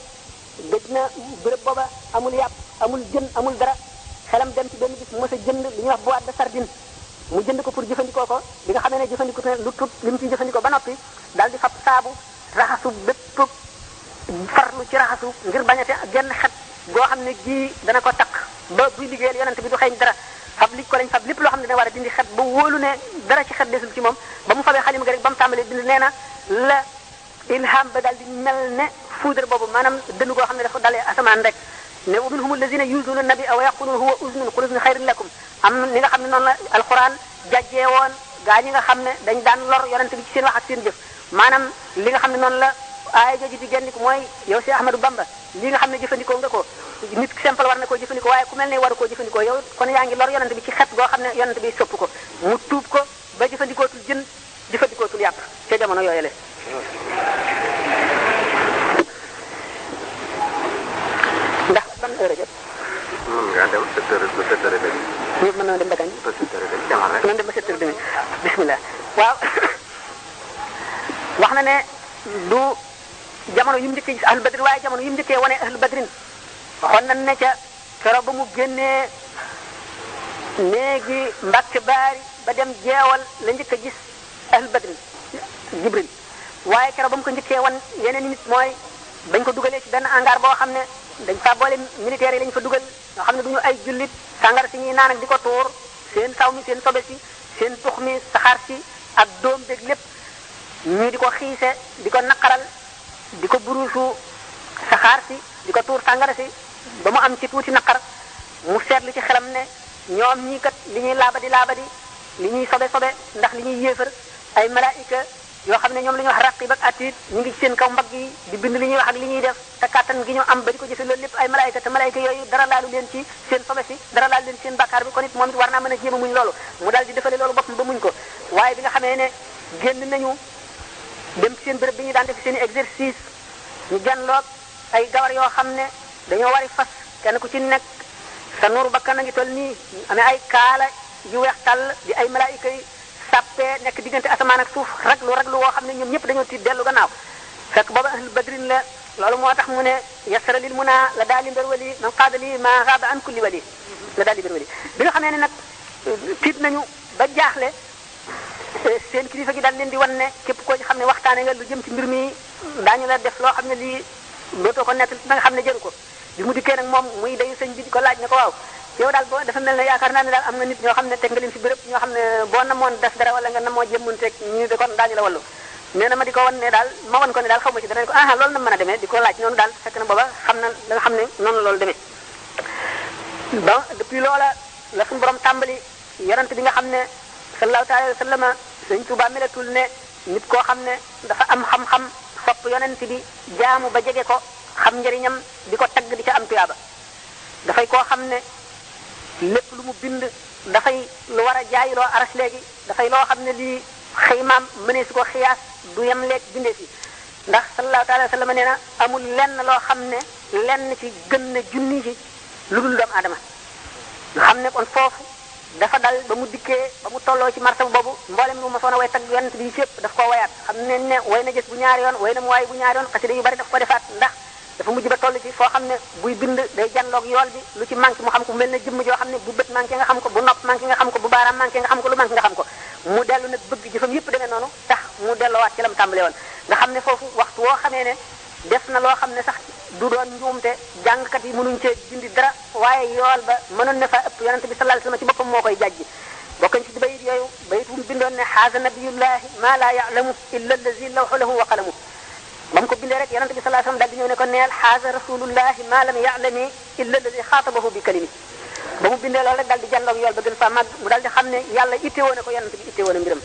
A: gëj na béréb booba amul yàpp amul jën amul dara xelam dem ci benn bis mos a jënd li ñuy wax boîte de sardine mu jënd ko pour jëfandikoo ko bi nga xamee ne jëfandikoo ne lu tut li mu ciy jëfandikoo ba noppi daal di fab saabu raxasu bépp farlu ci raxasu ngir bañate genn xet goo xam ne gii dana ko takk ba buy liggéeyal yonent bi du xeeñ dara fab li ko lañ fab lépp loo xam ne dina war a dindi xet ba wóolu ne dara ci xet desul ci moom ba mu fabee xalima ga rek ba mu tàmbalee bind nee na la ilham ba daal di mel ne fuudar boobu maanaam dënn goo xam ne dafa dalee asamaan rek ne wa minhum allazina yuzuuna a aw yaquluuna a uznun qul uznun xayrun lakum am ni nga xam ne noonu la alquran jajjee woon gaa ñi nga xam ne dañ daan lor yonente bi ci seen wax ak seen jëf maanaam li nga xam ne noonu la aaya jooju di gendiku mooy yow si Ahmadou Bamba li nga xam ne jëfandikoo nga ko nit simple war na koo jëfandikoo waaye ku mel ne waru koo jëfandikoo yow kon yaa ngi lor yonent bi ci xet goo xam ne yonent bi sopp ko mu tuub ko ba jëfandikootul jën jëfandikootul yàpp ca jamono yooyu le ndax ban heure jot dem sept heures ba sept heures na dem ba kañ ba sept bismillah waaw wax na ne du jamono yu mu njëkkee gis ahlu badrin yu mu njëkkee wane ahlu badrin waxoon na ne ca keroog ba mu génnee néegi mbàkke baari ba dem jeewal la njëkk a gis ahlu badrin jibril waaye keroog ba mu ko njëkkee wan yeneen nit mooy bañ ko dugalee ci benn hangar boo xam ne dañ fa boole militaires yi lañ fa dugal nga xam ne du ñu ay jullit sàngara si ñuy naan di ko tuur seen saw mi seen sobe si seen tux mi saxaar si ak doom beeg lépp di ko xiise di ko naqaral di ko buruusu saxaar si di ko tuur sàngara si ba mu am ci tuuti naqar mu seetlu ci xelam ne ñoom ñii kat li ñuy laabadi laabadi li ñuy sobe sobe ndax li ñuy yéefar ay malaayika yoo xam ne ñoom la ñuy wax raqib ak ñu ngi ci seen kaw mbagg yi di bind li ñuy wax ak li ñuy def te kàttan gi ñu am ba di ko jëfe loolu lépp ay malaayika te leen ci seen sobe si dara laalu leen ci seen bàkkaar bi kon it moom it war naa mën a jéem a muñ loolu mu daal di defale loolu boppam ba muñ ko waaye bi nga xamee ne génn nañu dem ci seen bërëb bi ñu daan def seen exercice ñu janloog ay gawar yoo xam ne dañoo wari fas kenn ku ci nekk sa nuuru bakkan na ngi tol nii amee ay kaala yu weex tàll di ay malaayika yi sàppee nekk diggante asamaan ak suuf raglu raglu woo xam ne ñoom ñëpp dañoo tiit dellu gannaaw fekk booba ahlul badrin la loolu moo tax mu ne yasara lil muna la daali mbir wali man qaada lii ma raaba an kulli wali la daali mbir wali bi nga xamee ne nag tiit nañu ba jaaxle seen kilifa gi daal leen di wan ne képp koo xam ne waxtaane nga lu jëm ci mbir mi daañu la def loo xam ne lii dootoo ko nekk na nga xam ne jëru ko bi mu dikkee nag moom muy day sëñ bi di ko laaj ne ko waaw yow daal boo dafa ne xam ne teg nga leen fi béréb ñoo xam ne boo namoon def dara wala la wallu nee na a demee di ko laaj noonu daal fekk na booba xam nga xam ne noonu loolu demee ba depuis loola la suñu tàmbali yonent bi nga xam ne sallallahu taala wa sallama sëñ Tuuba melatul ne nit koo xam ne dafa am xam-xam sopp fi bi jaamu ba jege ko xam njëriñam di ko tagg di ca am tuyaaba dafay koo xam ne lépp lu mu bind dafay lu war a jaay loo aras léegi dafay loo xam ne lii xëymaam mënee si ko xiyaas du yem lekk bindee fi ndax sallallahu taala wa sallama nee na amul lenn loo xam ne lenn ci gën na junni ci lu dul doomu aadama xam ne kon foofu dafa dal ba mu dikkee ba mu tolloo ci martaba boobu mboolem lu ma soon a way tagg yonent bi yëpp daf koo wayaat xam ne ne way na gis bu ñaari yoon way na mu waay bu ñaari yoon xasida yu bari daf ko defaat ndax dafa mujj ba toll ci foo xam ne buy bind day janloog yool bi lu ci manqué mu xam ko mel na jëmm joo xam ne bu bët manqué nga xam ko bu nopp manqué nga xam ko bu baaraam manqué nga xam ko lu ko mu dellu nag bëgg jëfam yëpp demee noonu tax mu delloowaat ci lam tàmbale woon nga xam ne foofu waxtu woo xamee ne def na loo xam ne sax du doon njuumte jàngkat yi mënuñ cee dindi dara waaye yool ba mënoon na fa ëpp yonente bi s alayhi wasallam ci boppam moo koy jàjji bokkañ ci bayit yooyu bayit bu mu bindoon ne xaasa nabiyullahi ma la ya'lamu illa allazi lawhu lahu wa qalamu ba ko bindee rek yonente bi sallallahu alayhi wasallam daal di ne ko neel xaasa rasulullahi ma lam ya'lami illa allazi xaatabahu bi kalimi ba mu bindee loolu rek daal di jàndoog yool ba gën fa mu daal di xam ne yàlla ittewoo na ko yonente bi ittewoo na mbiram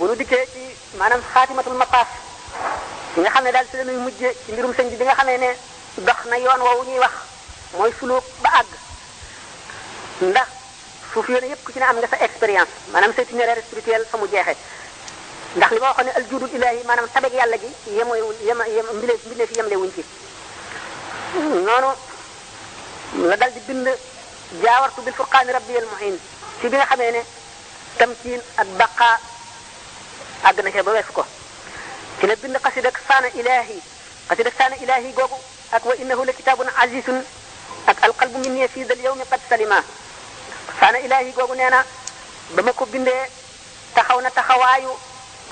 A: bu nu dikkee ci maanaam xaatimatul maqaas ñi nga xam ne daal si lañuy mujje ci mbirum sëñ bi bi nga xamee ne dox na yoon woowu ñuy wax mooy suluuk ba àgg ndax suuf yéene yépp ku ci ne am nga sa expérience maanaam sa itinéraire spirituel fa mu jeexe ndax li ma waxoon ne aljudul ilahi maanaam tabeg yàlla gi yemoyewul yema yema mbile mbile fi yemle wuñ ci noonu la dal di bind jaawartu bil furqaani rabbi al muhin ci bi nga xamee ne tamkin ak baqa àgg na ca ba weesu ko ci la bind xasidak saana ilaahi xasidak saana ilaahi googu ak wa innahu la kitaabun azizun ak alqalbu min ne fii dal yawmi qad salima saana ilaahi googu nee na ba ma ko bindee taxaw na taxawaayu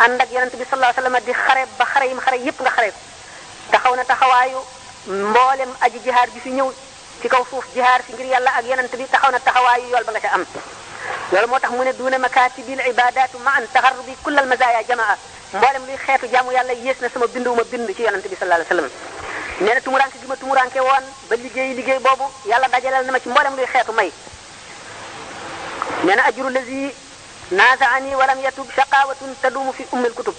A: ànd ak yonent bi sallallahu alayhi wa sallam di xare ba xare yim xare yépp nga xare ko taxaw na taxawaayu mboolem aji jihaar gi fi ñëw ci kaw suuf jihaar fi ngir yàlla ak yonent bi taxaw na taxawaayu yool ba nga ca am loolu motax tax mu ne duuna makaatibil ibadatu ma an kull al mazaya jamaa mbolam li xeetu jamu yàlla yées na sama bindu ma bind ci yonante bi sallallahu alayhi wasallam nee na tumuranke gima ma tumuranke won ba liggey liggey bobu yàlla dajalal na ma ci mbolam li xeetu may nee na ajuru lazi naasaani walam yatub shaqawatun tadumu fi ummil kutub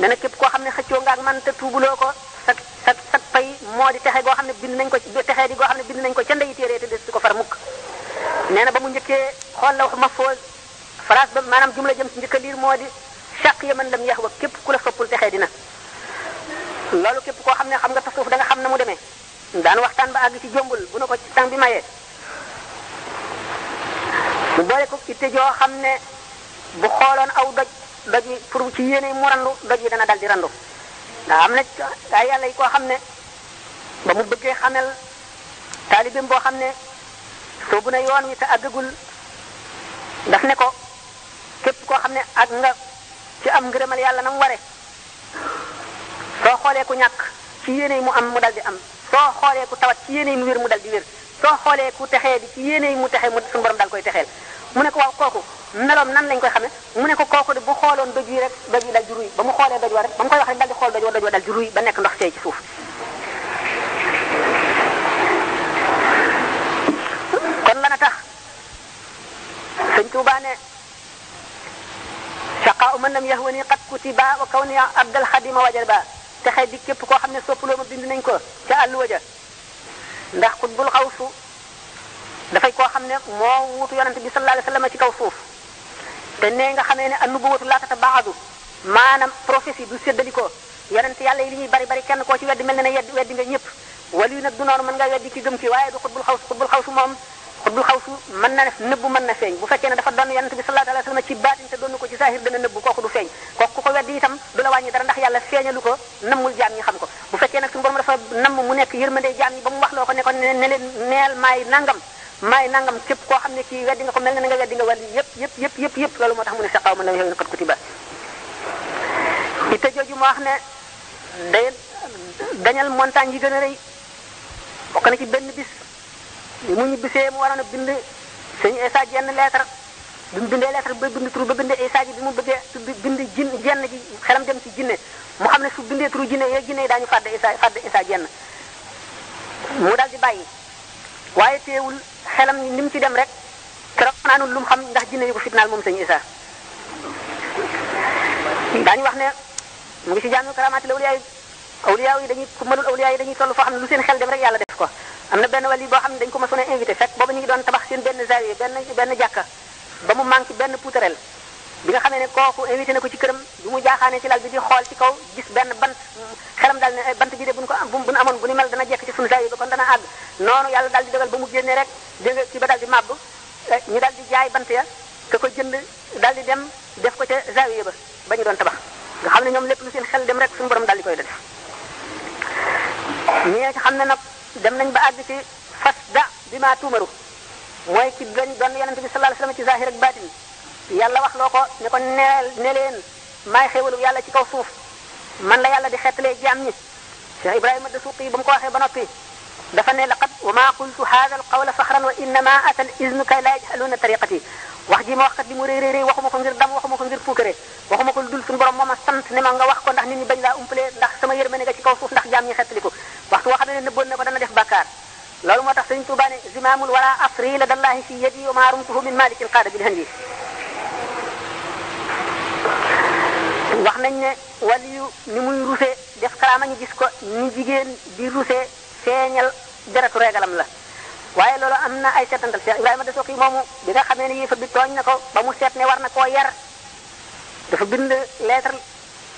A: nee na képp koo xam nga ak man te tuubuloo ko sa sa pay moo texe goo xam bind nañ ko texee di goo xam bind nañ ko ca ndeyi téere te des ko far mukk nee ba mu njëkkee xool la wax ma foos phrase ba maanaam jumla jëm ci njëkk liir moo di chaq ya man lam yax wa képp ku la soppul texee dina loolu képp koo xam ne xam nga tasawuf da nga xam na mu demee daan waxtaan ba àgg ci jombul bu na ko ci tàng bi mayee mu boole ko itte joo xam ne bu xooloon aw doj doj yi pour ci yéene mu randu doj yi dana dal di randu ndax am na ay yàlla yi koo xam ne ba mu bëggee xamel taalibeem boo xam ne soo bu na yoon wi te àggagul daf ne ko képp koo xam ne ak nga ci am ngërëmal yàlla na mu waree soo xoolee ku ñàkk ci yéene mu am mu dal di am soo xoolee ku tawat ci yéene mu wér mu dal di wér soo xoolee ku texee di ci yéene mu texe mu suñu borom dal koy texeel mu ne ko waaw kooku meloom nan lañ koy xamee mu ne ko kooku de bu xooloon doj yi rek doj yi dal di ruy ba mu xoolee doj wa rek ba mu koy wax rek dal di xool doj wa dal di ruy ba nekk ndox seey ci suuf sëñ Tuubaa ne saqaa man lam yahwani qad kutiba wa kawni abdal xadima wajaba texe di képp koo xam ne soppaloo ma bind nañ ko ca àll waja ndax xutbul xawsu dafay koo xam ne moo wuutu yonante bi sallallahu alayhi wasallam ci kaw suuf te nee nga xamee ne annubuwatu laa tatabaadu maanaam prophétie du séddaliko yonent yàlla yi li bari bari kenn ko ci weddi mel ne ne weddi nga ñëpp wali nag du noonu mën nga weddi ki gëm ki waaye du xutbul xaws xutbul xawsu moom xutbul xaw su mën na def nëbbu mën na feeñ bu fekkee ne dafa doon yonent bi sallallahu alayhi wa sallam ci baatin te doon ko ci saahir dana nëbbu kooku du feeñ kooku ku ko weddi itam du la wàññi dara ndax yàlla feeñalu ko nammul jaam ñi xam ko bu fekkee nag suñu borom dafa namm mu nekk yërmande jaam ñi ba mu wax loo ko ne ko ne leen neel maay nangam maay nangam képp koo xam ne kii weddi nga ko mel na nga weddi nga wàlli yëpp yëpp yëpp yëpp yëpp loolu moo tax mu ne saqaaw mën la yow kat kutiba itte jooju moo wax mu ñibbisee mu waroon a bind sëñ Issa jenn lettre bi mu bindee lettre ba bind tur ba bind Issa ji bi mu bëggee bind jin jenn ji xelam dem ci jinne mu xam ne su bindee turu jinne yee jinne yi daañu fàdd Issa fàdd Issa mu dal di bàyyi waaye teewul xelam ni mu ci dem rek keroog naanul lu mu xam ndax jinne yi ko fitnaal moom sëñ Issa daañu wax ne mu ngi ci jaanu karamaati la wul awliyaa yi dañuy ku mënul awliyaa yi dañuy toll foo xam ne lu seen xel dem rek yàlla def ko am na benn wali boo xam ne dañ ko mësoon a invité fekk booba ñu doon tabax seen benn ne kooku invité na ci këram bi mu jaaxaane ci lal xool ci kaw gis eh, bu ni mel dana jekk ci suñu zawiya ba kon dana àgg noonu yàlla di dogal ba mu génnee rek dégg nga kii daal eh, di jaay bant ya ka ko jënd daal dem def ko ca zawiya ba ba doon tabax nga xam ne ñoom lépp lu seen xel dem rek suñu borom daal di koy def ñi nga xam ne nag dem nañ ba àgg ci fas da bi maa tuumaru mooy ci gën doon yonente bi sallallahu alayhi wasallam ci zahir ak baatin yàlla wax loo ko ne ko neel ne leen maay xéwalu yàlla ci kaw suuf man la yàlla di xettalee jaam ñi cheikh ibrahima dasuqi ba mu ko waxee ba noppi dafa ne laqad wa ma qultu hadha alqawla fakhran wa innama ata aliznu kay la yajhaluna tariqati wax ji ma wax kat li mu rëy rëy rëy waxuma ko ngir dam waxuma ko ngir puukare waxuma ko lu dul suñu borom moo ma sant ne ma nga wax ko ndax nit ñi bañ laa umpale ndax sama yërmande nga ci kaw suuf ndax jaam ñi xettali ko waxtu woo xam ne nëbboon na ko dana def bàkkaar loolu moo tax sëriñ Tuubaa ne zimaamul wala asri la dallahi fi yadi wa maarumtuhu min malikin qaada bil handi wax nañ ne waliyu ni muy rusee def karaama ñu gis ko ni jigéen di rusee feeñal deretu reegalam la waaye loolu am na ay seetantal Cheikh Ibrahima de Soxi moomu bi nga xamee ne yéefar bi tooñ na ko ba mu seet ne war na koo yar dafa bind lettre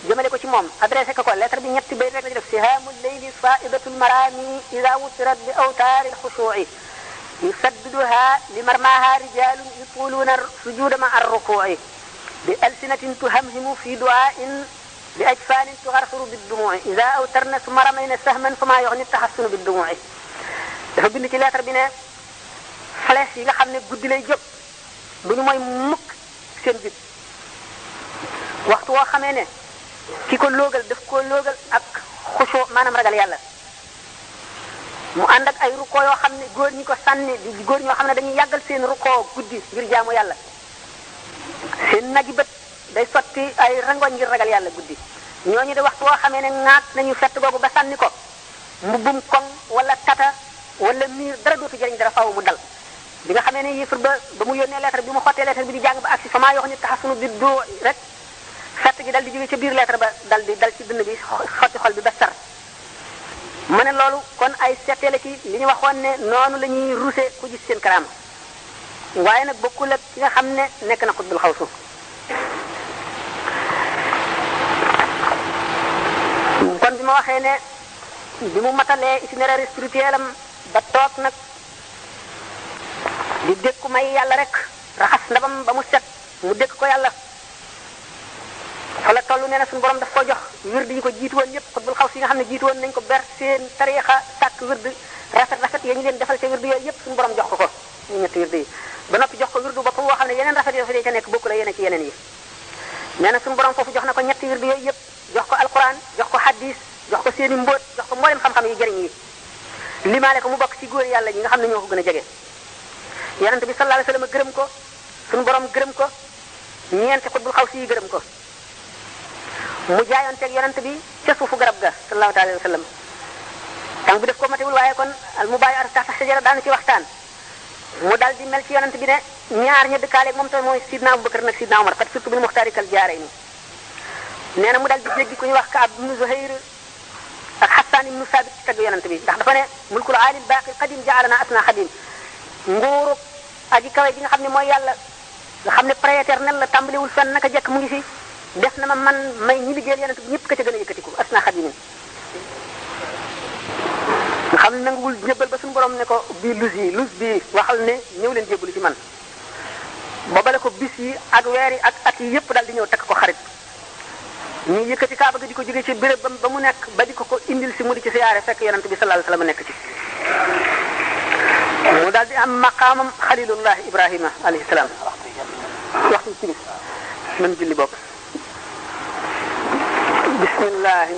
A: jëmale ko ci moom adressé ko ko lettre bi ñetti bay rek la ci def sihaamu leyli faidatul marami ida wutirat bi awtaari lxushuui yusaddiduha li marmaha rijalun yutuluuna sujuda ma arrukuui bi alsinatin tuhamhimu fi duain bi ajfanin tuxarxiru biddumuui ida awtarna suma ramayna sahman fama yoxni taxassunu biddumuui dafa bind ci lettre bi ne flèche yi nga xam ne guddi lay jóg bu ñu mooy mukk seen bit waxtu woo xamee ne ki ko loogal daf ko loogal ak xusoo maanaam ragal yàlla mu ànd ak ay rukkoo yoo xam ne góor ñi ko sànni di góor ñoo xam ne dañuy yàggal seen rukkoo guddi ngir jaamu yàlla seen naji bët day sotti ay rangoñ ngir ragal yàlla guddi ñoo ñu de waxtu woo xamee ne naat nañu fett googu ba sànni ko mbubbum koŋ wala tata wala miir dara dootu jëriñ dara faaw mu dal bi nga xamee ne yéefar ba ba mu yónnee lettre bi mu xottee lettre bi di jàng ba agsi fa maa yoo xam ne taxasunu bi doo rek fett gi dal di jóge ca biir lettre ba dal di dal ci dund bi xotti xol bi ba sar ma ne loolu kon ay settee ki li ñu waxoon ne noonu la ñuy rusé ku gis seen karaama waaye nag bokkul ak ki nga xam ne nekk na xutbul xaw suuf kon bi ma waxee ne bi mu matalee itinéraire spirituel am ba toog nag di dékku may yàlla rek raxas ndabam ba mu set mu dékk ko yàlla fa la toll nee na suñu borom daf ko jox wird yi ko jiitu woon yëpp xutbul xaw si a xam ne jiitu woon ko ber seen tariixa sàkk wird rafet rafet ya ñu leen defal seen wird yooyu yëpp suñu borom jox ko ko ñu ñetti wird yi ba xam ne yeneen rafet yoo fi ca nekk bokku la yeneen ci yeneen yi nee jox na ko ñetti wird yooyu yëpp jox ko alquran jox ko hadis jox ko seeni mbóot jox ko mboolem xam-xam yu jëriñ yi limaale ko mu bokk ci góor yàlla ñi nga xam ne ñoo ko gën a jege yonente bi sallallahu alayhi wasallam gërëm ko suñu borom gërëm ko ñeenti xutbul xaw si gërëm ko mu jaayoonteeg yonente bi ca suufu garab ga sallallahu taala alayhi wasallam tàng bi def ko matewul waaye kon al mu bàyyi ar tax sax sajara daana ci waxtaan mu dal di mel ci yonente bi ne ñaar ña dëkkaaleeg moom tamit mooy sidna Abubakar nag sidna Umar xat surtout bil muxtaarikal jaarayni na mu dal di jéggi ku ñu Zuhayr ak xasaan mu saabit ci tagg yonent bi ndax dafa ne mulkul aalil baaqi qadim jaalana asna xadim nguurug aji kawe ji nga xam ne mooy yàlla nga xam ne prééternel la tàmbaliwul fenn naka jekk mu ngi fi def na ma man may ñi liggéeyal yonent bi ñëpp ka ca gën a yëkkatiku asna xadim nga xam ne nanguwul jébbal ba suñ borom ne ko bii lus yi lus bii waxal ne ñëw leen jébbalu ci man boobale ko bis yi ak weer yi ak at yi yëpp daal di ñëw takk ko xarit ñu yëkkati kaaba gi di ko jógee ci béréb ba mu nekk ba di ko ko indil si mu di ci siyaare fekk yonent bi sallallahu alayhi wasallam nekk ci mu daal di am maqaamam xalilullah ibrahima alayhi salaam waxtu ci bis man julli bopp bismillah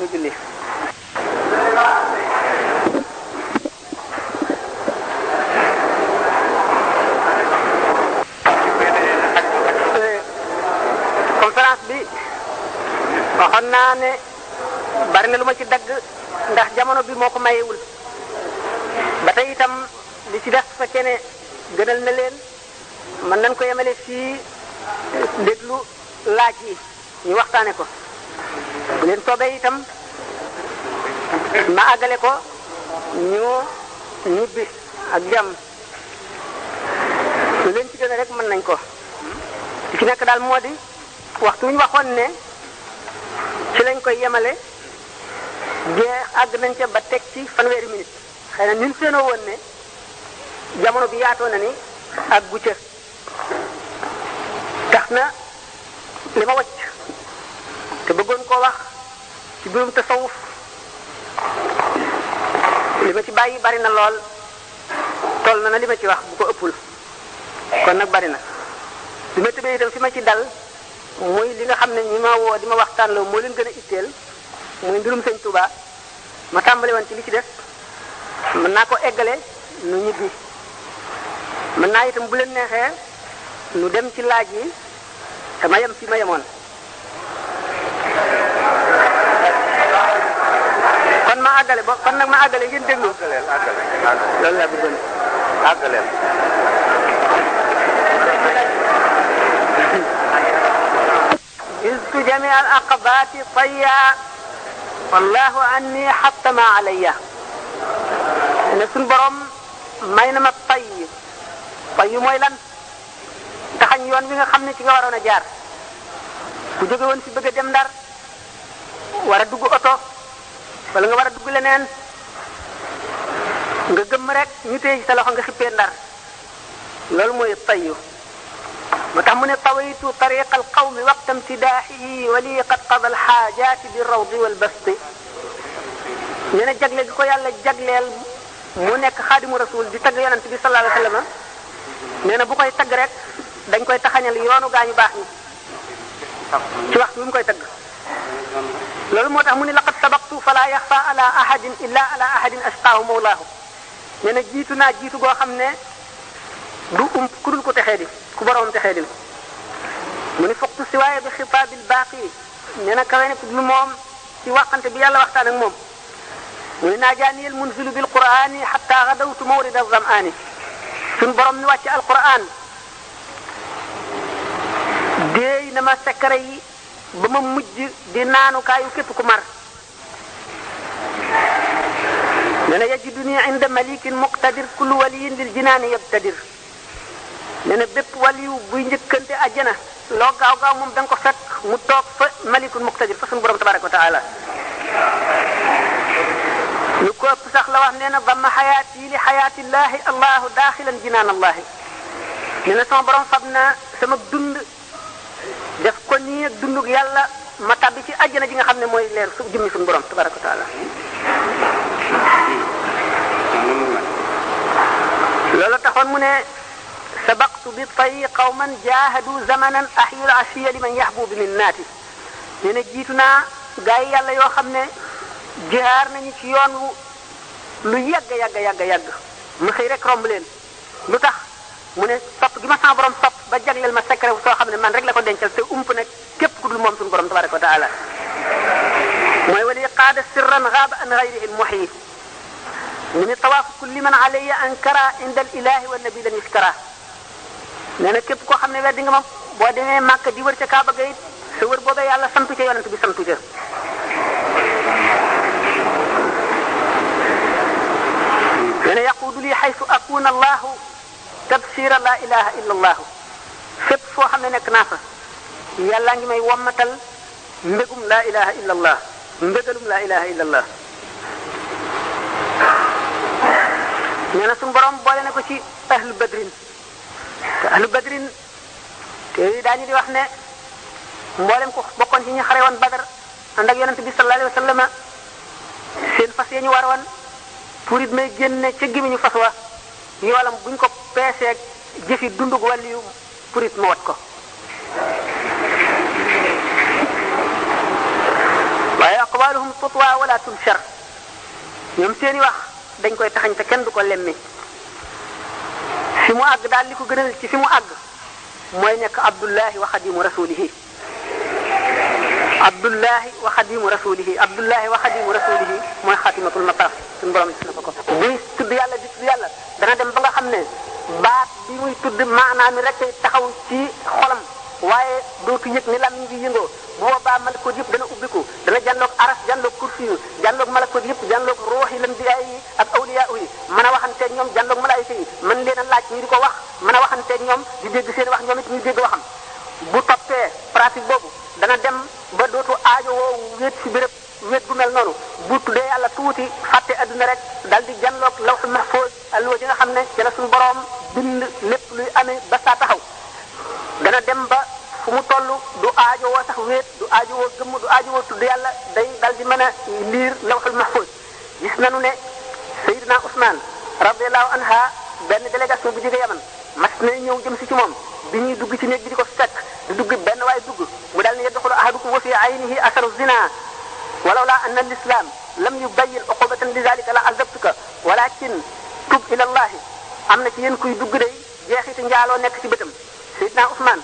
A: naa ne bari lu ma ci dagg ndax jamono bi moo ko mayewul ba itam li ci def fekkee ne gënal na leen mën nañ ko yemale fii déglu laaj yi ñu waxtaane ko bu leen soobee itam ma àggale ko ñu ñibbi ak jàmm lu leen ci gën a mën nañ ko li ci nekk daal moo di waxtu wi ñu waxoon ne ci lañ koy yemale gee àgg nañ ca ba teg ci fanweeri minute xëy na ñun seenoo woon ne jamono bi yaatoo na ni ak gu ca tax na li ma wacc te bëggoon koo wax ci biirum tasawuf li ma ci bàyyi bari na lool toll na na li ma ci wax bu ko ëppul kon nag bari na li ma tëbee itam fi ma ci dal muy li nga xam ne ñi ma woo di ma waxtaan loo moo leen gën a itteel muy mbirum sëñ Touba ma tàmbali ci li ci def mën naa ko eggale nu ñibbi mën naa itam bu leen neexee nu dem ci laaj yi te ma yem fi ma yemoon kon ma àggale ba kon nag ma àggale ngeen déglu loolu laa bëggoon àggaleel iztu jami al aqabati tayya wallahu anni xattama alayya ne suñ borom may na ma tay tay mooy lan taxañ yoon wi nga xam ne ci nga waroon a jaar bu jóge woon ci bëgg a dem ndar wara a dugg oto wala nga war a dugg leneen nga gëm rek ñu téye ci sa loxo nga xippee ndar loolu mooy tayyu متهمني طويت طريق القوم وقت امتداحه ولي قد قضى الحاجات بالروض والبسط نينا جاغلي كو يالا جاغليل مو نيك خادم رسول دي تاغ يونس صلى الله عليه وسلم نينا بو كاي تاغ ريك داغ كاي تخانيال يونو غاني باخني ci waxtu bi mu koy tëgg loolu moo tax mu ni laqad sabaqtu fala yaxfa ala ahadin illa ala ahadin ashqahu mawlahu nee na du um ku dul ko texee di ku borom texee di mu ni foqtu si waaye bi xitaabil baaqi nee na kawe nekk lu moom ci waxante bi yàlla waxtaan ak moom mu ni naajaaniyel munzilu bil qurani xatta xadawtu mawrida zamaani sun borom ni wàcc alquran déey na ma sekare yi ba ma mujj di naanukaayu képp ku mar nee na yajiduni inda malikin muqtadir kullu waliyin lil jinaani yabtadir nee na bépp waliyu buy njëkkante àjjana loo gaaw gaaw moom da ko fekk mu toog fa malikul muqtadir fa suñu borom tabaraka wa taala lu ko ëpp sax la wax nee na bamma xayaat yi li xayaatillaahi allahu daaxilan jinaan allaahi nee na sama borom fab na sama dund def ko nii dund dundug yàlla ma tabbi ci àjjana ji nga xam ne mooy leer su jëmmi suñu borom loolu taxoon mu ne سبقت بالطريق قوما جاهدوا زمنا احيي العشيه لمن يحبو بمناتي نينا جيتنا غاي يالا يو خامني جهار نني سي يون لو يغ يغ يغ يغ ما خي رك روملين لوتاخ مون سوب غيما سان بروم سوب با جاغلل ما سيكري سو خامني مان رك لاكو دنتال تي اومب نك كيب كودول موم سون بروم تبارك وتعالى موي ولي قاد سرا غاب ان غيره المحيي من طواف كل من علي انكرا عند الاله والنبي لن يفتراه nee na képp koo xam ne weddi nga ma boo demee màkk di wër ca Kaaba ga it sa wër boobee yàlla santu ca yonent bi santu ca nee na yaquudu li xaytu akuna allahu tabsira la ilaha illa allahu fépp foo xam ne nekk naa fa yàllaa ngi may wommatal mbégum la ilaha illa allah mbégalum la ilaha illa allah nee na suñu borom boole na ko ci ahlu badrin te ahlu badrin te daañu di wax ne mboolem ku bokkoon ci ñi xare woon badar ànd ak yonent bi sallallahu alayhi wa sallam seen fas ya may génne ca gémmiñu fas wa yoolam buñ ko peeseeg jëfi dundug wàlliyu purit ma wat ko waaye aqwaluhum tutwa wala tunshar ñoom seeni wax dañ koy taxañ te kenn du ko lemmi fi mu àgg daal li ko gënal ci fi mu àgg mooy nekk abdullahi wa xadimu rasulihi abdullahi wa xadimu rasulihi abdullahi wa xadimu rasulihi mooy xaatimatul mataaf suñu borom gis na ko ko buy tudd yàlla di tudd yàlla dana dem ba nga xam ne baat bi muy tudd maanaa mi rek taxaw ci xolam waaye dootu yëg ni lamiñ bi yëngoo bu boobaa malakoot yëpp dana ubbiku dana jàndoog aras jàndoog kursi yu jàndoog malakoot yëpp jàndoog roox yi lan bi ay dégg seen wax ñoom it ñuy dégg waxam bu toppee pratique boobu dana dem ba dootu aajo woo wéet ci béréb wéet bu mel noonu bu tuddee yàlla tuuti fàtte adduna rek dal di janloog lawhul mahfuz alluwa ji nga xam ne ci la boroom bind lépp luy amee ba saa taxaw dana dem ba fu mu toll du aajo woo sax wéet du aajo woo gëmm du aajo woo tudd yàlla day dal di mën a liir lawhul mahfuz أن الإسلام لم يبين عقوبة لذلك لا عذبتك ولكن توب إلى الله أمنا كيين كوي دوغري جيخي تنجالو نك سي بتم سيدنا عثمان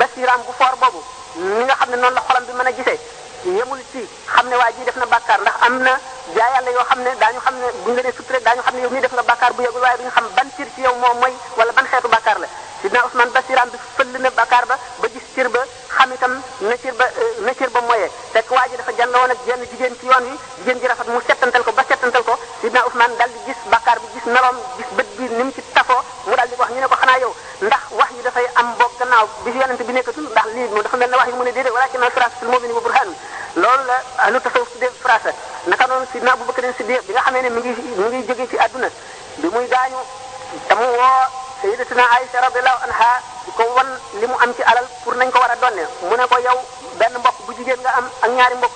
A: بسيرام بو فور بوبو ميغا خامني نون لا خولام بي مانا جيسي يمول سي خامني واجي دفنا بكار ندخ أمنا ne mi ngi mi ngi jóge ci àdduna bi muy gaañu te mu woo sayyidatuna Aïcha radiyallahu anha di ko wan li mu am ci alal pour nañ ko war a donne mu ne ko yow benn mbokk bu jigéen nga am ak ñaari mbokk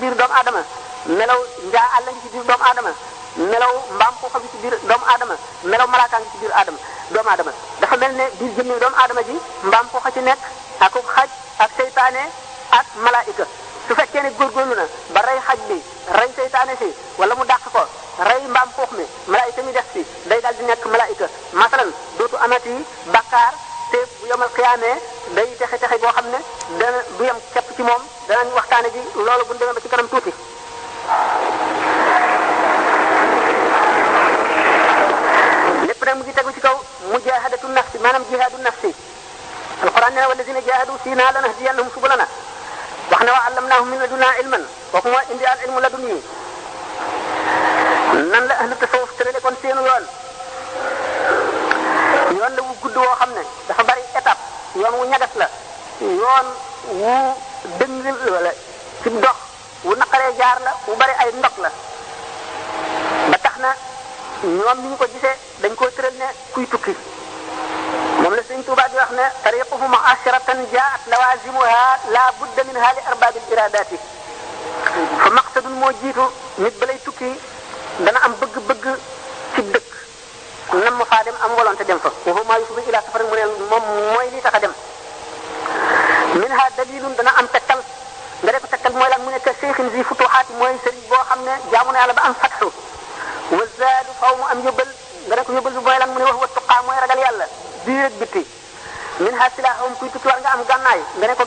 A: biir doomu aadama nada nas né? am kuy tukki nga am gànnaay nga ne ko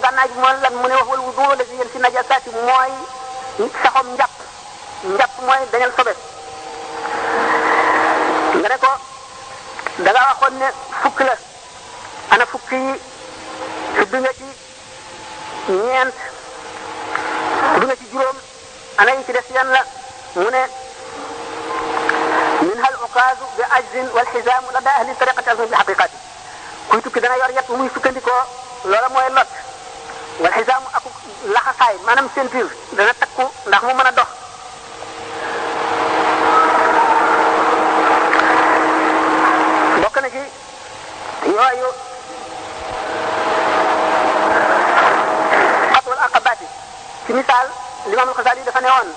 A: ci misaal limaamul Xasaali dafa newoon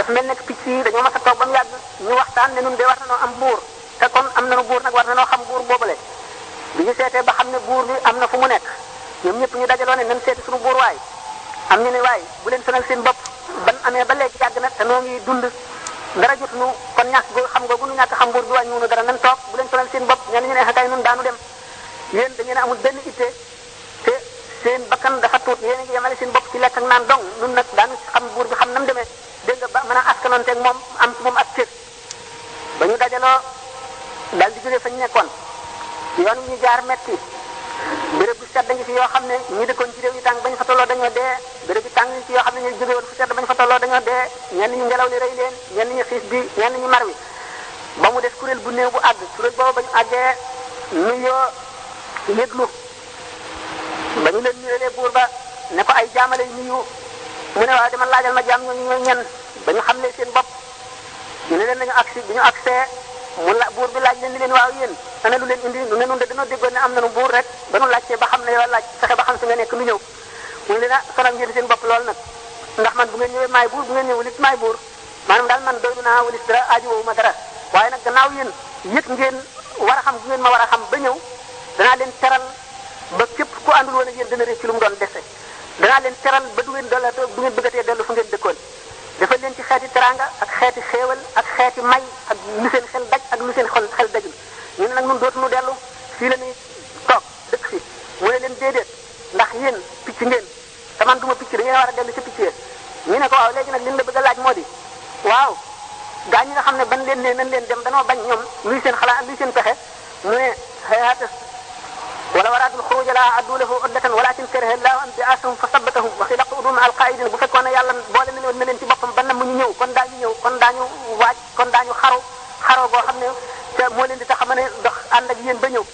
A: dafa mel nekk picc yi dañoo mas a toog ba mu yàgg ñu waxtaan ne nun de war nanoo am buur te kon am nanu buur nag war nanoo xam buur boobale bi ñu seetee ba xam ne buur bi am na fu mu nekk ñoom ñëpp ñu dajaloo ne nan seeti suñu buur waay am ñu ne waay bu leen sonal seen bopp ban amee ba léegi yàgg na te noo ngi dund dara jot nu kon ñàkk goo xam googu nu ñàkk xam buur bi leen sonal seen bopp ñenn ñu ne xakaay ah nun daanu dem yéen da ngeen amul benn ittee seen bakkan dafa tuut yéen a ma yemale seen bopp ci lekk naan dong nun nag daanu xam buur bi xam nam demee dégg nga ba mën a askanonteeg moom am moom ak cër ba ñu dajaloo daal di jógee fa ñu nekkoon yoon wi ñu jaar metti béréb bu sedd ngi fi yoo xam ne ñi dekkoon ci réew yi tàng bañ fa tolloo dañoo dee béréb bi tàng ngi fi yoo xam ne ñu jógee woon fu sedd bañ li rey leen ñenn ñu xiis bi ñenn ñu mar wi ba mu des kuréel bu néew bu àgg kuréel boobu ba ñu àggee nuyoo yëglu ba ñu leen nuyolee buur ba ne ko ay jaamale nuyu mu ne waaw dama laajal ma jaam ñooñu ñooy ñen ba ñu xamle seen bopp ñu ne leen nañu agsi bi ñu agsee mu la buur bi laaj leen ni leen waaw yéen ana lu leen indi lu ne de dañoo déggoon ne am nañu buur rek ba nu laajtee ba xam ne ba xam su nga nekk lu ñëw mu ne leen ah sonal ngeen bopp lool nag ndax man bu ngeen ñëwee maay buur bu ngeen ñëwul it maay buur maanaam daal man doylu naa walis dara aaju woowu ma dara waaye nag gannaaw yéen yëg ngeen war a xam bu ngeen ma war a xam ba ñëw danaa leen teral ba képp ku àndul woon ak yéen dana récc lu mu doon dese danaa leen teral ba du ngeen dolla du ngeen bëggatee dellu fu ngeen dëkkoon dafa leen ci xeeti teranga ak xeeti xéewal ak xeeti may ak lu seen xel daj ak lu seen xol xel dajul ñu ne nag ñun dootuñu dellu fii la ñuy toog dëkk fi mu ne leen déedéet ndax yéen picc ngeen te man du ma picc da ngeen war a dellu ci picc ñu ne ko waaw léegi nag liñ la bëgg a laaj moo di waaw gaa ñi nga xam ne ban leen ne nañ leen dem danoo bañ ñoom luy seen xalaat luy seen pexe mu ne ولو اراد الخروج لا اعدوا له عده ولكن كره الله ان بعثهم فثبتهم وخلق ادوم على القائد بو فكونا يالا بولم من من انت بوبم بان مو نيو كون داني نيو كون داني واج كون داني خارو خارو بو خامني تا مو لين دي تا خامني دوخ اندك يين با نيو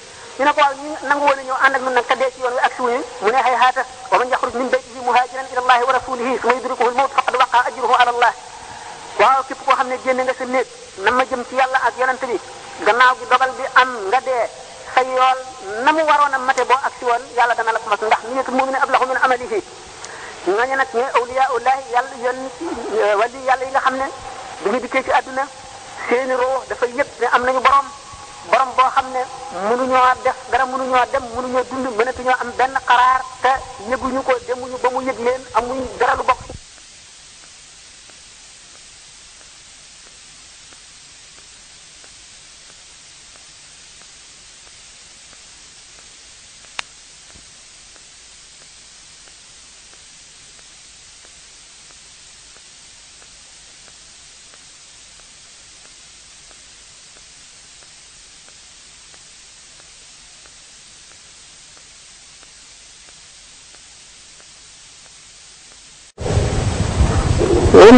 A: ني نكو ني نانغو ولا نيو اندك من نك ديتي يون اك سوني مو ني هاي هاتا ومن يخرج من بيته مهاجرا الى الله ورسوله ثم يدركه الموت فقد وقع اجره على الله واو كيب كو خامني جين نغا سي نيت نما جيم سي يالا اك يونتبي غناو بي دوبال بي ام نغا دي sa yool na mu waroon a mate boo agsi woon yàlla dana la ko mas ndax niyyatul mu'mini ablahu min amalihi ñooñu nag ñooy awliyaa ullahi yàlla yoon euh, wali yàlla yi nga xam ne dañu dikkee ci àdduna seeni roo dafa yëg ne am nañu borom borom boo xam ne mënuñoo def dara waa dem nu mënuñoo dund mënatuñoo am benn xaraar te yëguñu ko demuñu ba mu yëg leen amuñ dara lu bokk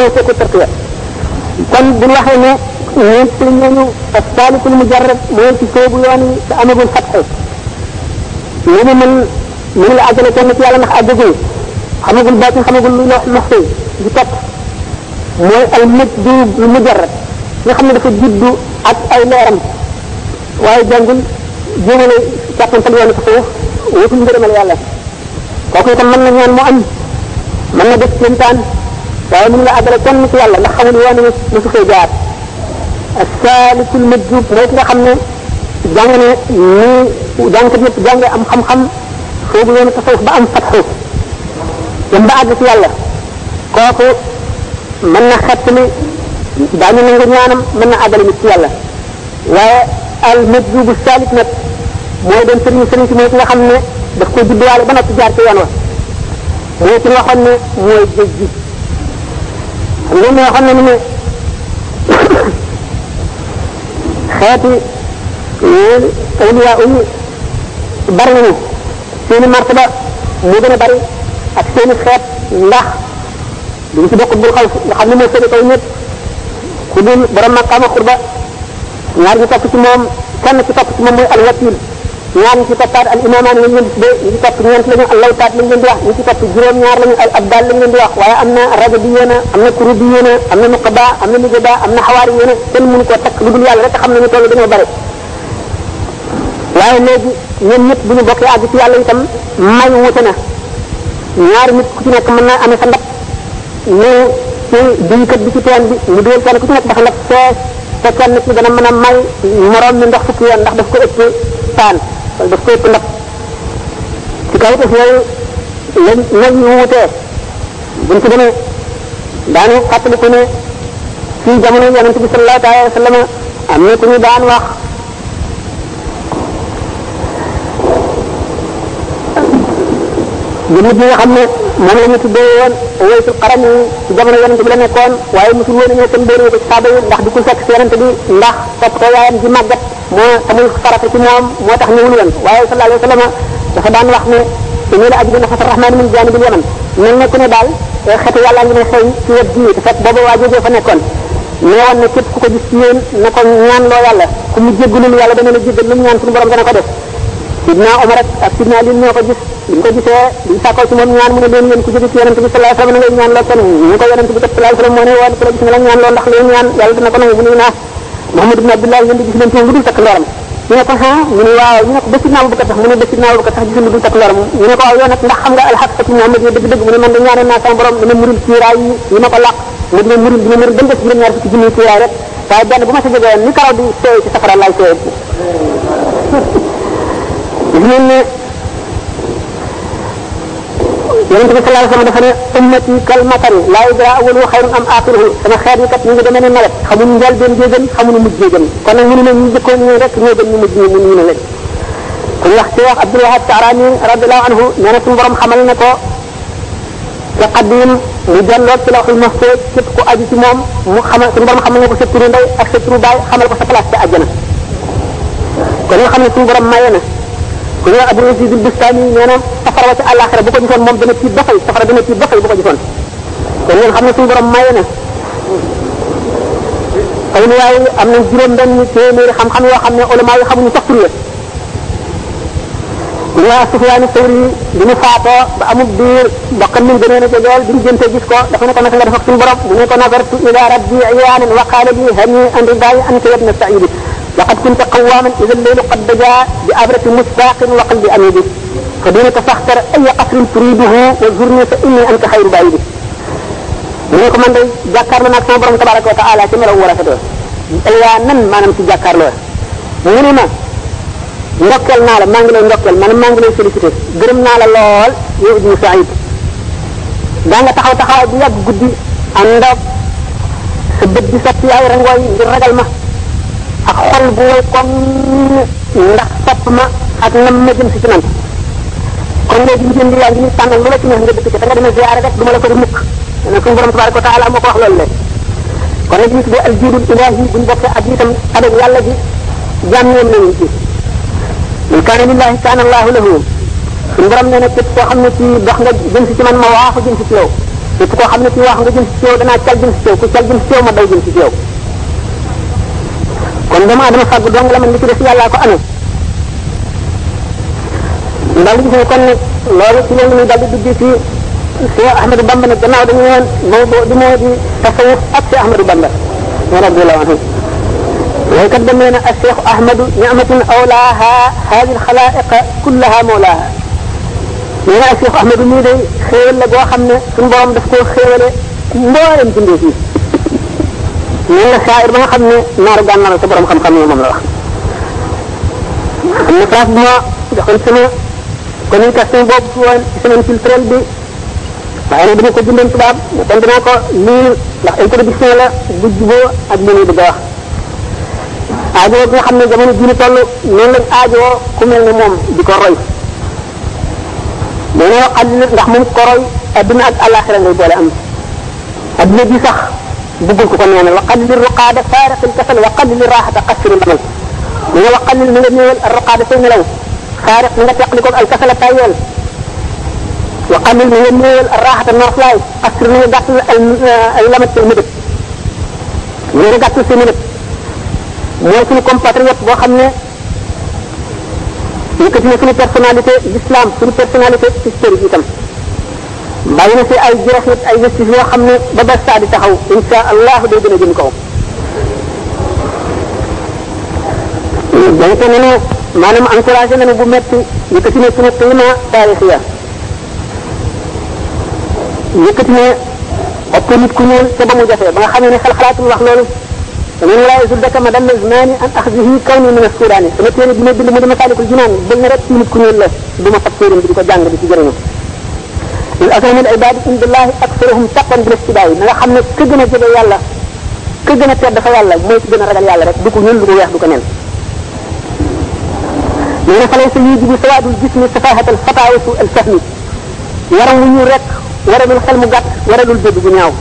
A: ñëw fekk tarqiya kon bu ñu waxee ne ñeent la ñooñu as-saalikul mujarrad mooy ci soobu sa yi te amagul fatxu ñu ne mën mënu la àggale kenn ci yàlla ndax àggagul xamagul baatin xamagul lu lox lox fi di topp mooy ay majduub mujarrad nga xam ne dafa juddu ak ay leeram waaye jàngul jéemale jàppantal yoon tasawuf wutul ngërëmal yàlla kooku mu am mën na def kéemtaan waaye mënu la àggale kenn ci yàlla ndax xamul yoon ni ma su koy jaar ak saalikul majjub mooy ki nga xam ne jàng ne ni jàngkat yëpp jàngee am xam-xam foogu yoonu tasawuf ba am fatxu dem ba àgg ci yàlla kooku mën na xett ni daañu nangu ñaanam mën na àggale nit ci yàlla waaye al majjubu saalik nag mooy doon sëriñ sëriñ si mooy ki nga xam ne daf koy judduwaale ba noppi jaar ci yoon wa mooy ki nga xam ne mooy géej gi li nga xam ne ni xeeti yéen awliya yi bari nañu seeni martaba mu gën a bari ak seeni xeet ndax duñ ci bokk bul xaw nga xam ne moo seeni kaw ñëpp ku dul borom maqaama xurba ñaar ñu topp ci moom kenn ci topp ci moom mooy alwatil ñaar ñi ci toppaat al imaamaan lañ leen de ñi ci topp ñeent lañu al lawtaat lañ leen di wax ñi ci topp juróom-ñaar lañu abdaal lañ leen di wax waaye am na rajo bi yéena am na am na nuqaba am na nujaba am na xawaari yéena kenn mënu koo takk lu dul yàlla rek te xam nañu toll dañoo bari waaye léegi ñoom bu ñu bokkee àgg ci yàlla itam may wute na ñaari nit ku nekk mën naa amee sa bi ci teen bi mu dugal kenn ku ci nekk dafa ndab fee te kenn ci dana mën a may moroom mi ndox fukki yoon ndax daf ko ëpp paan Kalau bersih pendak. Jika itu selalu lagi umute, bentuk mana? Dan kata buku ni, si zaman ini yang Nabi Sallallahu Alaihi Wasallam, amni kuni dan wah. Jadi dia kami moom la ñu tuddee woon waysul xaram yi ci jamono yonente bi la nekkoon waaye mosul woon a ñëw tam béeru ko ci saaba yi ndax di ko fekk si yonente bi ndax topp ko yaayam ji màggat moo tamul farata ci moom moo tax ñëwul woon waaye sallallahu alayhi wa sallam dafa daan wax ne dañu la ajibu nafas rahmaani min jaanibil yaman mel ne ku daal eh, xeetu yàlla ngi ne xeeñ ci wet jii te fekk booba waa fa nekkoon nee woon ne képp ku ko gis na ko ñaan loo yàlla ku mu jéggalul yàlla dana la jéggal lu mu ñaan suñu borom dana ko def sidna omar ak sidna lin ñoo ko gis liñ ko gisee liñ sàkkoo ci moom ñaan mu ne leen ngeen ku jóge ci yonente bi sallallahu alayhi wasallam ngeen ñaan loo kon ñu ko yonente bi sallallahu alayhi wasallam moo ne woon ku la gis nga la ñaan loo ndax leen ñaan yàlla dina ko nangu mu ne naa mohamad ibn abdullah ngeen di gis leen ci lu dul takk loram ñu ne ko ha mu ne waaw ñu ne ko ba sidna abu bakar sax mu ne ba sidna abu bakar sax gis lu dul takk loram ñu ne ko yow nag ndax xam nga alxaqati muhammad yi dëgg dëgg mu ne man da ñaanal naa borom dina muril ci raay yi yi ma mu dina muril dina muril dem ba ci ñaar fukki junni ci raay rek waaye benn bu ma sa jógee ni karaw di seey ci safara laay seey mu leen ne yonent bi sallallahu alayhi wasallam dafa ne ummati kal matari la yudra awwalu khayrun am akhiruhu sama xeet yi kat ñu ngi demee ne nawet xamuñu njël benn jee gën xamuñu mujj jee gën kon nag mënu ne ñu jëkkoon ñu rek ñoo gën ñu mujj ñu ñu ne leen ku wax ci wax abdul wahab taarani radiyallahu anhu nee na suñu borom xamal na ko ci qadim mu delloo ci lawxul mahfuz képp ku aju ci moom mu xamal suñu borom xamal na ko sa turu ndey ak sa turu baay xamal ko sa place ci àjjana kon nga xam ne suñu borom maye na ku ñu abou aziz al bistani nee na safara ci alakhirah bu ko gisoon moom dana ci doxay safara dana ci doxay bu ko gisoon kon ngeen xam ne suñu borom maye na xëy na waaye am nañ juróom benn téeméeri xam-xam yoo xam ne ulama yi xamuñu sax tur ya ku ñu waa sufyaan tawri bi ñu faatoo ba amul biir bokkam min gënoon a jegool bi ñu jënte gis ko dafa ne ko naka nga def ak suñu borom mu ne ko nazartu ila rabbi iyaanan wa qaala li hani an ridayi an kayat na saidi لقد كنت قواما اذا الليل قد بدا بابره مشتاق وقلب انيب فدينك فاختر اي قصر تريده وزرني فاني انت خير بعيد ni ko man day jakarlo nak sama borom tabaraka wa taala ci melaw wala do ila nan manam ci jakarlo mu ne ma ndokkel naa la maa ngi lay ndokkel man maa ngi lay félicité gërëm naa la lool yow ibnu saïd da nga taxaw taxaw bu yàgg guddi ànd ak sa bët di sotti ay rangooy ngir ragal ma ak xol bu way comme ndax topp ma ak nam ma jëm si ci man kon léegi jigéen bi yaa ngi nii tànnal lu la ci neex nga dëkk ci da nga demee ziyaare rek du ma la ko di mukk dana suñu borom tabaaraka wa taala moo ko wax loolu la kon nag gis nga al ak itam avec yàlla ji jàmm ñoom nañu ci man kaana lillahi kaana allahu lahu suñu borom nee na képp xam ne ci dox nga jëm si ci man ma waaxu jëm si ci yow képp koo xam ne ci waaxu nga jëm si ci yow danaa cal jëm si ci yow ku cal jëm ci yow ma daw jëm si ci yow kon dama adama fàggu dong la man li ci des yàllaa ko amee dal gis ne kon nag loolu ci loolu muy dal di dugg ci Cheikh Ahmadou Bamba nag gannaaw dañu woon moo di moo di tasawuf ak Cheikh Ahmadou Bamba moo rabbi la woon way kat demee na ak Cheikh Ahmadou ni'matun awlaaha haadi alxalaa'iqa kullaha mawlaaha nee naa Cheikh Ahmadou mii day xéewal la boo xam ne suñu borom daf koo xéewale mboolem bindee fii mel na saayir ba nga xam ne naaru gànnaar sa borom xam-xam yi moom la wax am na place bu ma joxoon sama communication boobu woon ci semaine culturelle bi waaye nag dama ko bindoon tubaab mu kon dinaa ko lii ndax introduction la bu juboo ak li ñuy bëgg a wax aajoo bi nga xam ne jamono ji ñu toll noonu lañ aajoo ku mel ne moom di ko roy dañoo xam ne ndax moom ko roy adduna ak àllaaxira ngay boole am adduna bi sax بقول لكم نعمل يعني وقلل للرقادة فارق الكسل وقلل للراحة قصر الأمل من يعني وقلل من الميل الرقادة سيملو فارق من تقلكم الكسل التايل وقلل من الميل الراحة النرطلاي قصر من اللمس اللمت المدد من دقس سيملت ممكن يكون باتريوت بوخمنا يكتب يكتب يكتب الاسلام في يكتب يكتب يكتب bàyyi na fi ay jeexit ay vestige yoo xam ne ba bés saa di taxaw insha allah day gën a jëm kaw donc nanu maanaam encouragé nanu bu metti yëkkati ne sunu climat taarixiya yëkkati ne ëpp nit ku ñuul te ba mu jafe ba nga xamee ne xel xalaatul wax loolu ومن لا يزدك مدن الزمان أن أخذه كوني من السودان سمتين بما بل مدن مسالك الجنان بل نرد من كل الله بما تفسير بدك جانب بتجرنه الأغنياء العباد عند الله أكثرهم تقوى بالاستباع ما خمنا كجنا جل يلا كجنا تعب خيالا ما كجنا رجال يلا دكوا نيل دكوا يهدوا كنيل لأن فليس يجب سواد الجسم سفاهة الخطأ أو سوء الفهم ورا ويورك ورا من خل مقط ورا للجد بنياو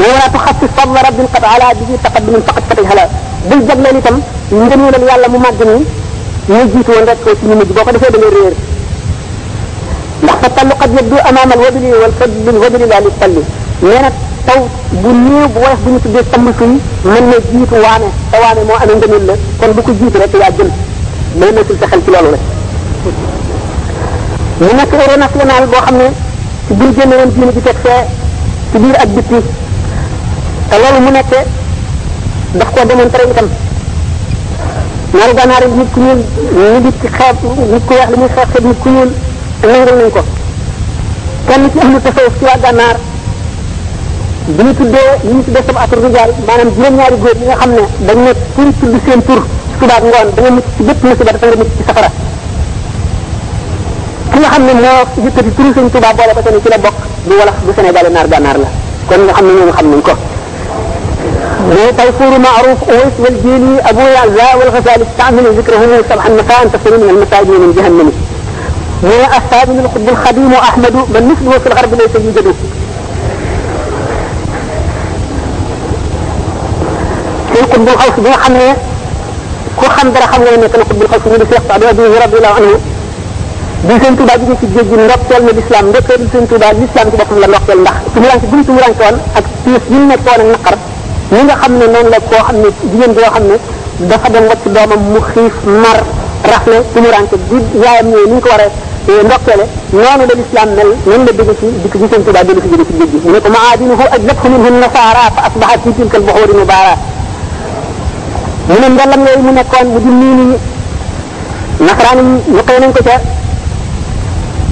A: ولا تخفف فضل رب قد على به تقدم فقد قد هلا بالجبل لتم من جنون يلا ممجنين يجيتون رك وسنين بوقت هذا الرجال فالطل قد يبدو امام الوبل والفد من وبل لا للطل نينا تو بنيو نيو بو واخ بو نتو تام فني من لا جيت وانه توانه مو انا ندمل لا كون بوكو جيت رك يا جيل مي نيتو تخال في لولو ني نك اورو ناسيونال بو خامني سي بو جيم نون ديني بي تك في سي بير اك بيتي تا لولو مو نك داف كو ديمونتري نيتام نارو غانارو نيت كنيل ني ديت خاب نيت كو واخ لي مو خاب نيت كنيل nangul nañ ko kenn ci ahlu tasawuf ci waa gànnaar bi ñu tuddee ñu ñu tuddee sama atur rijaal maanaam juróom ñaari góor yi nga xam dañ ne pour tudd seen tur subaak ngoon da nga mucc ci bépp musiba dafa nga mucc ci safara ki nga xam ne moo yëkkati turu tuba boole ba tane ci la bokk du wala du sénégal naar gànnaar la kon nga xam nañ ko معروف اويس ابو والغزالي ذكرهم من المساجد من جهنم هو أصحاب من القبل الخديم وأحمد من مثله في الغرب ليس يوجد في القبل الخوص بن حمية كو خمد رحم لأن يكون القبل الخوص من الشيخ بعد أبيه رضي الله عنه بيسن تبا جيجي في جيجي نبت يلم الإسلام دكتور بيسن تبا الإسلام تبا كل الوقت يلم دخل في ملانك بنت مران كوان أكتوس من مكوان النقر من خمنا نون لكو حمي دين دوا حمي دفا دموت دوما مخيف مر rafle tumuranke bi yaayam ñëwee ni ko war a eh, noonu la lislaam mel noonu la dégg si dikk si sëñ Tuubaa dellu si jóge si géej gi mu ne ko maadinuhu fa asbahat fi tilka al-buxuuri mubaara mu ne ndellam yooyu mu nekkoon mu di nii nii nasaraan yi ko ca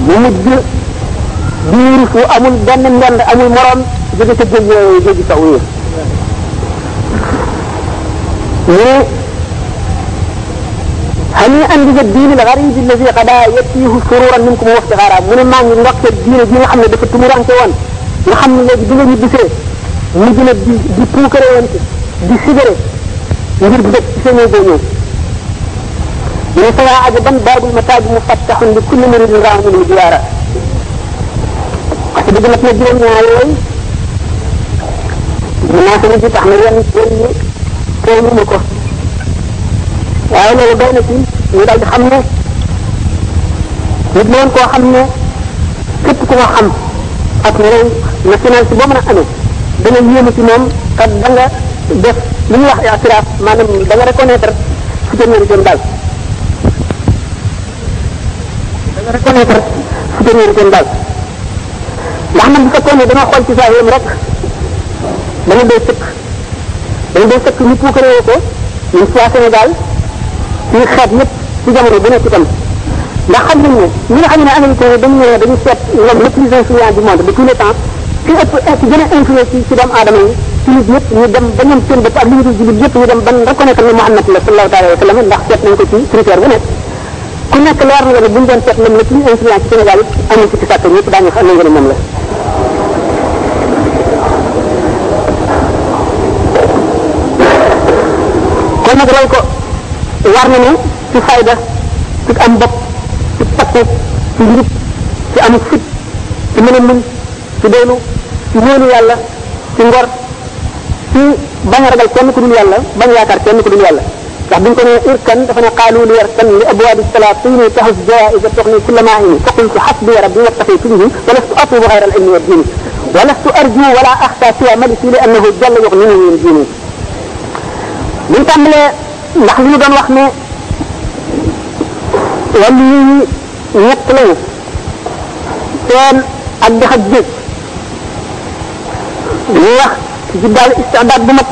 A: mu mujj biir fu amul benn ndend amul moroom jóge ca géej yooyu géej اني اندي الدين الغريب الذي قد ياتيه سرورا منكم وافتخارا من ما ني وقت الدين دي خامل دا تمران تي وون ما خامل لي دي ني بيسي ني دينا دي دي بوكري وون دي سيغري ندير بو دك سي ني دونو يتوا عجبا باب المتاج مفتح لكل من يراه من الجوار دي بنا تي دي نيا وي ما تنجي تحمل يعني كل كل نكو وعلى وجهنا فيه ñu daal di xam ne nit moom koo xam ne képp ku ko xam ak réew nationalité boo mën a amee dana yéemu ci moom kat da nga def li ñuy wax itiraaf maanaam da nga reconnaître supérieur jëm daal da nga reconnaître supérieur jëm daal ndax man bu fekkoon ne dama xool ci saa yéem rek dana doy sëkk dana doy sëkk ñu puukaree ko ñun waa Sénégal ñu xeet ñëpp ci jamono bu nekk itam ndax xam nañ ne ñi nga xam ne américain yi dañu ñëwee dañu seet l'homme le plus influent du monde de tous les temps ci ëpp ci gën a influé ci ci doomu aadama yi ci nit ñëpp ñu dem ba ñoom seen bopp ak li ñu dul jullit yëpp ñu dem ban la sallallahu alayhi wa sallam ndax seet nañ ko ci critère bu nekk ku nekk leer na ne bu ñu doon seet l'homme le plus influent ci Sénégal it amul la war na ne ci fayda ci am bopp ci takku ci njub ci am fit ci mën a muñ ci doonu ci wóolu yàlla ci ngor ci bañ a ragal kenn ku dul yàlla bañ yaakaar kenn ku dul yàlla ndax buñ ko nee irkan dafa ne qaalu li yarkan li abwaabi salaatini tahus jawaa'iz tughni kulla maa'ini faqultu hasbi rabbi wattaqi fihi walastu atlubu ghayra al-ilmi wa dini ولست أرجو ولا أخشى سوى ملكي لأنه جل يغنيه من ديني. من تعمل ndax li ñu doon wax ne wàllu yi ñett lañu teen ak dex ak géej ñu wax ci daal istidaad bu mat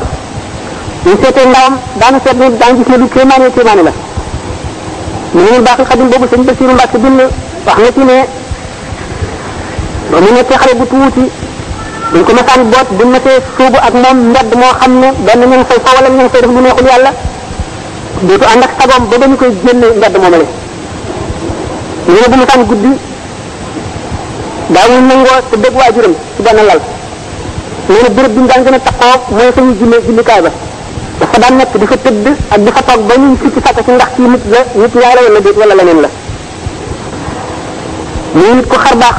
A: ñu seetee ndawam daanu seet ne daan gis ne lu kéemaane kéemaane la mënul baaxul xadim boobu sëñ Basiru Mbàkke bind wax na ci ne ba mu nekkee xale bu tuuti buñ ko masaan boot buñ masee sóobu ak moom mbedd moo xam ne benn ñu ngi fay fawala ñu ngi fay def lu neexul yàlla dootu ànd ak sagoom ba ba ñu koy génne mbedd moomale ñu ne bu mu sànn guddi daawul nangoo te dégg waajuram ci benn lal nee na béréb bi mu daan gën a taxoo mooy fa ñu jullee jullikaay ba dafa daan nekk di fa tëdd ak di fa toog ba ñu sikki sàkk ci ndax ci nit la nit yaay la wala déet wala leneen la ñu nit ko xar baax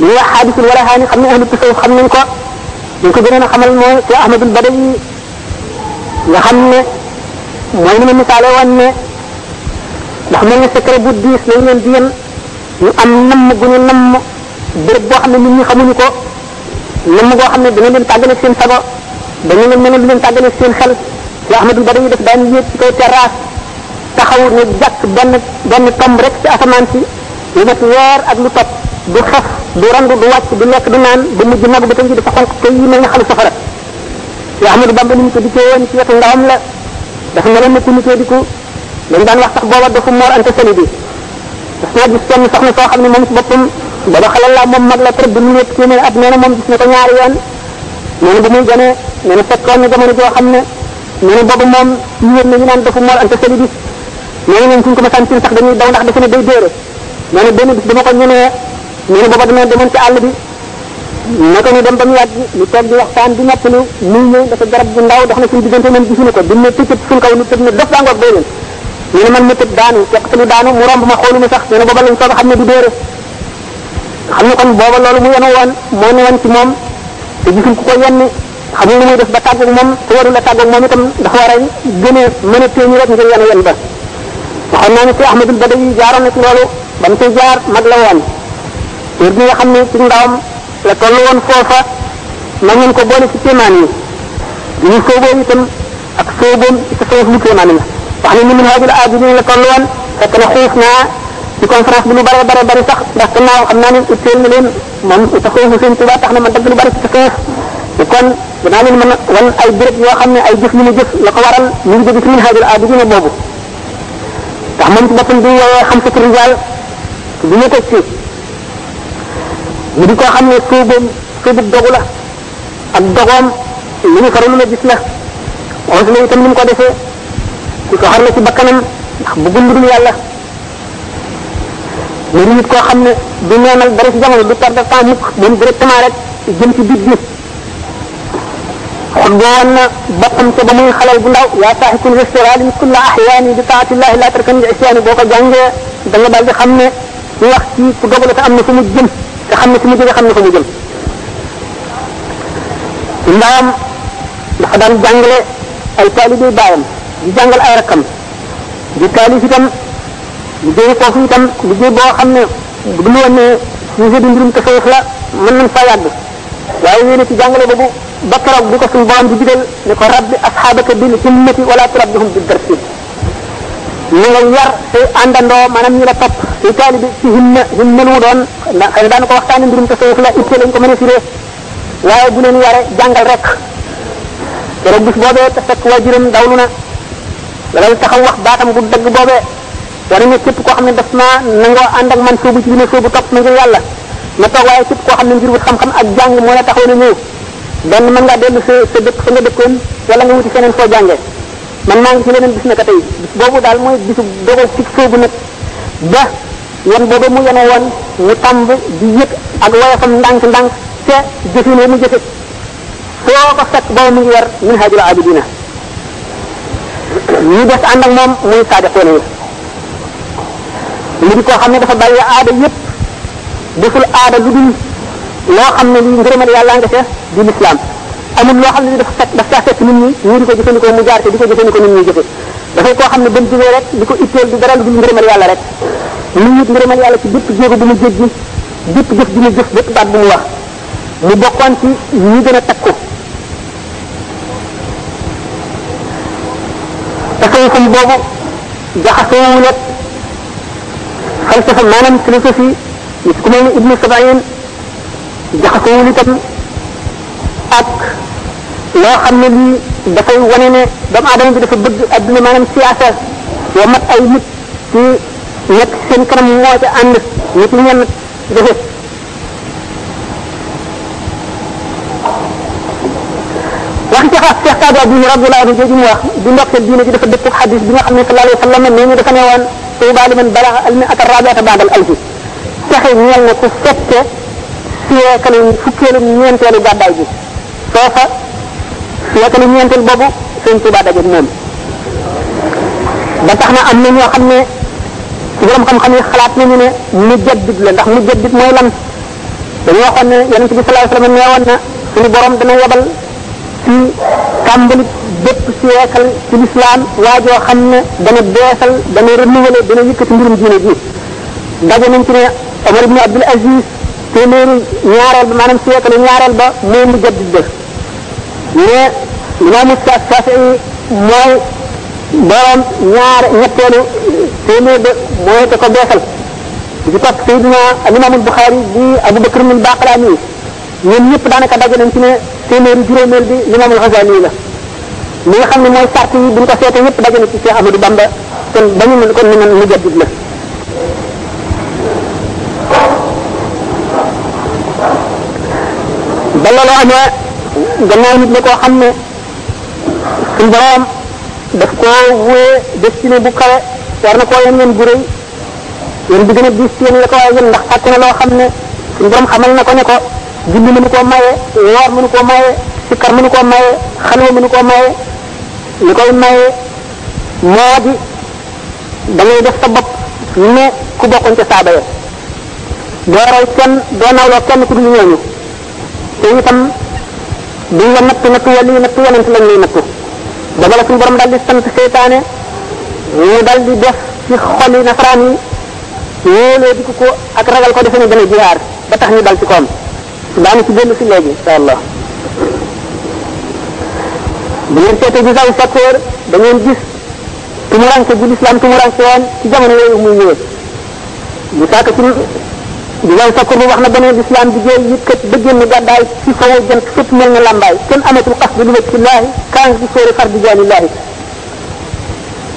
A: ñu wax xaadisul wala xaani xam ne ahlu tasawuf xam nañ ko ñu ko gënoon a xamal mooy ci ahmadul badawi nga ne mooy ni ma misaale woon ne ndax mel ni secret bu diis lañ leen di yen ñu am namm gu ñu namm béréb boo xam ne nit ñi xamuñu ko namm goo xam ne dina leen tàggale seen sago dañu leen mel ne di leen tàggale seen xel yoo Ahmadul Badawi def daan yéeg ci kaw terrasse taxaw ne jàkk benn benn tomb rek ci asamaan si lu def weer ak lu topp du xef du randu du wàcc du lekk du naan ba mujj nag ba tey ji dafa xonq kay yi mel ne xalu safara yoo Ahmadu Bamba ni mu ko dikkee woon ci wetu ndawam la dafa meloon ne ku nitee di ko lañ daan wax sax booba dafa moor ante sali bi daf naa gis kenn soxna soo xam ne moom si boppam booba xalal la moom mag la trop bi mu nekk téeméer at nee na moom gis na ko ñaari yoon nee na bu muy gone nee na fekkoon na jamono joo xam ne nee na boobu moom ñëw nañu naan dafa moor ante sali bi nee na ñoom suñ ko ma santin sax dañuy daw ndax dafa ne day déere nee na benn bis dama ko ñenee nee na booba dama demoon ci àll bi naka ñu dem ba mu yàgg ñu toog di waxtaan di noppalu muy ñëw dafa garab bu ndaw na suñu diggante man gisuñu ko bi mu ne tëccët suñu kaw ñu tëb ne dof baa ma tëb daanu teqatalu daanu mu romb ma xooluma a xam ne du dóore xam ne kon booba loolu mu yenu woon moo ne woon ci moom te gisul ku ko yenn xamul lu muy def ba tàggoog moom te warul a tàggoog moom itam dafa war a gën a mën a téeñi rek ngir yenu yen ba waxoon naa ne ci Ahmadul Badawi jaaroon na ci loolu ba mu ci jaar mag la woon heure bi nga xam ne ci ndawam la toll woon foofa na ngeen ko boole ci kéemaan yi li ñu sóoboo itam ak sóoboom ci tasawuf lu kéemaan yi la wax ne ni min haajul aabidin la toll woon fekk na xiif naa ci conférence bi lu bare bare bari sax ndax gannaaw xam naa ne itteel na leen na ma dagg lu bari ci tasawuf te kon dinaa leen a wan ay béréb yoo xam ne ay jëf yu mu jëf la ko waral ñu ngi jóge ci min haajul aabidin a ndax moom ci boppam bi woowee xam sa rijaal bu ñu ci mu di koo xam ne tuubam tuubub dogu la ak dogoom li ñu faru la gis la ons na itam ni mu ko defee ku soxar la ci bakkanam ndax bu gundul yàlla mu di nit koo xam ne du neenal dara ci jamono du perdre temps mukk moom directement rek jëm ci biir bi xot woon na boppam ca ba muy xalal bu ndaw yaa taxikul istiraali kulla ahyaani bi taatillahi laa tarkan li isyaani boo ko jàngee da nga daal di xam ne ñu wax ci ku dogu la te am na fu mu jëm te xam ne fi mu jógee xam ne fa mu jëm mbaam dafa daan jàngale ay taalibe baayam di jàngal ay rakkam di taalif itam liggéey foofu itam liggéey boo xam ne bu dul woon ne sujet bi mbirum tasawuf la mën nañ faa yàgg waaye yéene ci jàngale boobu ba keroog bu ko suñu borom di digal ne ko rabbi asxaabaka bil himmati wala turabbihum bi darsi ñi nga yar say àndandoo maanaam ñi la topp say taalibi ci himma himma lu doon ndax xëy na daan ko waxtaane mbirum tasawuf la itte lañ ko mën a firee waaye bu leen yare jàngal rek keroog bis boobee te fekk waajuram dawlu na taxaw wax baatam bu dëgg boobee wane ne képp koo xam ne daf maa nangoo ànd ak man soobu ci bi ma na topp yàlla ma toog waaye képp koo xam ne mbir bu xam-xam ak jàng moo la taxaw na ñëw benn ngaa dellu sa sa dëkk fa nga dëkkoon wala nga wuti feneen foo jàngee man maa ngi ci leneen bis naka tey boobu daal mooy bisu dogal ci soobu nag ba yan booba mu yenu woon mu tàmb di yëg ak woyofam ndànk-ndànk te jëfine mu jëfe soo ko fekk booba mu ngi war min hajul abidina ñu des ànd ak moom muy saadiqoona yi mu di koo xam ne dafa bàyyi aada yëpp deful aada lu dul loo xam ne li ngërëmal yàlla nga ca di lislaam amul loo xam ne dafa fekk daf caa fekk nit ñi ñu di ko jëfandikoo mu jaar te di ko jëfandikoo nit ñi jëfe dafay koo xam ne bam jëfee rek di ko itteel di dara lu dul ngërëmal yàlla rek mu wut ngërëmal yàlla ci bépp jéego bu mu jéggi bépp jëf bu mu jëf bépp baat bu mu wax mu bokkoon ci ñi gën a takku tasawufam boobu jaxasoowul ak falsafa maanaam philosophie ku mel ni ibnu sabayin jaxasoowul itam ak loo xam ne lii dafay wane ne doomu aadama bi dafa bëgg adduna maanaam siyaasa wa mat ay nit ci nekk seen kanam moo ca ànd nit ñi ñenn jëfe wax ci xaas cheikh taadu abdini radiallahu anhu jooju mu wax di ndoxte diine ji dafa dëpp xadis bi nga xam ne sallallahu alayhi wa sallam nee ñu dafa ne woon tuuba liman balaxa almi ata rabiata baadal alfi fexe ñeel na ku fekke siyeekalu fukkeelu ñeenteelu gàddaay bi foofa siècle ñeenteel boobu sëñ Tuubaa daje moom ba tax na am na ñoo xam ne borom xam-xam yi xalaat nañu ne mujaddid la ndax mujaddid mooy lan dañu waxoon ne yonent bi sallallahu alayhi wa sallam neewoon na suñu borom dana yebal ci tàmbali bépp siècle ci lislaam waajoo xam ne dana beesal dana renouveler dana yëkkati mbirum diine ji daje nañ ci ne Omar ibn Abdul Aziz téeméeri ñaareel ba maanaam siècle ñaareel ba mooy mujaddid ne imaamu safii mooy borom ñaar ñetteelu téeméer ba mooy da ko beesal di topp sayidina alimaamu buxaari di abu bakr min baqlaani ñoom ñëpp daanaka daje nañ ci ne téeméeru juróomeel bi limaamul xasaali la li nga xam ne mooy sart yi buñ ko seete yëpp daje na ci cheikh amadou bamba kon dañu ne kon ñu mu jaddid la ba loolu gannaaw nit la koo xam ne suñu daf koo wóoyee destiné bu kawe war na koo yem yéen bu rëy yéen bi gën a diis la ko waaye yéen ndax fàtte na loo xam ne suñu xamal na ko ne ko julli mënu koo maye woor mënu koo maye sikkar mënu koo maye xalwa mënu koo maye li koy maye moo di da ngay def sa ne ku bokkoon ca saaba ya doo raw kenn doo nawloo kenn ku dul ñooñu te itam duñ la natt natt wàllu natt na lañ lay nattu dama la suñu borom daal di sant seytaane mu daal di def ci xoli nasaraan yi wóolee di ko ko ak ragal ko defe ne dana jihaar ba tax ñu dal ci koom daanu ci génn si léegi insha allah bu ngeen seetee gisaw sakkoor da ngeen gis tumuranke bu lislaam tumuranke woon ci jamono yooyu muy ñëwee mu saaka ci loolu sa kurbu wax na beneen lislaam bi jooy yit kat ba génn gàddaay ci sowu jant fépp mel na làmbaay kenn amatul xas bi lu wëcc laahi kaa ngi sóori far bi jaanillaahi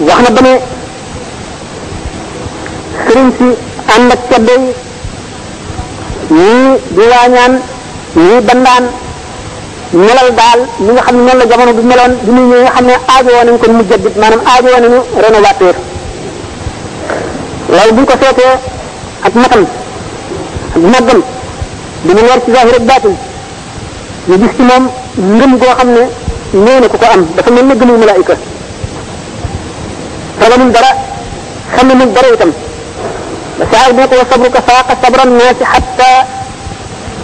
A: wax na beneen sëriñ si ànd ak cadde yi ñii di waañaan ñii daal li nga xam ne noonu la jamono bi melon bi muy ñëw nga xam ne aajo woon nañ ko mu jaddit maanaam aajo buñ ko seetee ak matam magam di mu leer ci zahir ak batin ñu gis ci moom ngëm goo xam ne néew na ku ko am dafa mel ne gëmul malaayika ragalul dara xamamul dara itam saar bi ko sabruka faaqa sabran naasi xatta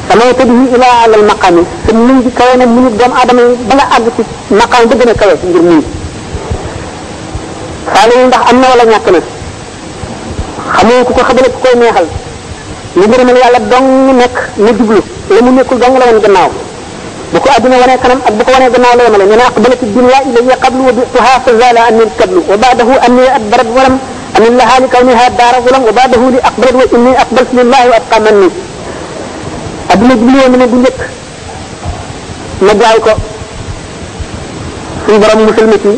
A: samawta bihi ila ala al maqami sa muñ ji kawe na muñu doom aadama yi ba nga àgg ci maqam ba gën a kawe ngir muñ xaalu ndax am na wala ñàkk na xamoo ku ko xabale ku koy neexal li ngërëmal yàlla dong nekk na jublu la mu nekkul dong la woon gannaaw bu ko àdduna wanee kanam ak bu ko wanee gannaaw la yemale nee na aqbalati dunya ilayya qablu wa bi'tuha fa zala anni qablu wa ba'dahu anni adbarat walam an illaha li kawniha daara walam wa ba'dahu li aqbalat wa inni aqbaltu lillahi wa atqa manni àdduna jublu woon ne bu njëkk ma jaay ko suñu borom musulmi ci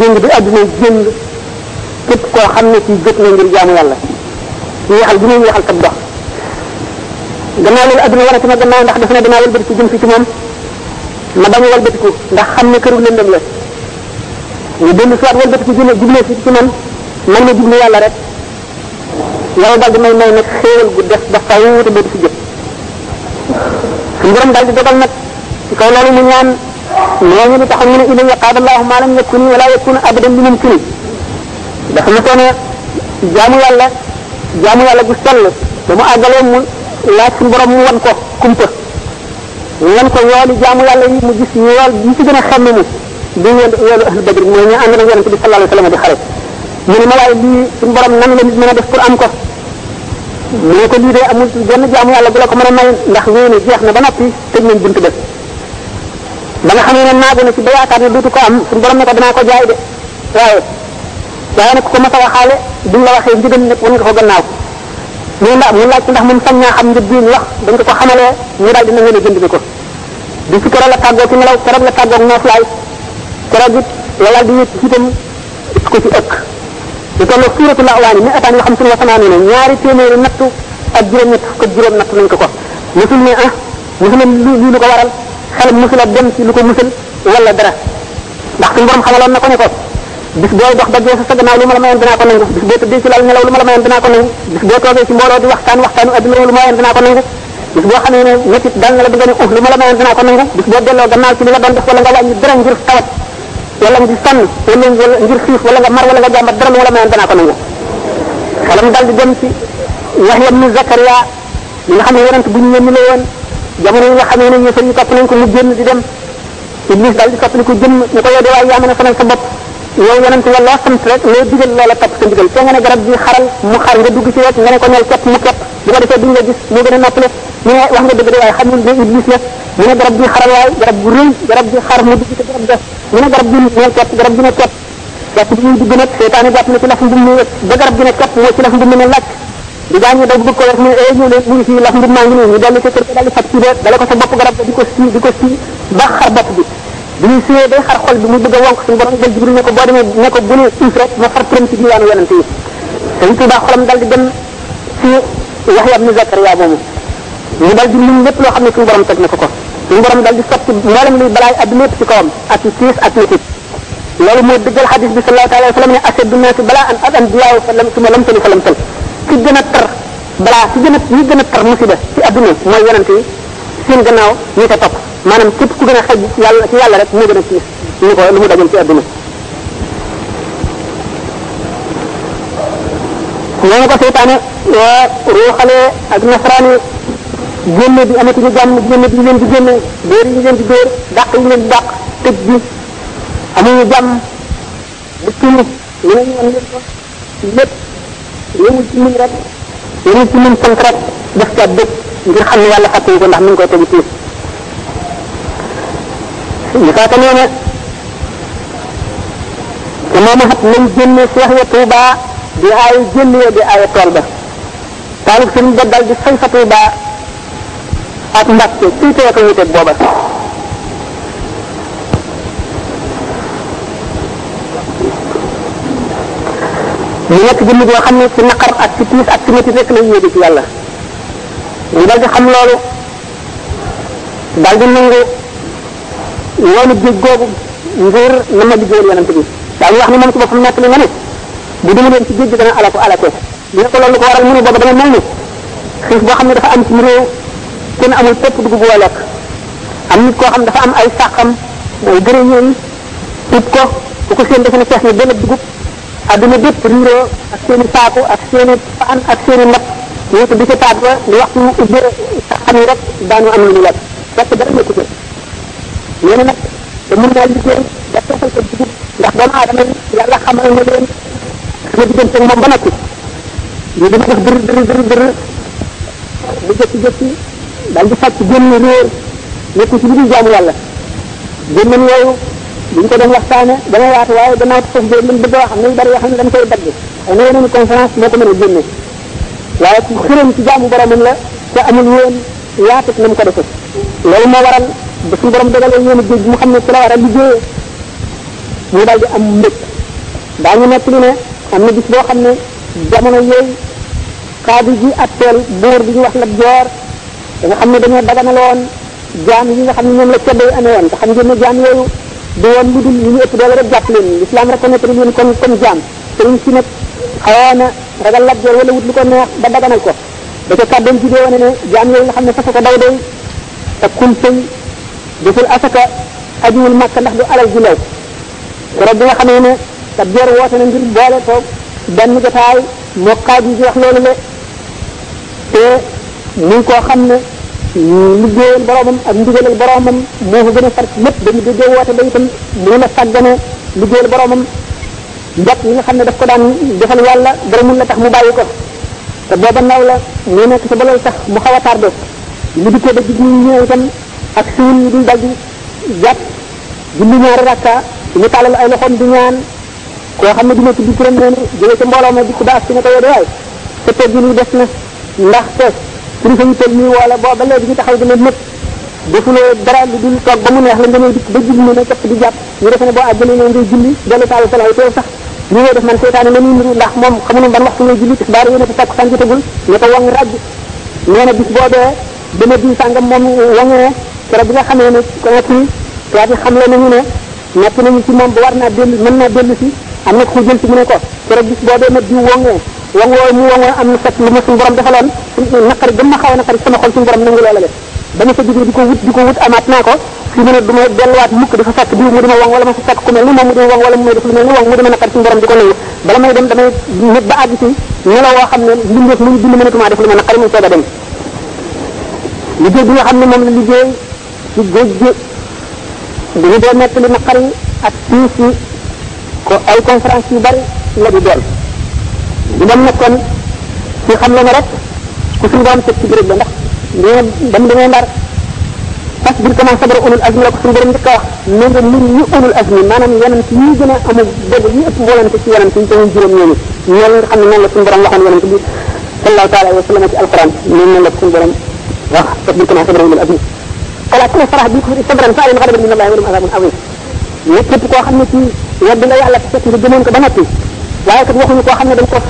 A: jëng bi àdduna jëng képp koo xam ne ci jot na ngir jaamu yàlla yeexal bi ñuy yeexal tab dox gannaaw loolu adduna war a sama gannaaw ndax dafa ne damaa walbatiku jëm si ci moom ma bañ a walbatiku ndax xam ne këru lëndëm la ñu dellu si waat walbatiku jublu jublee si ci man man ma jublu yàlla rek yàlla daal di may may nag xéewal gu des ba faw te dootu si jëm suñu borom daal di dogal nag ci kaw loolu mu ñaan ñooñu li taxaw ñu ne ilayya qaada allahu ma lam yakuni wala yakunu abadan li mumkini dafa ma toone jaamu yàlla jaamu yàlla gu sell ba mu àggaloon mu laaj suñu borom mu wan ko kumpa mu wan ko yoolu jaamu yàlla yi mu gis yool ñu ci gën a xàmme mu di yoolu yoolu ahlu badri na yonente bi sallallahu alayhi mu ne ma waaye lii suñu borom nan mën a def pour am ko mu ne ko lii de amul benn jaamu yàlla bu la ko mën a may ndax wéene jeex na ba noppi tëj nañ bunt def ba nga xam ne naagu na ci ba yaakaar ne dootu ko am suñu borom ne ko danaa ko jaay de waaye waaye nag ku ko mas a waxaale duñ la waxee njëgën nag wan nga ko gannaaw ñu la mu laaj ndax moom sañ naa xam njëg bi ñu wax dañ ko ko xamalee ñu daal dina ngeen a jënd ni ko bi si keroog la tàggoo ci nelaw keroog la tàggoo nooflaay keroog it lalaal di yëpp itam ko ci ëkk lu toll suuratu laawaani mi ataan yoo xam suñu wasamaanee ne ñaari téeméeri nattu ak juróom-ñett ko ko ko musul ne ah musul ne lii lu ko waral xelam musul a dem ci lu ko musal wala dara ndax suñu borom xamaloon na ko ne ko bis booy dox ba geesu sa gannaaw lu la mayoon dinaa ko nangu bis ci lal nelaw la ko nangu bis ci di waxtaan waxtaanu adduna lu ma mayoon ko nangu bis boo xamee ne dal na la bëgg uh lu la mayoon dinaa ko nangu bis boo delloo gannaaw ci li la doon def wala nga wàññi dara ngir tawat wala ngir sonn wala ngir xiif wala nga mar wala nga jàmbat dara lu la mayoon dinaa ko nangu xelam dal di dem ci yaxya ibnu zakaria mi nga xam yonent bu ñu jamono yi nga nañ ko mu di dem dal di ni ko ni ko sa yow yonent bi loo sant rek loo digal loola topp sa ndigal soo nga ne garab gi xaral mu xar nga dugg ci wet nga ne ko neel kepp mu kepp bu ko defee duñ la gis moo gën a noppale mu ne wax nga dëgg de waaye xamul ne iblis la mu ne garab gi xaral waay garab gu rëy garab gi xar mu dugg ci garab des mu ne garab gi neel kepp garab gi ne kepp jàpp bi ñuy dugg nag seetaani jàpp na ci laf ndum mu wét ba garab gi ne kepp moo ci laf ndum ne làkk di gaa ñu daw bëgg ko wax ne eh ñu ne mu ngi si laf ndum maa ngi nii ñu dellu ci kër ga daldi fab ci dee dale ko sa bopp garab ga di ko si di ko si ba xar bopp bi bi muy suyee day xar xol bi muy bëgg a wonk suñu borom dal jibril ne ko boo demee ne ko bu ne uuf rek ma far tëram ci diwaanu yonent yi sëñ Tuubaa xolam dal dal di lim lépp loo xam ne suñu borom teg na ko ko suñu borom dal di sotti mboolem luy balaay àdduna yëpp ci ak yu tiis ak métit loolu moo dëggal xadis bi sallallahu alayhi wa ne ashaddu naasi balaa an al anbiyaa fa lam suma fa lam tal ci gën a tar balaa ci gën a ñi gën a tar musiba ci àdduna mooy yonent seen gannaaw ñi ko topp maanaam képp ku gën a xaj ci yàlla ci yàlla rek moo gën a siis ñu ko lu mu dajal ci àdduna ñooñu ko seytaane eh, ruuxalee ak nasaraani génne bi amatuñu jàmm génne bi ñu leen di génne dóor yi ñu leen di dóor dàq amuñu jàmm bu tund lu ne ñu am leen ko lépp ci muñ rek yëmul ci muñ sant rek def ci ab dëkk ngir xam ne yàlla fàttali ko ndax mi ngi koy tegu tiis ñu faata nee na ya di aay génn ya di aay tool ba taalib ba dal di fay fa tuuba ak mbàkke suy tee ko wuteeg booba mu nekk jëmm boo xam ci naqar ak ci ak ci rek lay ci ñu dagg xam loolu daal di nangu yoonu géej googu ngir na ma liggéeyal yonent bi daal wax ni moom ci boppam nekk li ma ne bu dama leen ci géej gi dana alako alako ñu ne ko loolu ko waral mu ne booba dama mel ni boo xam ne dafa am ci réew kenn amul pepp dugub boo lekk am nit koo xam dafa am ay sàqam mooy gërëm yooyu ut ko bu ko seen defe ne fees na benn dugub adduna bépp riiroo ak seen i saako ak seen i paan ak seen i woote bi ci taat ba di waxtu ubbi xam ne rek daanu am lu ñu lekk parce que dara nekku ci na nag te mën naa liggéey da toxal ndax doomu aadama yi yàlla xamal na leen sama diggante moom ba noppi ñu dama def dër dër dër dër bu jëkki-jëkki daal di sàcc génn réer nekku ci lu dul jaamu yàlla génnan yooyu buñ ko doon waxtaane dama waatu waaye danaa ko foofu man a wax am nañ bari yoo xam ne dañ koy dagg ay na yeneen conférence moo ko mën a génne waaye ku xëram la te amul woon yaatak na ko defee loolu moo waral ba suñu borom dogalee mu xam ne ci la war a liggéeyee mu daal di am mbëg daañu nekk li ne am na bis boo xam ne jamono yooyu ji atteel buur bi ñu wax la joor da nga ne dañoo daganaloon jaam yi nga xam ne ñoom la ceddo yi amee xam ne jaam yooyu du woon lu dul li ñu ëpp doole rek jàpp leen l'islam reconnaître leen kon comme jaam te ñu si nag xawoon ragal lab joor wala wut lu ko neex ba daganal ko da ca kàddoom ci dee wane ne jaam yooyu nga xam ne fasaka daw doy te kun sëy deful asaka ajiwul màkk ndax du alal ju lew keroog bi nga xamee ne tab joor woote na ngir boole ko benn jotaay moo xaaj yi wax loolu le te muy koo xam ne liggéeyal boromam ak ndigalal boromam moo ko gën a far lépp dañu déggee woote ba itam mu la sàggane liggéeyal boromam mbokk yi nga xam ne daf ko daan defal yàlla dara mun la tax mu bàyyi ko te booba naw la mu nekk sa balal tax mu xaw a tardé du di ko ba jig ñu ñëw itam ak suul yi dul dagg jàpp julli ñaari rakka ñu tàllal ay loxoom di ñaan koo xam ne du tudd turam noonu jóge ca mbooloo ma di ko baas ci ne ko yooyu waay sa teg gi nii des na ndax te suñu fa ñu tël nii wala booba léegi ñu taxaw dina nëpp defuloo dara lu dul toog ba mu neex la nga ñëw dikk ba julli ne ne képp di jàpp ñu defe ne boo àggalee ne ngay julli dellu taalu sala yi teew sax li ngay def man seetaane la ñuy niru ndax moom xamuñu ne ko bi nga xamee ne kona kii tubaab yi xam ba war naa na ku jël ci mu ne ko keroog bis boo dee mu wangoo am na fekk lu ma suñu borom defaloon naqari a naqari sama xol suñu def dama sa jugee di ko wut di ko wut amaat naa ko fi mu ne du ma delluwaat mukk di fa sàkk diw mu dama wang wala ma fa sàkk ku mel ni moom mu dama wang wala mu may def lu mel ni wang mu dama nakar ci borom di ko nuyu bala may dem damay nit ba àgg ci nelaw woo xam ne mbindeef mu ñu bind mënatuma def lu ma naqari mu soog a dem liggéey bi nga xam ne moom la liggéey ci géej gi bu ñu li nettali naqari ak tiis yi ko ay conférence yu bari la di doon di dem nekkoon ci xam la ne rek ku suñu doom teg ci béréb la ndax mais ba mu demee ndar parce azmi la ko suñu borom a wax ne nga nit ñu ulul azmi maanaam yonent yi gën a amul dégg yi ëpp volonté ci yonent yi tamit juróom ñooñu taala wa sallam ci alquran noonu la ko suñu wax parce que azmi voilà ku ne farax bi ko sabran fa alim xadabin min allahi wa lahum ci wedd ko ba noppi waaye kat waxuñu koo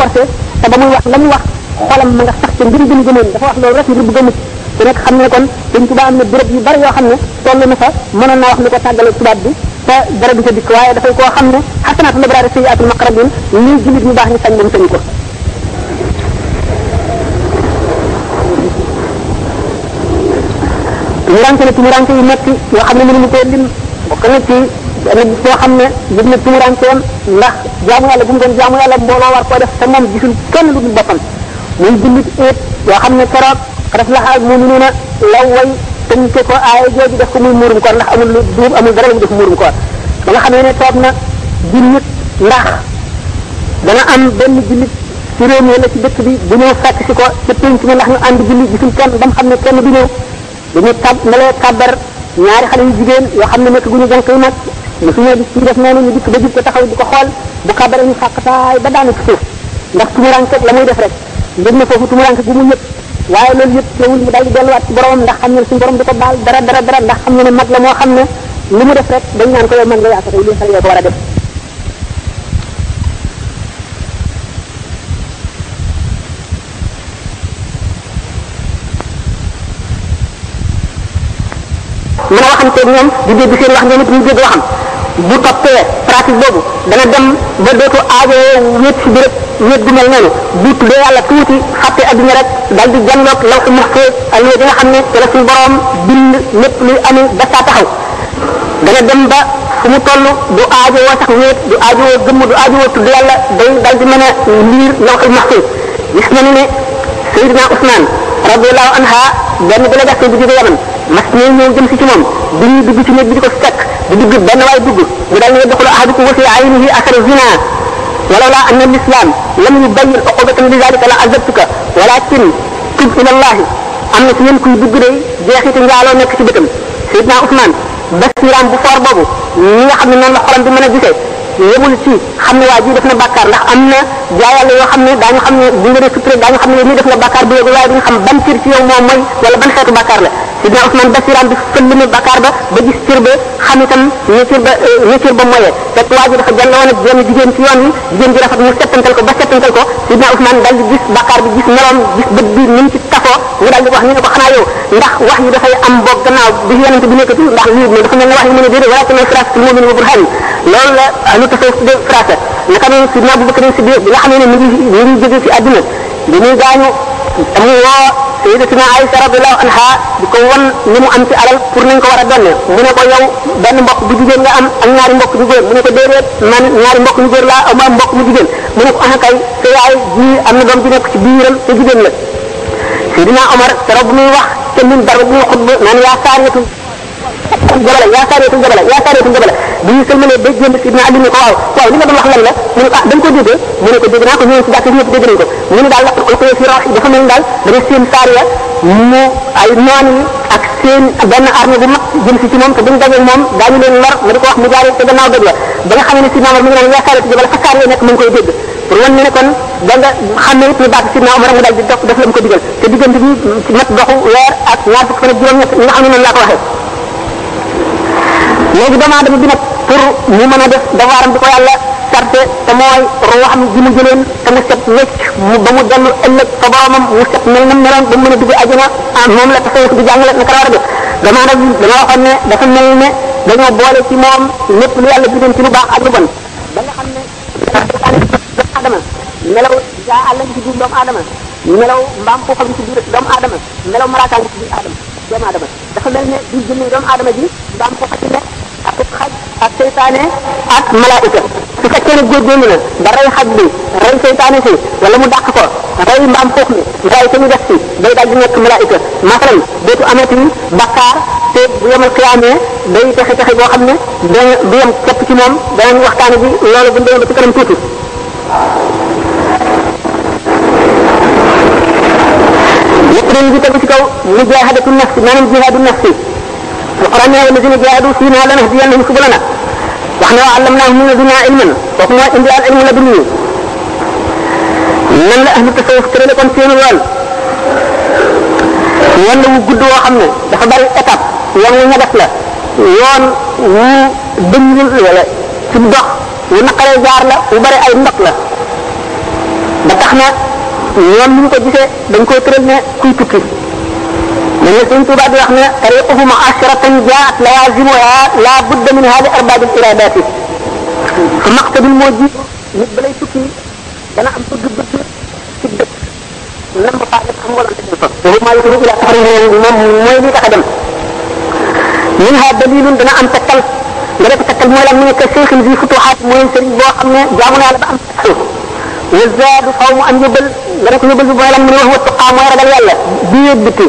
A: wax la mu wax xolam ma nga sax ci mbir gën gëneen dafa wax loolu rek ngir bu gëmut ku nekk xam kon dañ tuba am na béréb yu bari yoo xam ne toll na fa mënoon naa wax ni ko tàggale tubaab bi te dara du ca dikk waaye dafay koo xam ne xasanaatu labraari sayiatul maqrabin lii julit ñu baax ñu sañ sañ ko na yu metti yoo xam ne mënu lim bokk na ci xam ne na ndax jaamu yàlla bu mu doon jaamu yàlla mbooloo war koo def te moom gisul kenn lu dul boppam muy jullit éet yoo xam ne keroog raf laxaal muminuuna law way tënke ko aaya jooju def ko muy muurum koor ndax amul lu duub amul dara lu mu def muurum koor ba nga xamee ne toog na jullit ndax dana am benn jullit ci réew mi wala ci dëkk bi bu ñëw fekk si ko ci pénc mi ndax ñu ànd julli gisul kenn ba mu xam ne kenn du ñëw dañu tab nalee tabbar ñaari xale yu jigéen yoo xam ne nekk gu ñu jànk yu mag mu suñoo gis ñu def noonu ñu dikk ba jub ko taxaw bu ko xool bu kabare ñu fàqtaay ba daanu ci ndax tuñu la muy def rek ngir ne foofu tumuranke gu mu ñëpp waaye loolu yëpp teewul mu dal di delluwaat ci borom ndax xamne suñu borom du ko baal dara dara dara ndax xamne mag la mo xamne ne li mu def rek dañ nan ko yow man nga yaaka tay li xal yow ko wara def mën a waxante ak ñoom di dégg seen wax ñoom ñu dégg waxam bu topé pratique bobu da nga dem ba dootu aajoo wéet ci bi rek nit gu mel noonu bu tuddee yàlla tuuti fàtte adduna rek dal di jannoog lawx mahfuz ak li nga xam ne ci la suñu borom bind lépp luy ami ba saa taxaw dana dem ba fu mu toll du aajo woo sax wéet du aajo woo gëmm du aajo woo tudd yàlla day dal di mën a liir lawx mahfuz gis nañu ne Seydina Ousmane radiyallahu anha benn délégation bu jóge yaman mas ñëw ñëw jëm si ci moom bi ñuy dugg ci néeg bi di ko fekk di dugg benn waay dugg mu dal ne doxul ahadukum wa fi aynihi asara zina ولولا ان الاسلام لم يبين عقوبه لذلك لا عذبتك ولكن تب الى الله ان سين كوي دغ دي جيختي نيالو نيك سي سيدنا عثمان بسيران بو فور بوبو ني خامي نون خرام دي مانا جيسه يبول سي خامي واجي دافنا بكار لا امنا جايا لي خامي دا خامي بو ندي سوتري دا خامي ني دافنا بكار بو يوغ واجي خام بان سير سي ولا بان خاتو لا sidna ousmane basiram bi fëll na bakkaar ba ba gis cër ba xam itam ne cër ba ne cër ba moye fekk waa ji dafa jàll woon ak benn jigéen ci yoon wi jigéen ji rafet mu settantal ko ba settantal ko sidna ousmane dal di gis bakkaar bi gis meloom gis bët bi ni mu ci tafoo mu dal di ko wax ni ne ko xanaa yow ndax wax yi dafay am boog gannaaw bi yonente bi nekkati ndax lii ne dafa mel ne wax yi mu ne déedéet wala ko ne phrase ci moomin wa burhan loolu la lu tasawuf de phrase naka noonu sidna abubakar siddiq bi nga xam ne mi ngi mi ngi jóge ci àdduna bi muy gaañu mu woo sayyidatina Aisha radiyallahu anha di ko won ni mu am ci alal pour nañ ko war a donne mu ne ko yow benn mbokk bu jigéen nga am ak ñaari mbokk ñu góor mu ne ko déedéet man ñaari mbokk ñu góor laa ko ah kay sa yaay ji am na doom ji nekk ci biiram te jigéen la Seydina Omar keroog bu muy wax te min dara bu muy xutba naan yaa saariyatu ku jabale yaakaaree ku jabale yaakaaree ku jabale bi ñu sëlmalee ba jéem si ibna ko waaw waaw li nga doon wax lan la mu ah, ko déggee mu ne ko dégg naa ko mu ne daal ma mu ne si da nga ko digal te diggante bi mat doxu weer léegi doomu aadama bi nag pour mu mën a def dawaaram bi ko yàlla sarte te mooy ruuxam gi mu jëleen te mu set wecc ba mu dellu ëllëg fa boromam mu set mel na meloon ba mu mën a dugg àjjana ah moom a def bi dama waxoon ne dafa mel ne dañoo boole ci moom lépp lu yàlla lu baax ak lu bon ba nga xam ne doomu aadama melaw jaa àll ci biir doomu aadama melaw mbaam foofa ci biir doomu aadama dafa mel ne doomu aadama ji mbaam foofa ci ak xaj ak seytaane ak malaayika su fekkee ne góorgóorlu na ba rey xaj bi rey seytaane si wala mu dàq ko rey mbaam foof mi rey te ñu def si day daal di nekk malaayika masalan dootu amati bakkaar te bu yemal xiyaamee day texe texe boo xam ne dana du yem képp ci moom danañ waxtaane bi loolu bu ndee ba ci kanam tuuti lépp dañu bi tegu ci kaw mu jaahadatu nafsi maanaam jihaadu nafsi وقرنا الذين جاهدوا فينا لنهدينهم سبلنا ونحن علمناهم من لدنا علما وهم عند العلم لدنيا من لا اهل التصوف ترى لكم سين الوال وان لو قد وخمنا دخبر اتاب وان لن يدخل وان دم الوالا تبدأ ونقل الجار لا وبرع النقل بتخنا وان لن تجيسي دنكو ترى لنا كي تكيسي من يسنت بعد رحمة طريقه معاشرة جاءت لازمها لا بد من هذا أرباب الإرادات فمقتب الموجود نبلي سكي أنا أم تجد بك لم أقعد وهو ما يقولون إلى تحرير الممويل تخدم منها دليل أنا أم تكل لذلك تكل مولا منك الشيخ الذي فتوحات موين سريب وقمنا جامنا على بأم تكل وزاد قوم أن يبل لذلك نبل بولا من وهو التقام ويرد الله بيد بكي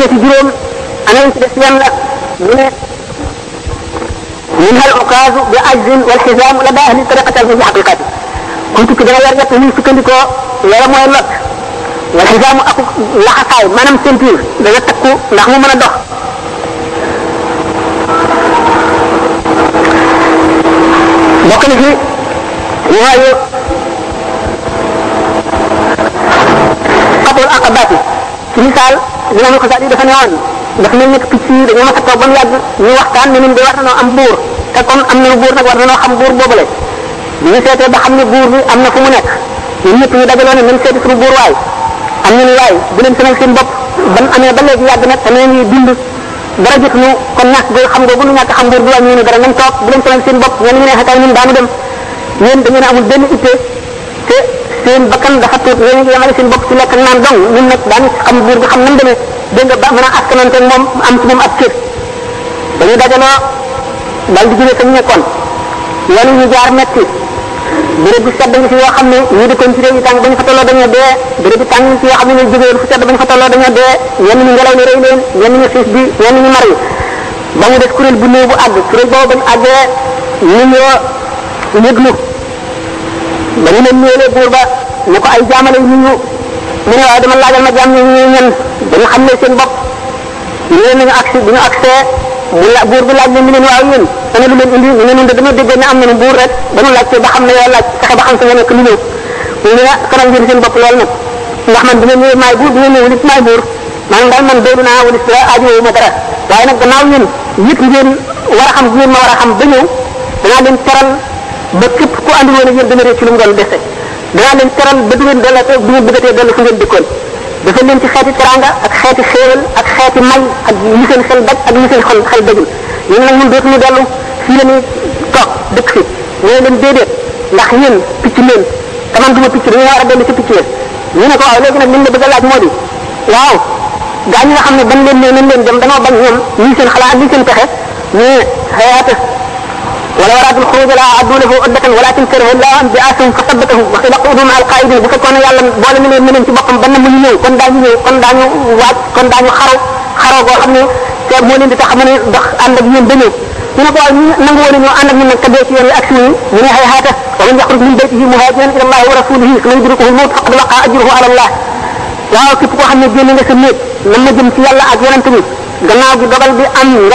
A: ñetti juróom ana ci def yan la mu ne منها العكاز بعجز والحزام لدى أهل طريقة الفجع حقيقته كنت كده يار يات من سكندكو يلا موي لك والحزام أكو لحقاي منام سنتير دا تكو نحو من الدخ بقنا في وهاي قبل أقباتي مثال imam xasali dafa ne woon dafa mel nekk picc yi dañoo masa toog ba mu yàgg ñu waxtaan ne ñun de war nanoo am buur te kon am nañu buur nag war nanoo xam buur boobale ñu seetee ba xam ne buur bi am na fu mu nekk ñun ñëpp ñu dajaloo ne nañ seeti suñu buur waay am nañu waay bu leen sonal seen bopp ban amee ba léegi yàgg nag te nee ñuy dund dara jot ñu kon ñàkk gooy xam googu nu ñàkk xam buur bi wàññi ñu dara nañ toog bu leen sonal seen bopp ñenn ñu neexataay ñun daanu dem ñeen da ngeen amul benn ittee te seen bakkan dafa tuut yéen ngi yemale seen bopp ci lekk naan dong ñun nag daan xam buur bi xam nan demee dégg nga ba mën a askanante moom am ci moom ak cër ba ñu dajaloo daal di jógee sañ nekkoon yoon yi ñu jaar metti béréb bu sedd ngi si yoo xam ne ñii dëkkoon ci réew yi tàng ba ñu fa tolloo dañoo dee béréb bu tàng si yoo xam ne ñu jógee fu sedd ba ñu fa tolloo dañoo dee ñenn bi ñenn ñu mar yi ba ñu def kuréel bu néew bu àgg kuréel boobu ba ñu àggee ñu ñoo yëglu ba ñu leen nuyoolee buur ba ne ko ay jaamale yu ñu mu ne waaye dama laajal ma jaam ñu ñu ñen dañu xam ne seen bopp ñëwee nañu accès bu ñu accès mu la bi laaj leen ñu leen waaw yéen ana lu leen indi ñu de dañoo déggoon ne am nañu buur rek dañu ba xam ne yow laaj fexe ba xam sa nga nekk lu ñëw ñu ne sonal ah, ngeen seen bopp lool nag ndax man bu ngeen ñëwee maay buur bu ngeen ñëwee maay buur maanaam daal man doodu naa wala si ma dara waaye nag gannaaw ñun yëpp ngeen war a xam ngeen ma war a xam ba ñëw danaa leen ba képp ku andi woon ak yéen dana réccu lu mu doon dese danaa leen teral ba du ngeen delloo bu ngeen bëggatee dellu fu ngeen dikkoon dafa leen ci xeeti teranga ak xeeti xéewal ak xeeti may ak li seen xel daj ak li seen xol xel dajul yéen nag ñun dootuñu dellu fii la ñuy toog dëkk fi ñoo leen déedéet ndax yéen picc leen te man duma picc dañu war a dellu ci picc yéen ñu ne ko waaw léegi nag liñ la bëgg a laaj moo di waaw gaa ñi nga xam ne ban leen ne nañ leen dem danoo bañ ñoom ñii seen xalaat lii seen pexe mais xayaata ولا وراد الخروج لا عدوا له عدة ولكن كرهوا الله أن جاءتهم فثبتهم وقيل قودوا مع القائدين بكون يلا بول من من انت بقم بن من يو كن دان يو كن دان يو كن دان يو خرو خرو بو خمي تبون انت تخمن دخ عندك من بني من بول من نقول انه عندك من كبير في الأكل من هي هذا ومن يخرج من بيته مهاجرا إلى الله ورسوله كن يدركه الموت فقد وقع أجره على الله لا كيف بو خمي بين الناس من نجم في الله أجرا تني gannaaw gi dogal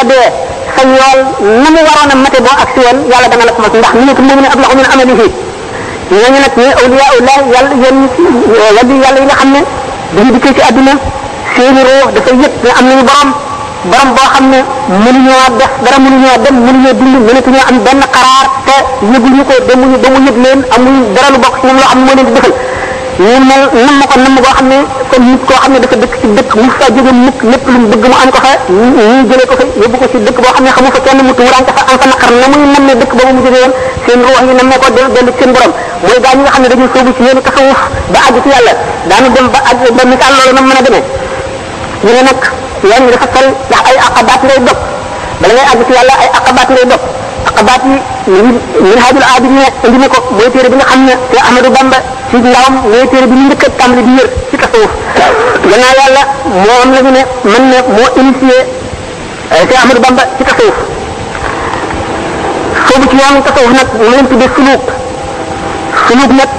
A: bi sa yool na mu waroon a mate boo agsi woon yàlla dana la ko mos ndax minute mu ne ab la ko mën amalihi ñooñu nag ñooy awliya ullah yàlla yéen wàllu yàlla yi nga xam ne dañu dikkee ci àdduna seeni ruux dafa yëg ne am nañu borom borom boo xam ne mënuñoo def dara mënuñoo dem mënuñoo dund mënatuñoo am benn xaraar te yëguñu ko demuñu ba mu yëg leen amuñu dara lu bokk ci ñoom loo xam ne moo leen di defal ñu mel nam ma ko nam ma koo xam ne kon nit koo xam ne dafa dëkk dëkk mu fa jóge mukk lépp lu mu bëgg mu am ko fa ñu jëlee ko fa yóbbu ko ci dëkk boo xam ne xamu fa kenn mu tuuraan fa am fa naqar na muy nam ne dëkk boobu mu jóge woon seen wax yi nam ne ko dellu dellu seen borom mooy gaa ñi nga xam ne dañuy ba àgg ci yàlla daanu dem ba àgg ba misaal loolu nam ne nag yoon dafa sori ndax ay aqabaat ngay dog bala ngay àgg yàlla ay aqabaat ngay dog aqabaat yi min min hajul aadimiya indi na ko mooy téere bi nga xam ne te Amadou Bamba ci ndawam mooy téere bi ñu njëkk a tàmbali di yër ci tasawuf gannaaw yàlla moo am la ñu ne man ne moo initié te Amadou Bamba ci tasawuf soobu ci yoonu tasawuf nag mu leen tuddee suluuk suluuk nag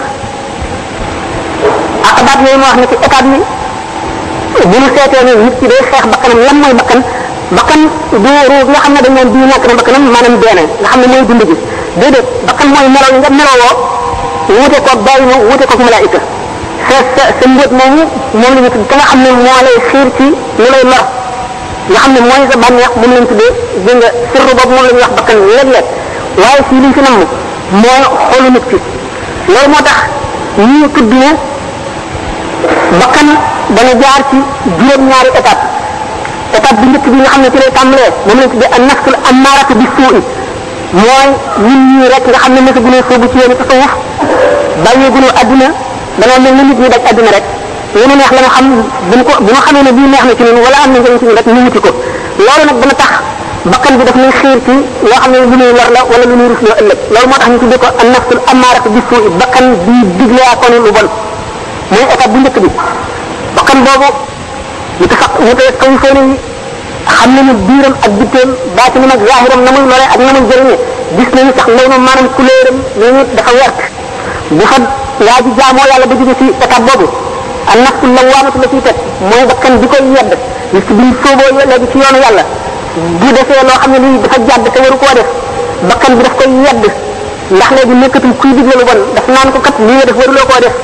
A: aqabaat yooyu ma wax ne ci état bi bu ñu seetee ne nit ki day xeex bakkanam lan mooy bakkan bakkan du ruu bi nga xam ne dañ naan bii ñàkk na bakkanam maanaam dee na nga xam ne mooy dund gi déedéet bakkan mooy melo nga melowoo wute ko bàyyi ma wute ko malaayika sa sa sa mbóot moomu moom la ñu tudd nga xam ne moo lay xiir ci lu lay lor nga xam ne mooy sa bànneex moom lañ tuddee dégg nga sirru boobu moom la ñuy wax bakkan léeg-léeg waaye fii liñ fi namm moo xoolu nit ki loolu moo tax ñu tudd ne bakkan dana jaar ci juróom-ñaari étape étape bu njëkk bi nga xam ne ci lay tàmbalee moom lañ tuddee an nafsul ammaaratu bi suu'i mooy nit ñi rek nga xam ne mësa gunoo soobu ci yoonu tasawuf bàyyee gunoo àdduna dañoo mel ni nit ñi daj àdduna rek yéen neex la nga xam bu ko bu nga xamee ne bii neex na ci ñun wala am na njëriñ ci ñun rek ñu wuti ko loolu nag dana tax bakkan bi daf ñuy xiir ci loo xam ne lu ñuy lor la wala lu ñuy rusloo ëllëg loolu moo tax ñu tuddee ko an nafsul ammaaratu bi suu'i bakkan bi digleekoon lu bon mooy étape bu njëkk bi bakkan boobu mu tax mu tax kaw seen xam nañu biiram ak bitteem baatinam ak zaahiram na muy loree ak na muy jëriñe gis nañu sax ndaw na maanaam couleuram ñooñu dafa wert bu fa waa ji jaamoo yàlla ba jóge ci étape boobu ak nafsul lawaamatu la ciy teg mooy bakkan bi koy yedd li si biñ sóoboo léegi ci yoonu yàlla bu defee loo xam ne lii dafa jàdd te waru koo bakkan bi daf koy yedd ndax léegi nekkatul kuy digle lu bon daf naan ko kat lii nga def waruloo koo def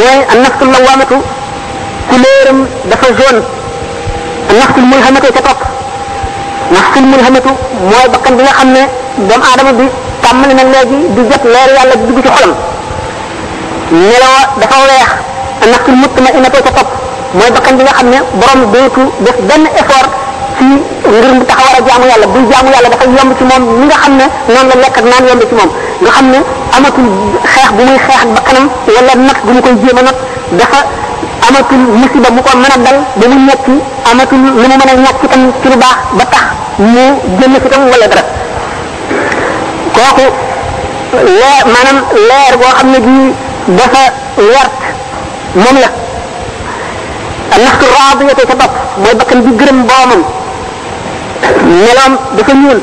A: mooy ak nafsul lawaamatu couleuram dafa jaune nafsul mulhamatu ca topp nafsul mulhamatu mooy bakkan bi nga xam ne doomu aadama bi tàmmali na léegi di jot leer yàlla di dugg ci xolam nelawa dafa weex nafsul mutma inatoo ca topp mooy bakkan bi nga xam ne borom dootu def benn effort ci ngir mu taxaw a jaamu yàlla buy jaamu yàlla dafa yomb ci moom mi nga xam ne noonu la lekk ak naan yomb ci moom nga xam ne amatul xeex bu muy xeex ak bakkanam wala nag bu mu koy jéem a nag dafa amatul musiba mu ko mën a dal ba mu ñàkk amatul lu mu mën a ñàkk itam baax ba tax mu génn ci tam wala dara kooku leer maanaam leer boo xam ne bii dafa wert moom la naftu raadiyata sa bopp mooy bakkan bi gërëm boromam meloom dafa ñuul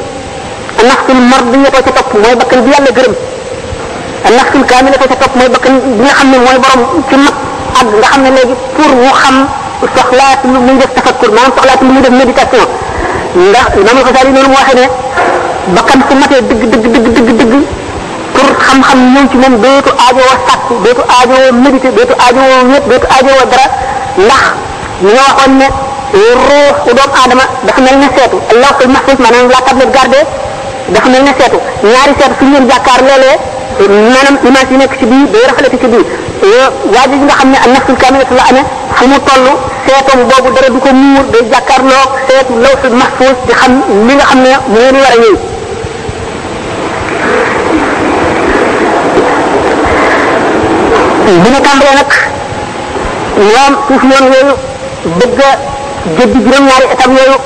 A: naftul mardiyata sa bopp mooy bakkan bi yàlla gërëm naftul kaamilata sa bopp mooy bakkan bi nga xam mooy borom ci mat àgg nga xam ne léegi pour mu xam soxlaatu lu muy def tafakkur maanaam soxlaatu lu muy def méditation ndax imam alxasaali noonu mu waxee ne bakkan su matee dëgg dëgg dëgg dëgg dëgg pour xam-xam ñëw ci moom dootu aajowoo sàkk dootu aajowoo médité dootu aajowoo wéet dootu aajowoo dara ndax ñoo waxoon ne ruuxu doomu aadama dafa mel ne seetu lawxul mahfuz maanaam la tablette gardée dafa mel ne seetu ñaari seetu suñu leen jàkkaar loolee maanaam image yi nekk ci bii day rafetlu ci bii waa ji nga xam ne am nafsul kaamilatu la amee fu mu toll seetam boobu dara du ko muur day jàkkaarloo seet lawsul mahfuz di xam li nga xam ne mu ngi war a ñëw bu ñu tàmbalee nag ñoom suuf yoon yooyu bëgg a jëddi juróom-ñaari étape yooyu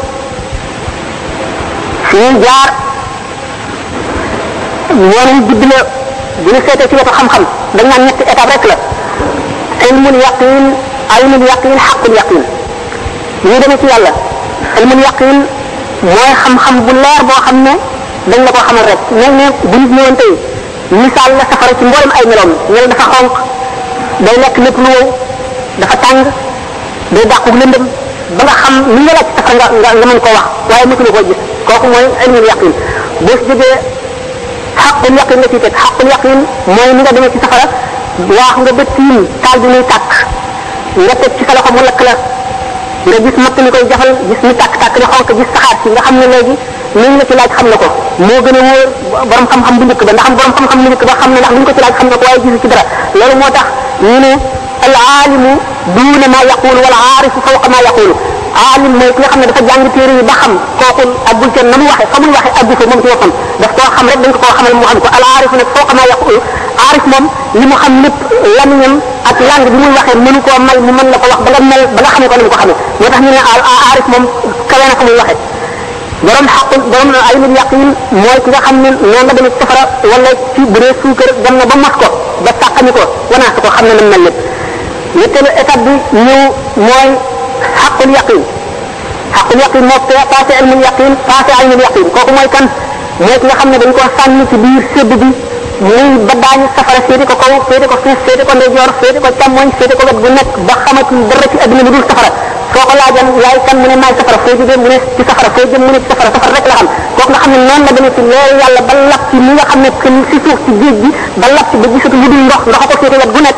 A: suñuy jaar yoonu judd la bu ñu seetee ci wetu xam-xam dañ naan ñetti étape rek la ilmun yaqin aynun yaqin xaqun yaqin ñu demee ci yàlla ilmun yaqin mooy xam-xam bu leer boo xam ne dañ la ko xamal rek mel ne bu nit ñëwoon tey misaal la safara ci mboolem ay meloom mel dafa xonq day lekk lépp lu wow dafa tàng day dàqu lëndëm ba nga xam ni nga laaj safara nga nga mën ko wax waaye mëtu ko gis kooku mooy ilmun yaqin boo si jógee xaqul yaqin nga ciy teg xaqul yaqin mooy ni nga demee ci safara waax nga ba tiim taal bi muy tàkk nga teg ci sa loxo mu lakk la nga gis matt mi koy jafal gis mu tàkk tàkk na xonk gis saxaar si nga xam ne léegi liñ la ci laaj xam na ko moo gën a wóor borom xam-xam bu njëkk ba ndax borom xam-xam bu njëkk ba xam ne ndax liñ ko ci laaj xam na ko waaye gisu ci dara loolu moo tax ñu ne al aalimu duuna ma yaqulu wal aarifu fawqa ma yaqulu alim mooy ki nga xam ne dafa jàng téere yi ba xam kooku aggul ca na mu waxe fa muy waxe aggu fa moom ci boppam daf koo xam rek dañ ko koo xamal mu xam ko al aarif nag foo xamaa yaqul aarif moom li mu xam lépp lamiñam ak lang bi muy waxee mënu koo mal mu mën la ko wax ba nga mel ba nga xamee ko ni mu ko xamee moo tax ñu ne al aarif moom kawe na fa muy waxee borom xaqul borom alimul yaqin mooy ki nga xam ne noonu la demee safara wala ci bu dee suukar dem na ba mos ko ba sàqani ko wanaas ko xam ne na mel lépp ñetteelu étape bi ñëw mooy xaqul yaqin xaqul yaqin moo passé ilmul yaqin passé aynul yaqin kooku mooy kan mooy ki xam ne dañ koo sànni ci biir sédd bi muy ba daañu safara féete ko kaw féete ko suuf féete ko ndeyjoor féete ko càmmoñ féete ko wet bu nekk ba xamatul dara ko laajan yaay kan mu ne maay safara foo jógee mu ne ci safara foo jëm mu ne ci safara safara rek la kooku nga ne noonu la demee ci loolu yàlla ba lap ci li ne que si suuf ci géej gi ba lap ba gisatu lu dul ndox ndox ko féete wet bu nekk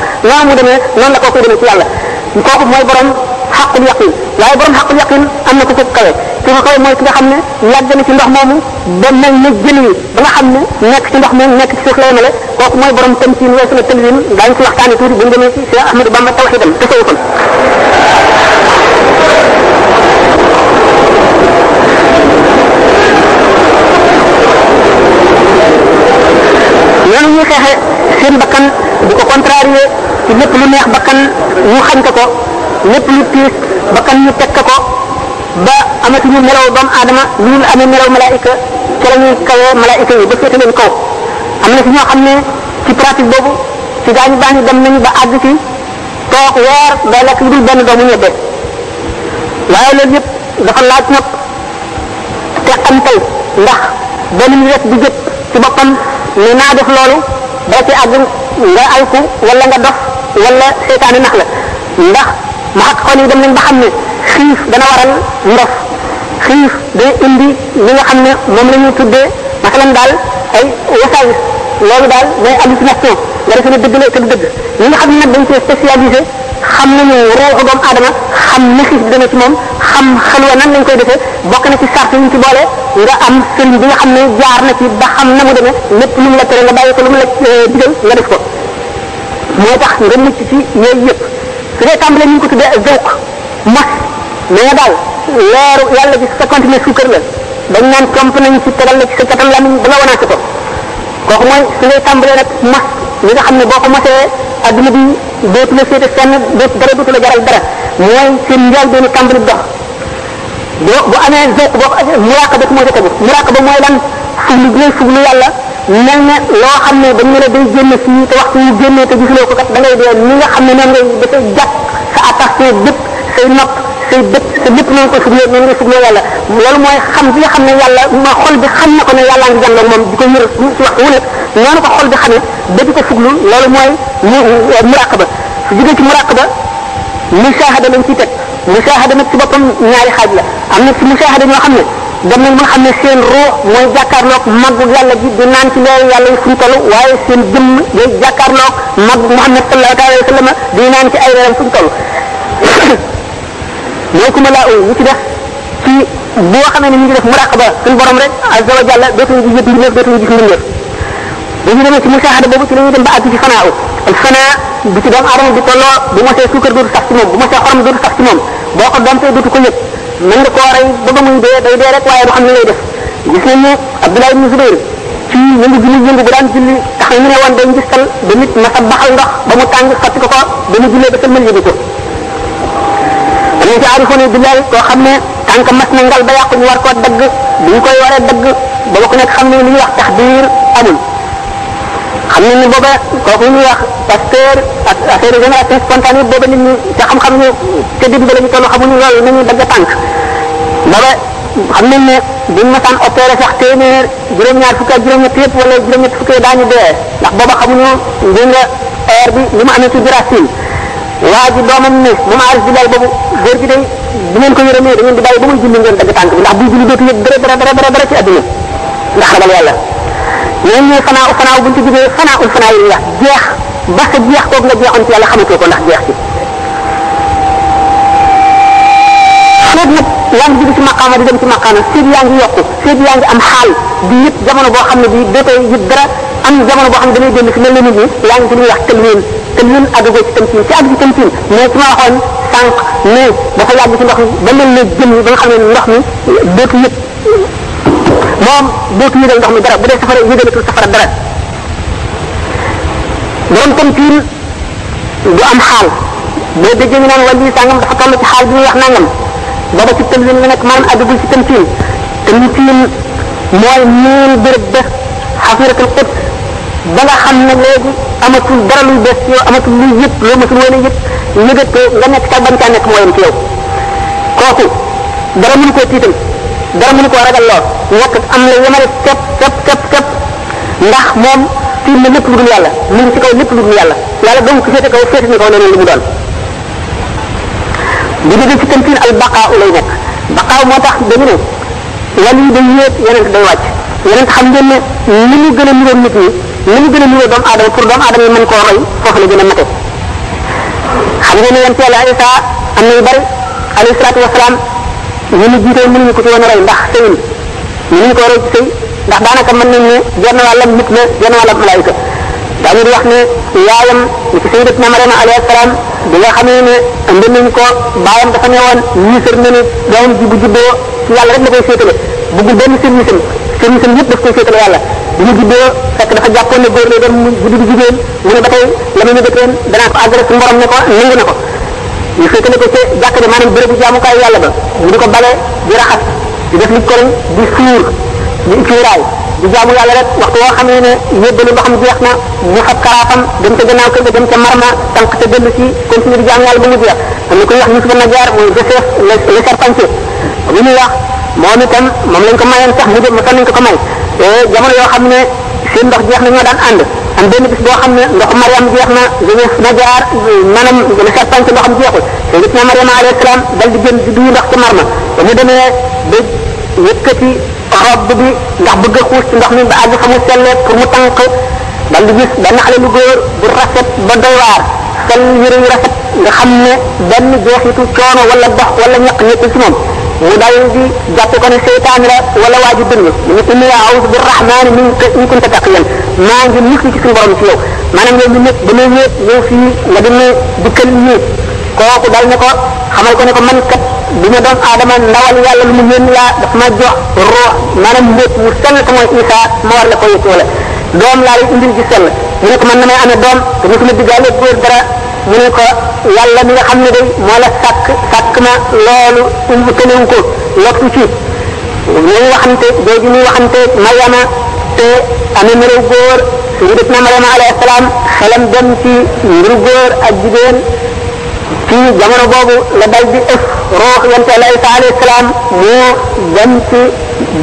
A: noonu حق اليقين لا يبرم حق اليقين أنك تبقى كيف قال ما يكفي خمنا يجني في اللحم مو بمن نجني بلا خمنا نك في اللحم مو نك في سخلة ملة كوك ما يبرم تمثيل ولا سنة تلزم دعين في لحتاني توري بندني سيا أحمد بام التوحيد تسوي كل yoonu ñu xexe seen bakkan bu ko contrarié ci lépp lu neex bakkan ñu xañ ko lépp lu tiis bakkan ñu teg ko ba amatuñu melaw doomu aadama lu dul amee melaw malaayika ca la ñuy kawee malaayika yi ba féete leen kaw am na ci ñoo xam ne ci pratique boobu ci gaañu baax ñu dem nañu ba àgg ci toog weer day lekk lu dul benn doomu ñebbe waaye loolu yëpp dafa laaj nag teqantal ndax benn mi res di jëpp ci boppam ne naa def loolu ba ci àgg nga alku wala nga dof wala seytaane nax la ndax mu ak xol yi dem nañ ba xam ne xiif dana waral ndof xiif day indi li nga xam ne moom la ñuy tuddee masalan daal ay wasaay loolu daal mooy hallucination nga defe ne dëgg la te du dëgg ñi nga xam ne nag dañ cee spécialisé xam nañu ruuxu doomu aadama xam na xiif bi demee ci moom xam xalwa nan lañ koy defee bokk na ci sart yi ñu ci boole nga am sëriñ bi nga xam ne jaar na ci ba xam na mu demee lépp lu mu la tere nga bàyyi ko lu mu la digal nga def ko moo tax nga mucc ci yooyu yëpp su ngay tàmbalee ñu ko tuddee ak zawq max mais daal leeru yàlla bi sa continuer suukar la dañ naan pomp nañ ci tegal la ci sa catam lamiñ ba nga wanaase ko kooku mooy su ngay tàmbalee nag max li nga xam ne boo ko mosee adduna bi dootu la féete fenn dootu dara dootu la jaral dara mooy seen njaal doonu tàmbali dox boo bu amee zawq boo ko muraqaba mooy sa tegu muraqaba mooy lan fuglu bi ngay fuglu yàlla mel ne loo xam ne dañ ne day génn fii te waxtu yu génnee te gisuloo ko kat da ngay dee ni nga xam ne noonu ngay dafay jàpp sa attention bépp say nopp say bët sa lépp noonu ko sugle noonu nga sugle yàlla loolu mooy xam bi nga xam ne yàlla ma xol bi xam na ko ne yàlla ngi jàndoog moom di ko yër ci waxtu wu nekk noonu ko xol bi xamee ba di ko suglu loolu mooy muraqaba su jógee ci muraqaba mushahada lañ ciy teg mushahada nag ci boppam ñaari xaaj la am na ci mushahada ñoo xam ne dem nañ ba xam ne seen roo mooy jàkkaarloog màggu yàlla ji di naan ci leeru yàlla yi fu ñu toll waaye seen jëmm day jàkkaarloog màggu Muhammad sallallahu alayhi wa sallam di naan ci ay reeram fu ñu toll mooy ku ma laa ñu ci def ci boo xamee ne ñu ngi def muraqaba suñu borom rek azza wa jalla dootuñu gis yëpp mbindeef dootuñu gis mbindeef bu ñu demee ci musaahada boobu ci la ñuy dem ba àgg ci fanaa al fanaa bi ci doomu aadama di tolloo bu mosee suukar dootu sax ci moom bu mosee xorom dootu sax ci moom boo ko dompee dootu ko yëpp mën na koo rey ba ba muy dee day dee rek waaye du xam ni lay def gis nañ ne Abdoulaye ibn Zubair fii yëngu julli yëngu bu daan julli tax ñu ne woon day ngistal ba nit ma sa baxal ba mu tàng sotti ko ko ba mu jullee ba sa mën yëngu ko am na ci aarifoon yi Bilaal koo xam ne tànk mas na ngal ba yàqu ñu war koo dagg bu ñu koy waree dagg ba ba ku nekk xam ne li ñuy wax tax xam nañ ni booba kooku ñuy wax pasteur ak affaire génération spontanée booba nit ñi ci xam-xam ñu ca digg ba la ñu toll xamuñu loolu nañu dagg tànk booba xam nañ ne buñ masaan opéré sax téeméer juróom-ñaar fukki ak juróom-ñett yëpp wala juróom-ñett fukki daañu dee ndax booba xamuñu ngir nga air bi li mu amee ci gracile waa ji doomam ne bu ma aris bi dal boobu góor gi day bu ngeen ko yërëmee da ngeen di bàyyi ba muy julli ngeen dagg tànk bi ndax buy julli dootu yëg dara dara dara dara ci àdduna ndax ragal yàlla yéen ñii fanaaw fanaaw bu ñu ko jugee fanaawul fanaaw yi wax jeex ba sa jeex kooku nga jeexoon ci yàlla xamatoo ko ndax jeex ci. seet nag yaa ngi jóge ci maqaama di dem ci maqaama seet yaa ngi yokku seet yaa ngi am xaal di yëpp jamono boo xam ne bii dootoo yëpp dara am jamono boo xam ne dañuy dellu si mel na nit ñi yaa ngi ci li ñuy wax tëlween tëlween àggagoo ci tamtiin ci àgg ci tamtiin mais su ma waxoon sànq mais dafa yàgg ci ndox mi ba mel ne jëm ba nga xam ne ndox mi dootu yëpp moom dootu yëgal ndox mi dara bu dee safara yëgalatul safara dara borom tamkiin du am xaal boo déggee ñu naan wàllu sàngam dafa toll ci xaal bi ñuy wax nangam booba ci tamkiin la nekk maanaam àggagul ci tamkiin tamkiin mooy ñuul bërëb ba xafiratul qut ba nga xam ne léegi amatul dara luy bees ci yow amatul luy yëpp loo masul woon a yëpp yëgatoo nga nekk ca bañ caa nekk moo yem ci dara mënu koo tiital dara mënu koo nekk am na yemale képp képp képp képp ndax moom fiir na lépp lu dul yàlla mu ngi ci kaw lépp lu dul yàlla yàlla ba mu ko féete kaw féete ni kaw leneen li mu doon bu jógee ci tamkiin al baqaa lay nekk baqaa moo tax dañu ne wàll yi day yéeg yeneen day wàcc yeneen xam ngeen ne ni mu gën a niroo nit ñi ni mu gën a niroo doomu aadama pour doomu aadama yi mën koo roy foofu la gën a mate xam ngeen ne yan teel a Isa am na yu bari alayhi salaatu wasalaam ñu mu ko ndax ñu ñu ko war a sëy ndax daanaka mën nañ ne genn wàllam nit la genn wàllam malaayika daañu di wax ne yaayam ni ko sayyidatuna Mariama alayhi salaam bi nga xamee ne ko baayam dafa ne woon yiisar na ne doomam ji bu juddoo ci yàlla rek la koy féetale bëggul benn service am service am yëpp yàlla bu ñu juddoo fekk dafa jàppoon ne góor lay doon mu juddu jigéen mu ne ba tey la ma mébétoon danaa ko àggale su mborom ne ko nangu na ko ñu féetale ko ca jàkk ne maanaam bérébu jaamukaay yàlla ba mu di ko bale di raxas di def li korom di suur di cuuraay di jaamu yàlla rek waxtu woo xam ne ne yóbbalu jeex na ñu fab karaafam ca gannaaw kër ga dem ca marma tànk ca dellu si continuer di jaamu yàlla ba mu jeex am na ku ñuy wax Yusufa Najaar mooy le chef le charpentier li muy wax moom itam moom lañ ko mayoon sax mu jëm ma fan lañ ko ko may ne seen ndox jeex na ñoo daan ànd am benn bis boo xam ne ndox Mariam jeex na jeunesse na jaar maanaam le serpent ci ndoxam jeexul te gis na Mariam alayhi salaam dal di gën di duy ndox ci marma ba mu demee ba yëkkati robe bi ndax bëgg a xuus ci ndox mi ba àgg fa mu sellee pour mu tànq dal di gis benn xale bu góor bu rafet ba doy waar sol yëre yu rafet nga xam ne benn jeexitu coono wala dox wala ñaq ñëpp ci moom mu dal di jàpp ko ne seytaan la wala waa ji dënn mu ne inni aawusu bi rahmaan min in kunta taqiyan maa ngi musli ci suñu borom ci yow maanaam yow ñu nekk ba lay yéeg yow fii nga dem ne dikkal yéeg kooku dal ne ko xamal ko ne ko man kat bi ma doon aadama ndawal yàlla lu mu yónni laa daf ma jox roo maanaam mbéet mu sell ko mooy isa ma war la ko yëg wala doom laa lay indil gi sell mu ne ko man na may amee doom te musuma diggaale góor dara mu ne ko yàlla mi nga xam ne day moo la sàkk sàkk na loolu umb tëlewu ko lottu ci ñuy waxante jooju ñuy waxante mayama te amee mbiru góor ngirut na mariama alayhi salaam xelam dem ci mbiru góor ak jigéen ci jamono boobu la dal di ëf roox yonte la isa alayhi salaam moo dem ci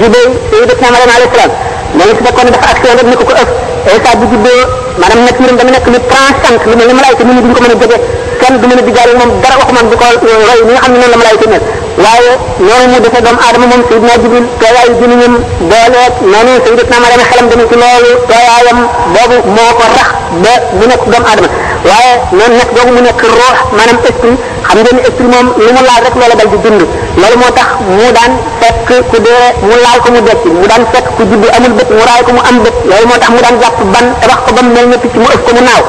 A: jibéy sayyidat na mariama alayhi salaam loolu su fekkoon dafa action rek ni ko ko ëf isa bu juddoo maanaam nekk mbirum dama nekk lu transcent lu mel ni malaayka nit ñi duñ ko mën a jege kenn du mën a diggaale moom dara wax man du ko roy ni nga xam ne noonu la malaayka mel waaye noonu mu defee doomu aadama moom sayidina jibril tooyaayu jëniñam booleeg noonu sayidatna mariama xelam dama ci loolu tooyaayam boobu moo ko rax ba mu nekk doomu aadama waaye noonu nekk boobu mu nekk roox maanaam esprit xam ngeen esprit moom lu mu laal rek loola dal di dund loolu moo tax mu daan fekk ku dee mu laal ko mu dekki mu daan fekk ku juddu amul bët mu raay ko mu am bët loolu moo tax mu daan jàpp ban tabax ko ba mu mel ne picc mu ëf ko mu naaw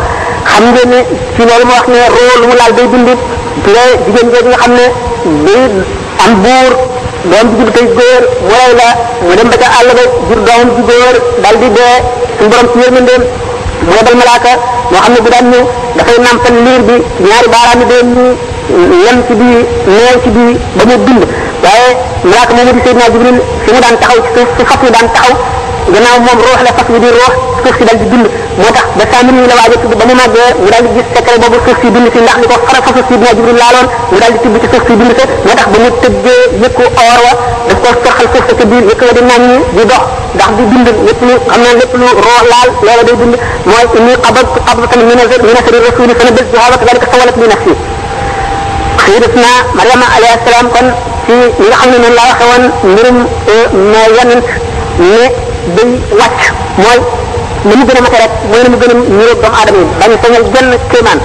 A: xam nga ne ci loolu mu wax ne roo lu mu laal day dund nga jigéen jooju nga xam ne day am buur doom ji jub tey góor mu rey la mu dem ba ca àll ba jur doomam ji góor dal di dee suñu borom ci yërmandeem mu yebal malaaka moo xam ne bu daan ñëw dafay nàmpal bi ñaari baaraam yi doon ñu yem ci bii néew ci bii ba mu waaye malaaka moomu di Seydina Jibril fi mu daan taxaw ci suuf si fas yi daan taxaw gannaaw ruux la fas yi ruux suuf si dal di dund moo tax ba saa min la waaje tudd ba mu màggee mu dal di gis secret boobu suuf si bind si ndax li ko fara fa suuf si dina jibril laaloon mu dal di tibb ci suuf si bind si moo tax ba mu tëggee yëkku or wa daf ko soxal suuf sa ca biir yëkk wa di nañ di dox ndax di dund lépp lu xam naa lépp lu roo laal loola day dund mooy inni qabad qabdatan min azr min asri rasuli fa nabis biha wa kadalika sawalat li nafsi sayyidatuna maryama alayhi assalam kon ci li nga xam ne noonu laa waxe woon mbirum yonent ne day wàcc mooy na mu gën a mate rek mooy na mu gën a ñëw doomu aadama yi bañ sañal genn kéemaan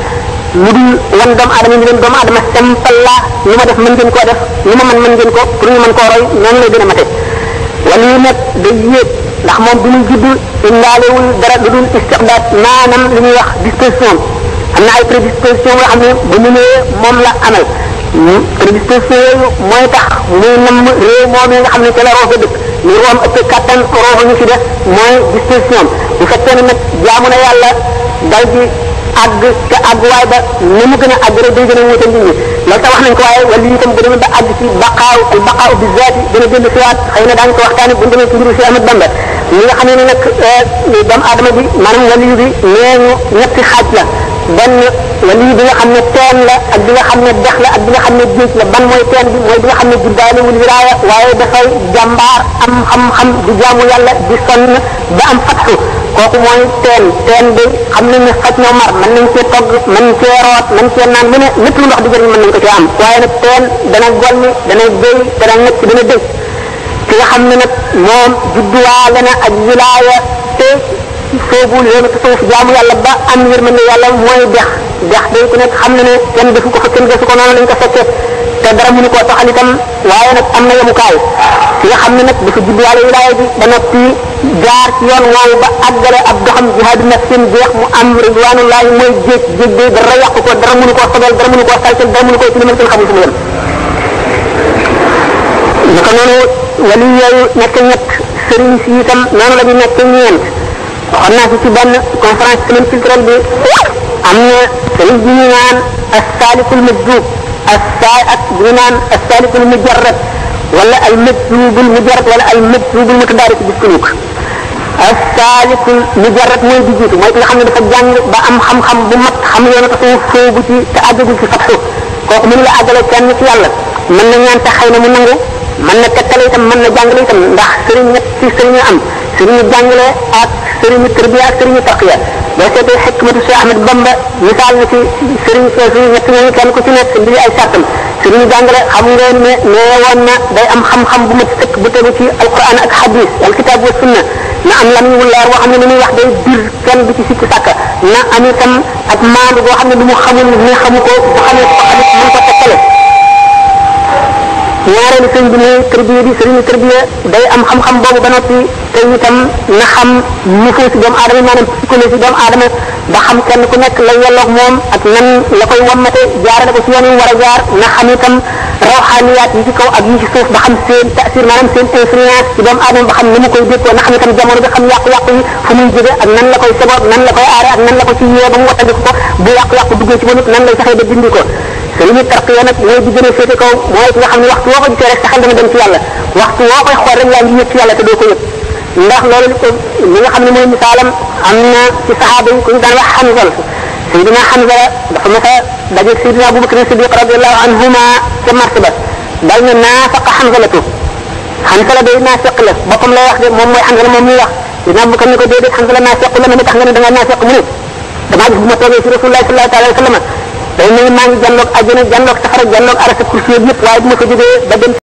A: lu dul wan doomu aadama yi ñu leen doomu aadama simple la lu ma def mën ngeen def lu ma mën mën ngeen ko pour ñu mën koo roy noonu lay gën a mate wala yu nekk day yéeg ndax moom bi muy judd indaalewul dara lu dul istiqdaat maanaam li mu wax disposition am na ay prédisposition yoo xam ne bu ñu moom la amal hmm, prédisposition yooyu mooy tax muy namm réew moom yi ne ca la roo fa li room ëpp kattan rooxu ñu ci def mooy disposition bu fekkee ne nag jaamu na yàlla dal di àgg te àgguwaay ba ni mu gën a àgg rek day gën a wute nit ñi loolu tax wax nañ ko waaye wala itam bu demee ba àgg ci baqaaw al baqaaw bi zaati dana jënd siwaat xëy na daan ko waxtaane bu ñu demee ci mbiru si Ahmad Bamba li nga xam ne na euh, doomu aadama bi maanaam waliyu bi nee ñu ñetti xaaj la benn wali bi nga xam ne teen la ak bi nga xam ne dex la ak bi nga xam ne géej la ban mooy teen bi mooy bi nga xam ne juddaaliwul wilaaya waaye dafay jàmbaar am xam-xam di jaamu yàlla di sonn ba am fatxu kooku mooy teen teen bi xam nañ ne faj na mar mën nañ cee togg mën cee root mën cee naan mu ne lépp lu ndox di jëriñ mën nañ ko cee am waaye nag teen dana golmi dana béy dana nekk dana dëj ki nga xam ne nag moom judduwaale na ak wilaaya te soobu leen tasawuf jaamu yàlla ba am yërmande yàlla mooy dex dex day ku nekk xam na ne kenn defu ko fa kenn defu ko noonu lañ ko fekkee te dara mënu koo taxal itam waaye nag am na yemukaay ki nga xam ne nag dafa judd wàllu wilaaya bi ba noppi jaar ci yoon woowu ba àggale ab doxam jihaadu naf seen jeex mu am ridwanullahi mooy géej géej day dara yàq ko dara mënu koo sobal dara mënu koo saltel dara mënu koo ci limal seen xamul mu yem naka noonu wali yooyu nekk ñett sëriñ si itam noonu waxoon naa ko ci benn conférence semaine culturelle bi am na sëriñ bi ñu naan assalikul majduub assaay ak bi ñu naan assalikul mujarrad wala al majduubul mujarrad wala al majduubul mutadaarik bi suluk assalikul mujarrad mooy di jiitu mooy ki nga xam ne dafa jàng ba am xam-xam bu mat xam yoonu tasawuf soobu ci te àggagul ci fatxu kooku mënu la àggale kenn ci yàlla mën na ñaan te xëy na mu nangu mën na tekkale itam mën na jàngale itam ndax sëriñ ñett ci sëriñ am سيرني جانغلا اك سيرني تربيا سيرني تقيا باش تي حكمة الشيخ احمد بامبا مثال في سيرني سيرني نتمنى كان كنت نفس بلي اي ساتم سيرني جانغلا خمغا نيوانا داي ام خم خم بمت تك بتلو في القران اك حديث الكتاب والسنه نا ام لم يقول الله روح من من واحد يدير كان بك سيك ساكا نا ام تم اك مال روح من من خمو من خمو كو خمو فقط من فقط ñaareelu sëñ bi ne tarbiya bi sëriñu tarbiya day am xam-xam boobu ba noppi te itam na xam nufoo si doomu aadama maanaam psychologie doomu aadama ba xam kenn ku nekk la yelloog moom ak nan la koy wammate jaarale ko si yoon yi war a jaar na xam itam rawxaaniyaat yi ci kaw ak yi ci suuf ba xam seen tasir maanaam seen influence ci doomu aadama ba xam ni mu koy dékkoo na xam itam jamono bi xam yàqu-yàqu yi fu muy jóge ak nan la koy saboot nan la koy aare ak nan la ko ci yee ba mu wattandiku ko bu yàqu-yàqu duggee ci ba nit nan lay saxee ba dindi ko te li muy tarqiya nag mooy bi gën a féete kaw mooy ki nga xam ne waxtu woo ko gisee rek saxal dana dem ci yàlla waxtu woo koy xool rek yaa ngi yëg ci yàlla te doo ko yëg ndax loolu ko li nga xam ne mooy misaalam am na ci saxaaba yi ku ñu daan wax Xamza Seydina Xamza dafa mas a daje Seydina Abubakar Siddiq radiyallahu anhuma ca marché ba dal na naafaqa Xamza la tuut Xamza la day naafeq la boppam lay wax de moom mooy Xamza la moom muy wax Seydina Abubakar ni ko déedéet Xamza la naafeq la ma ne tax nga ne da nga naafeq mu ne damaa gis bu ma toogee ci Rasulullah sallallahu alayhi wa sallam day mel ni maa ngi jàlloog àjjana jàlloog safara jàlloog arasa kursi yëpp waaye bu ma ko jógee ba dem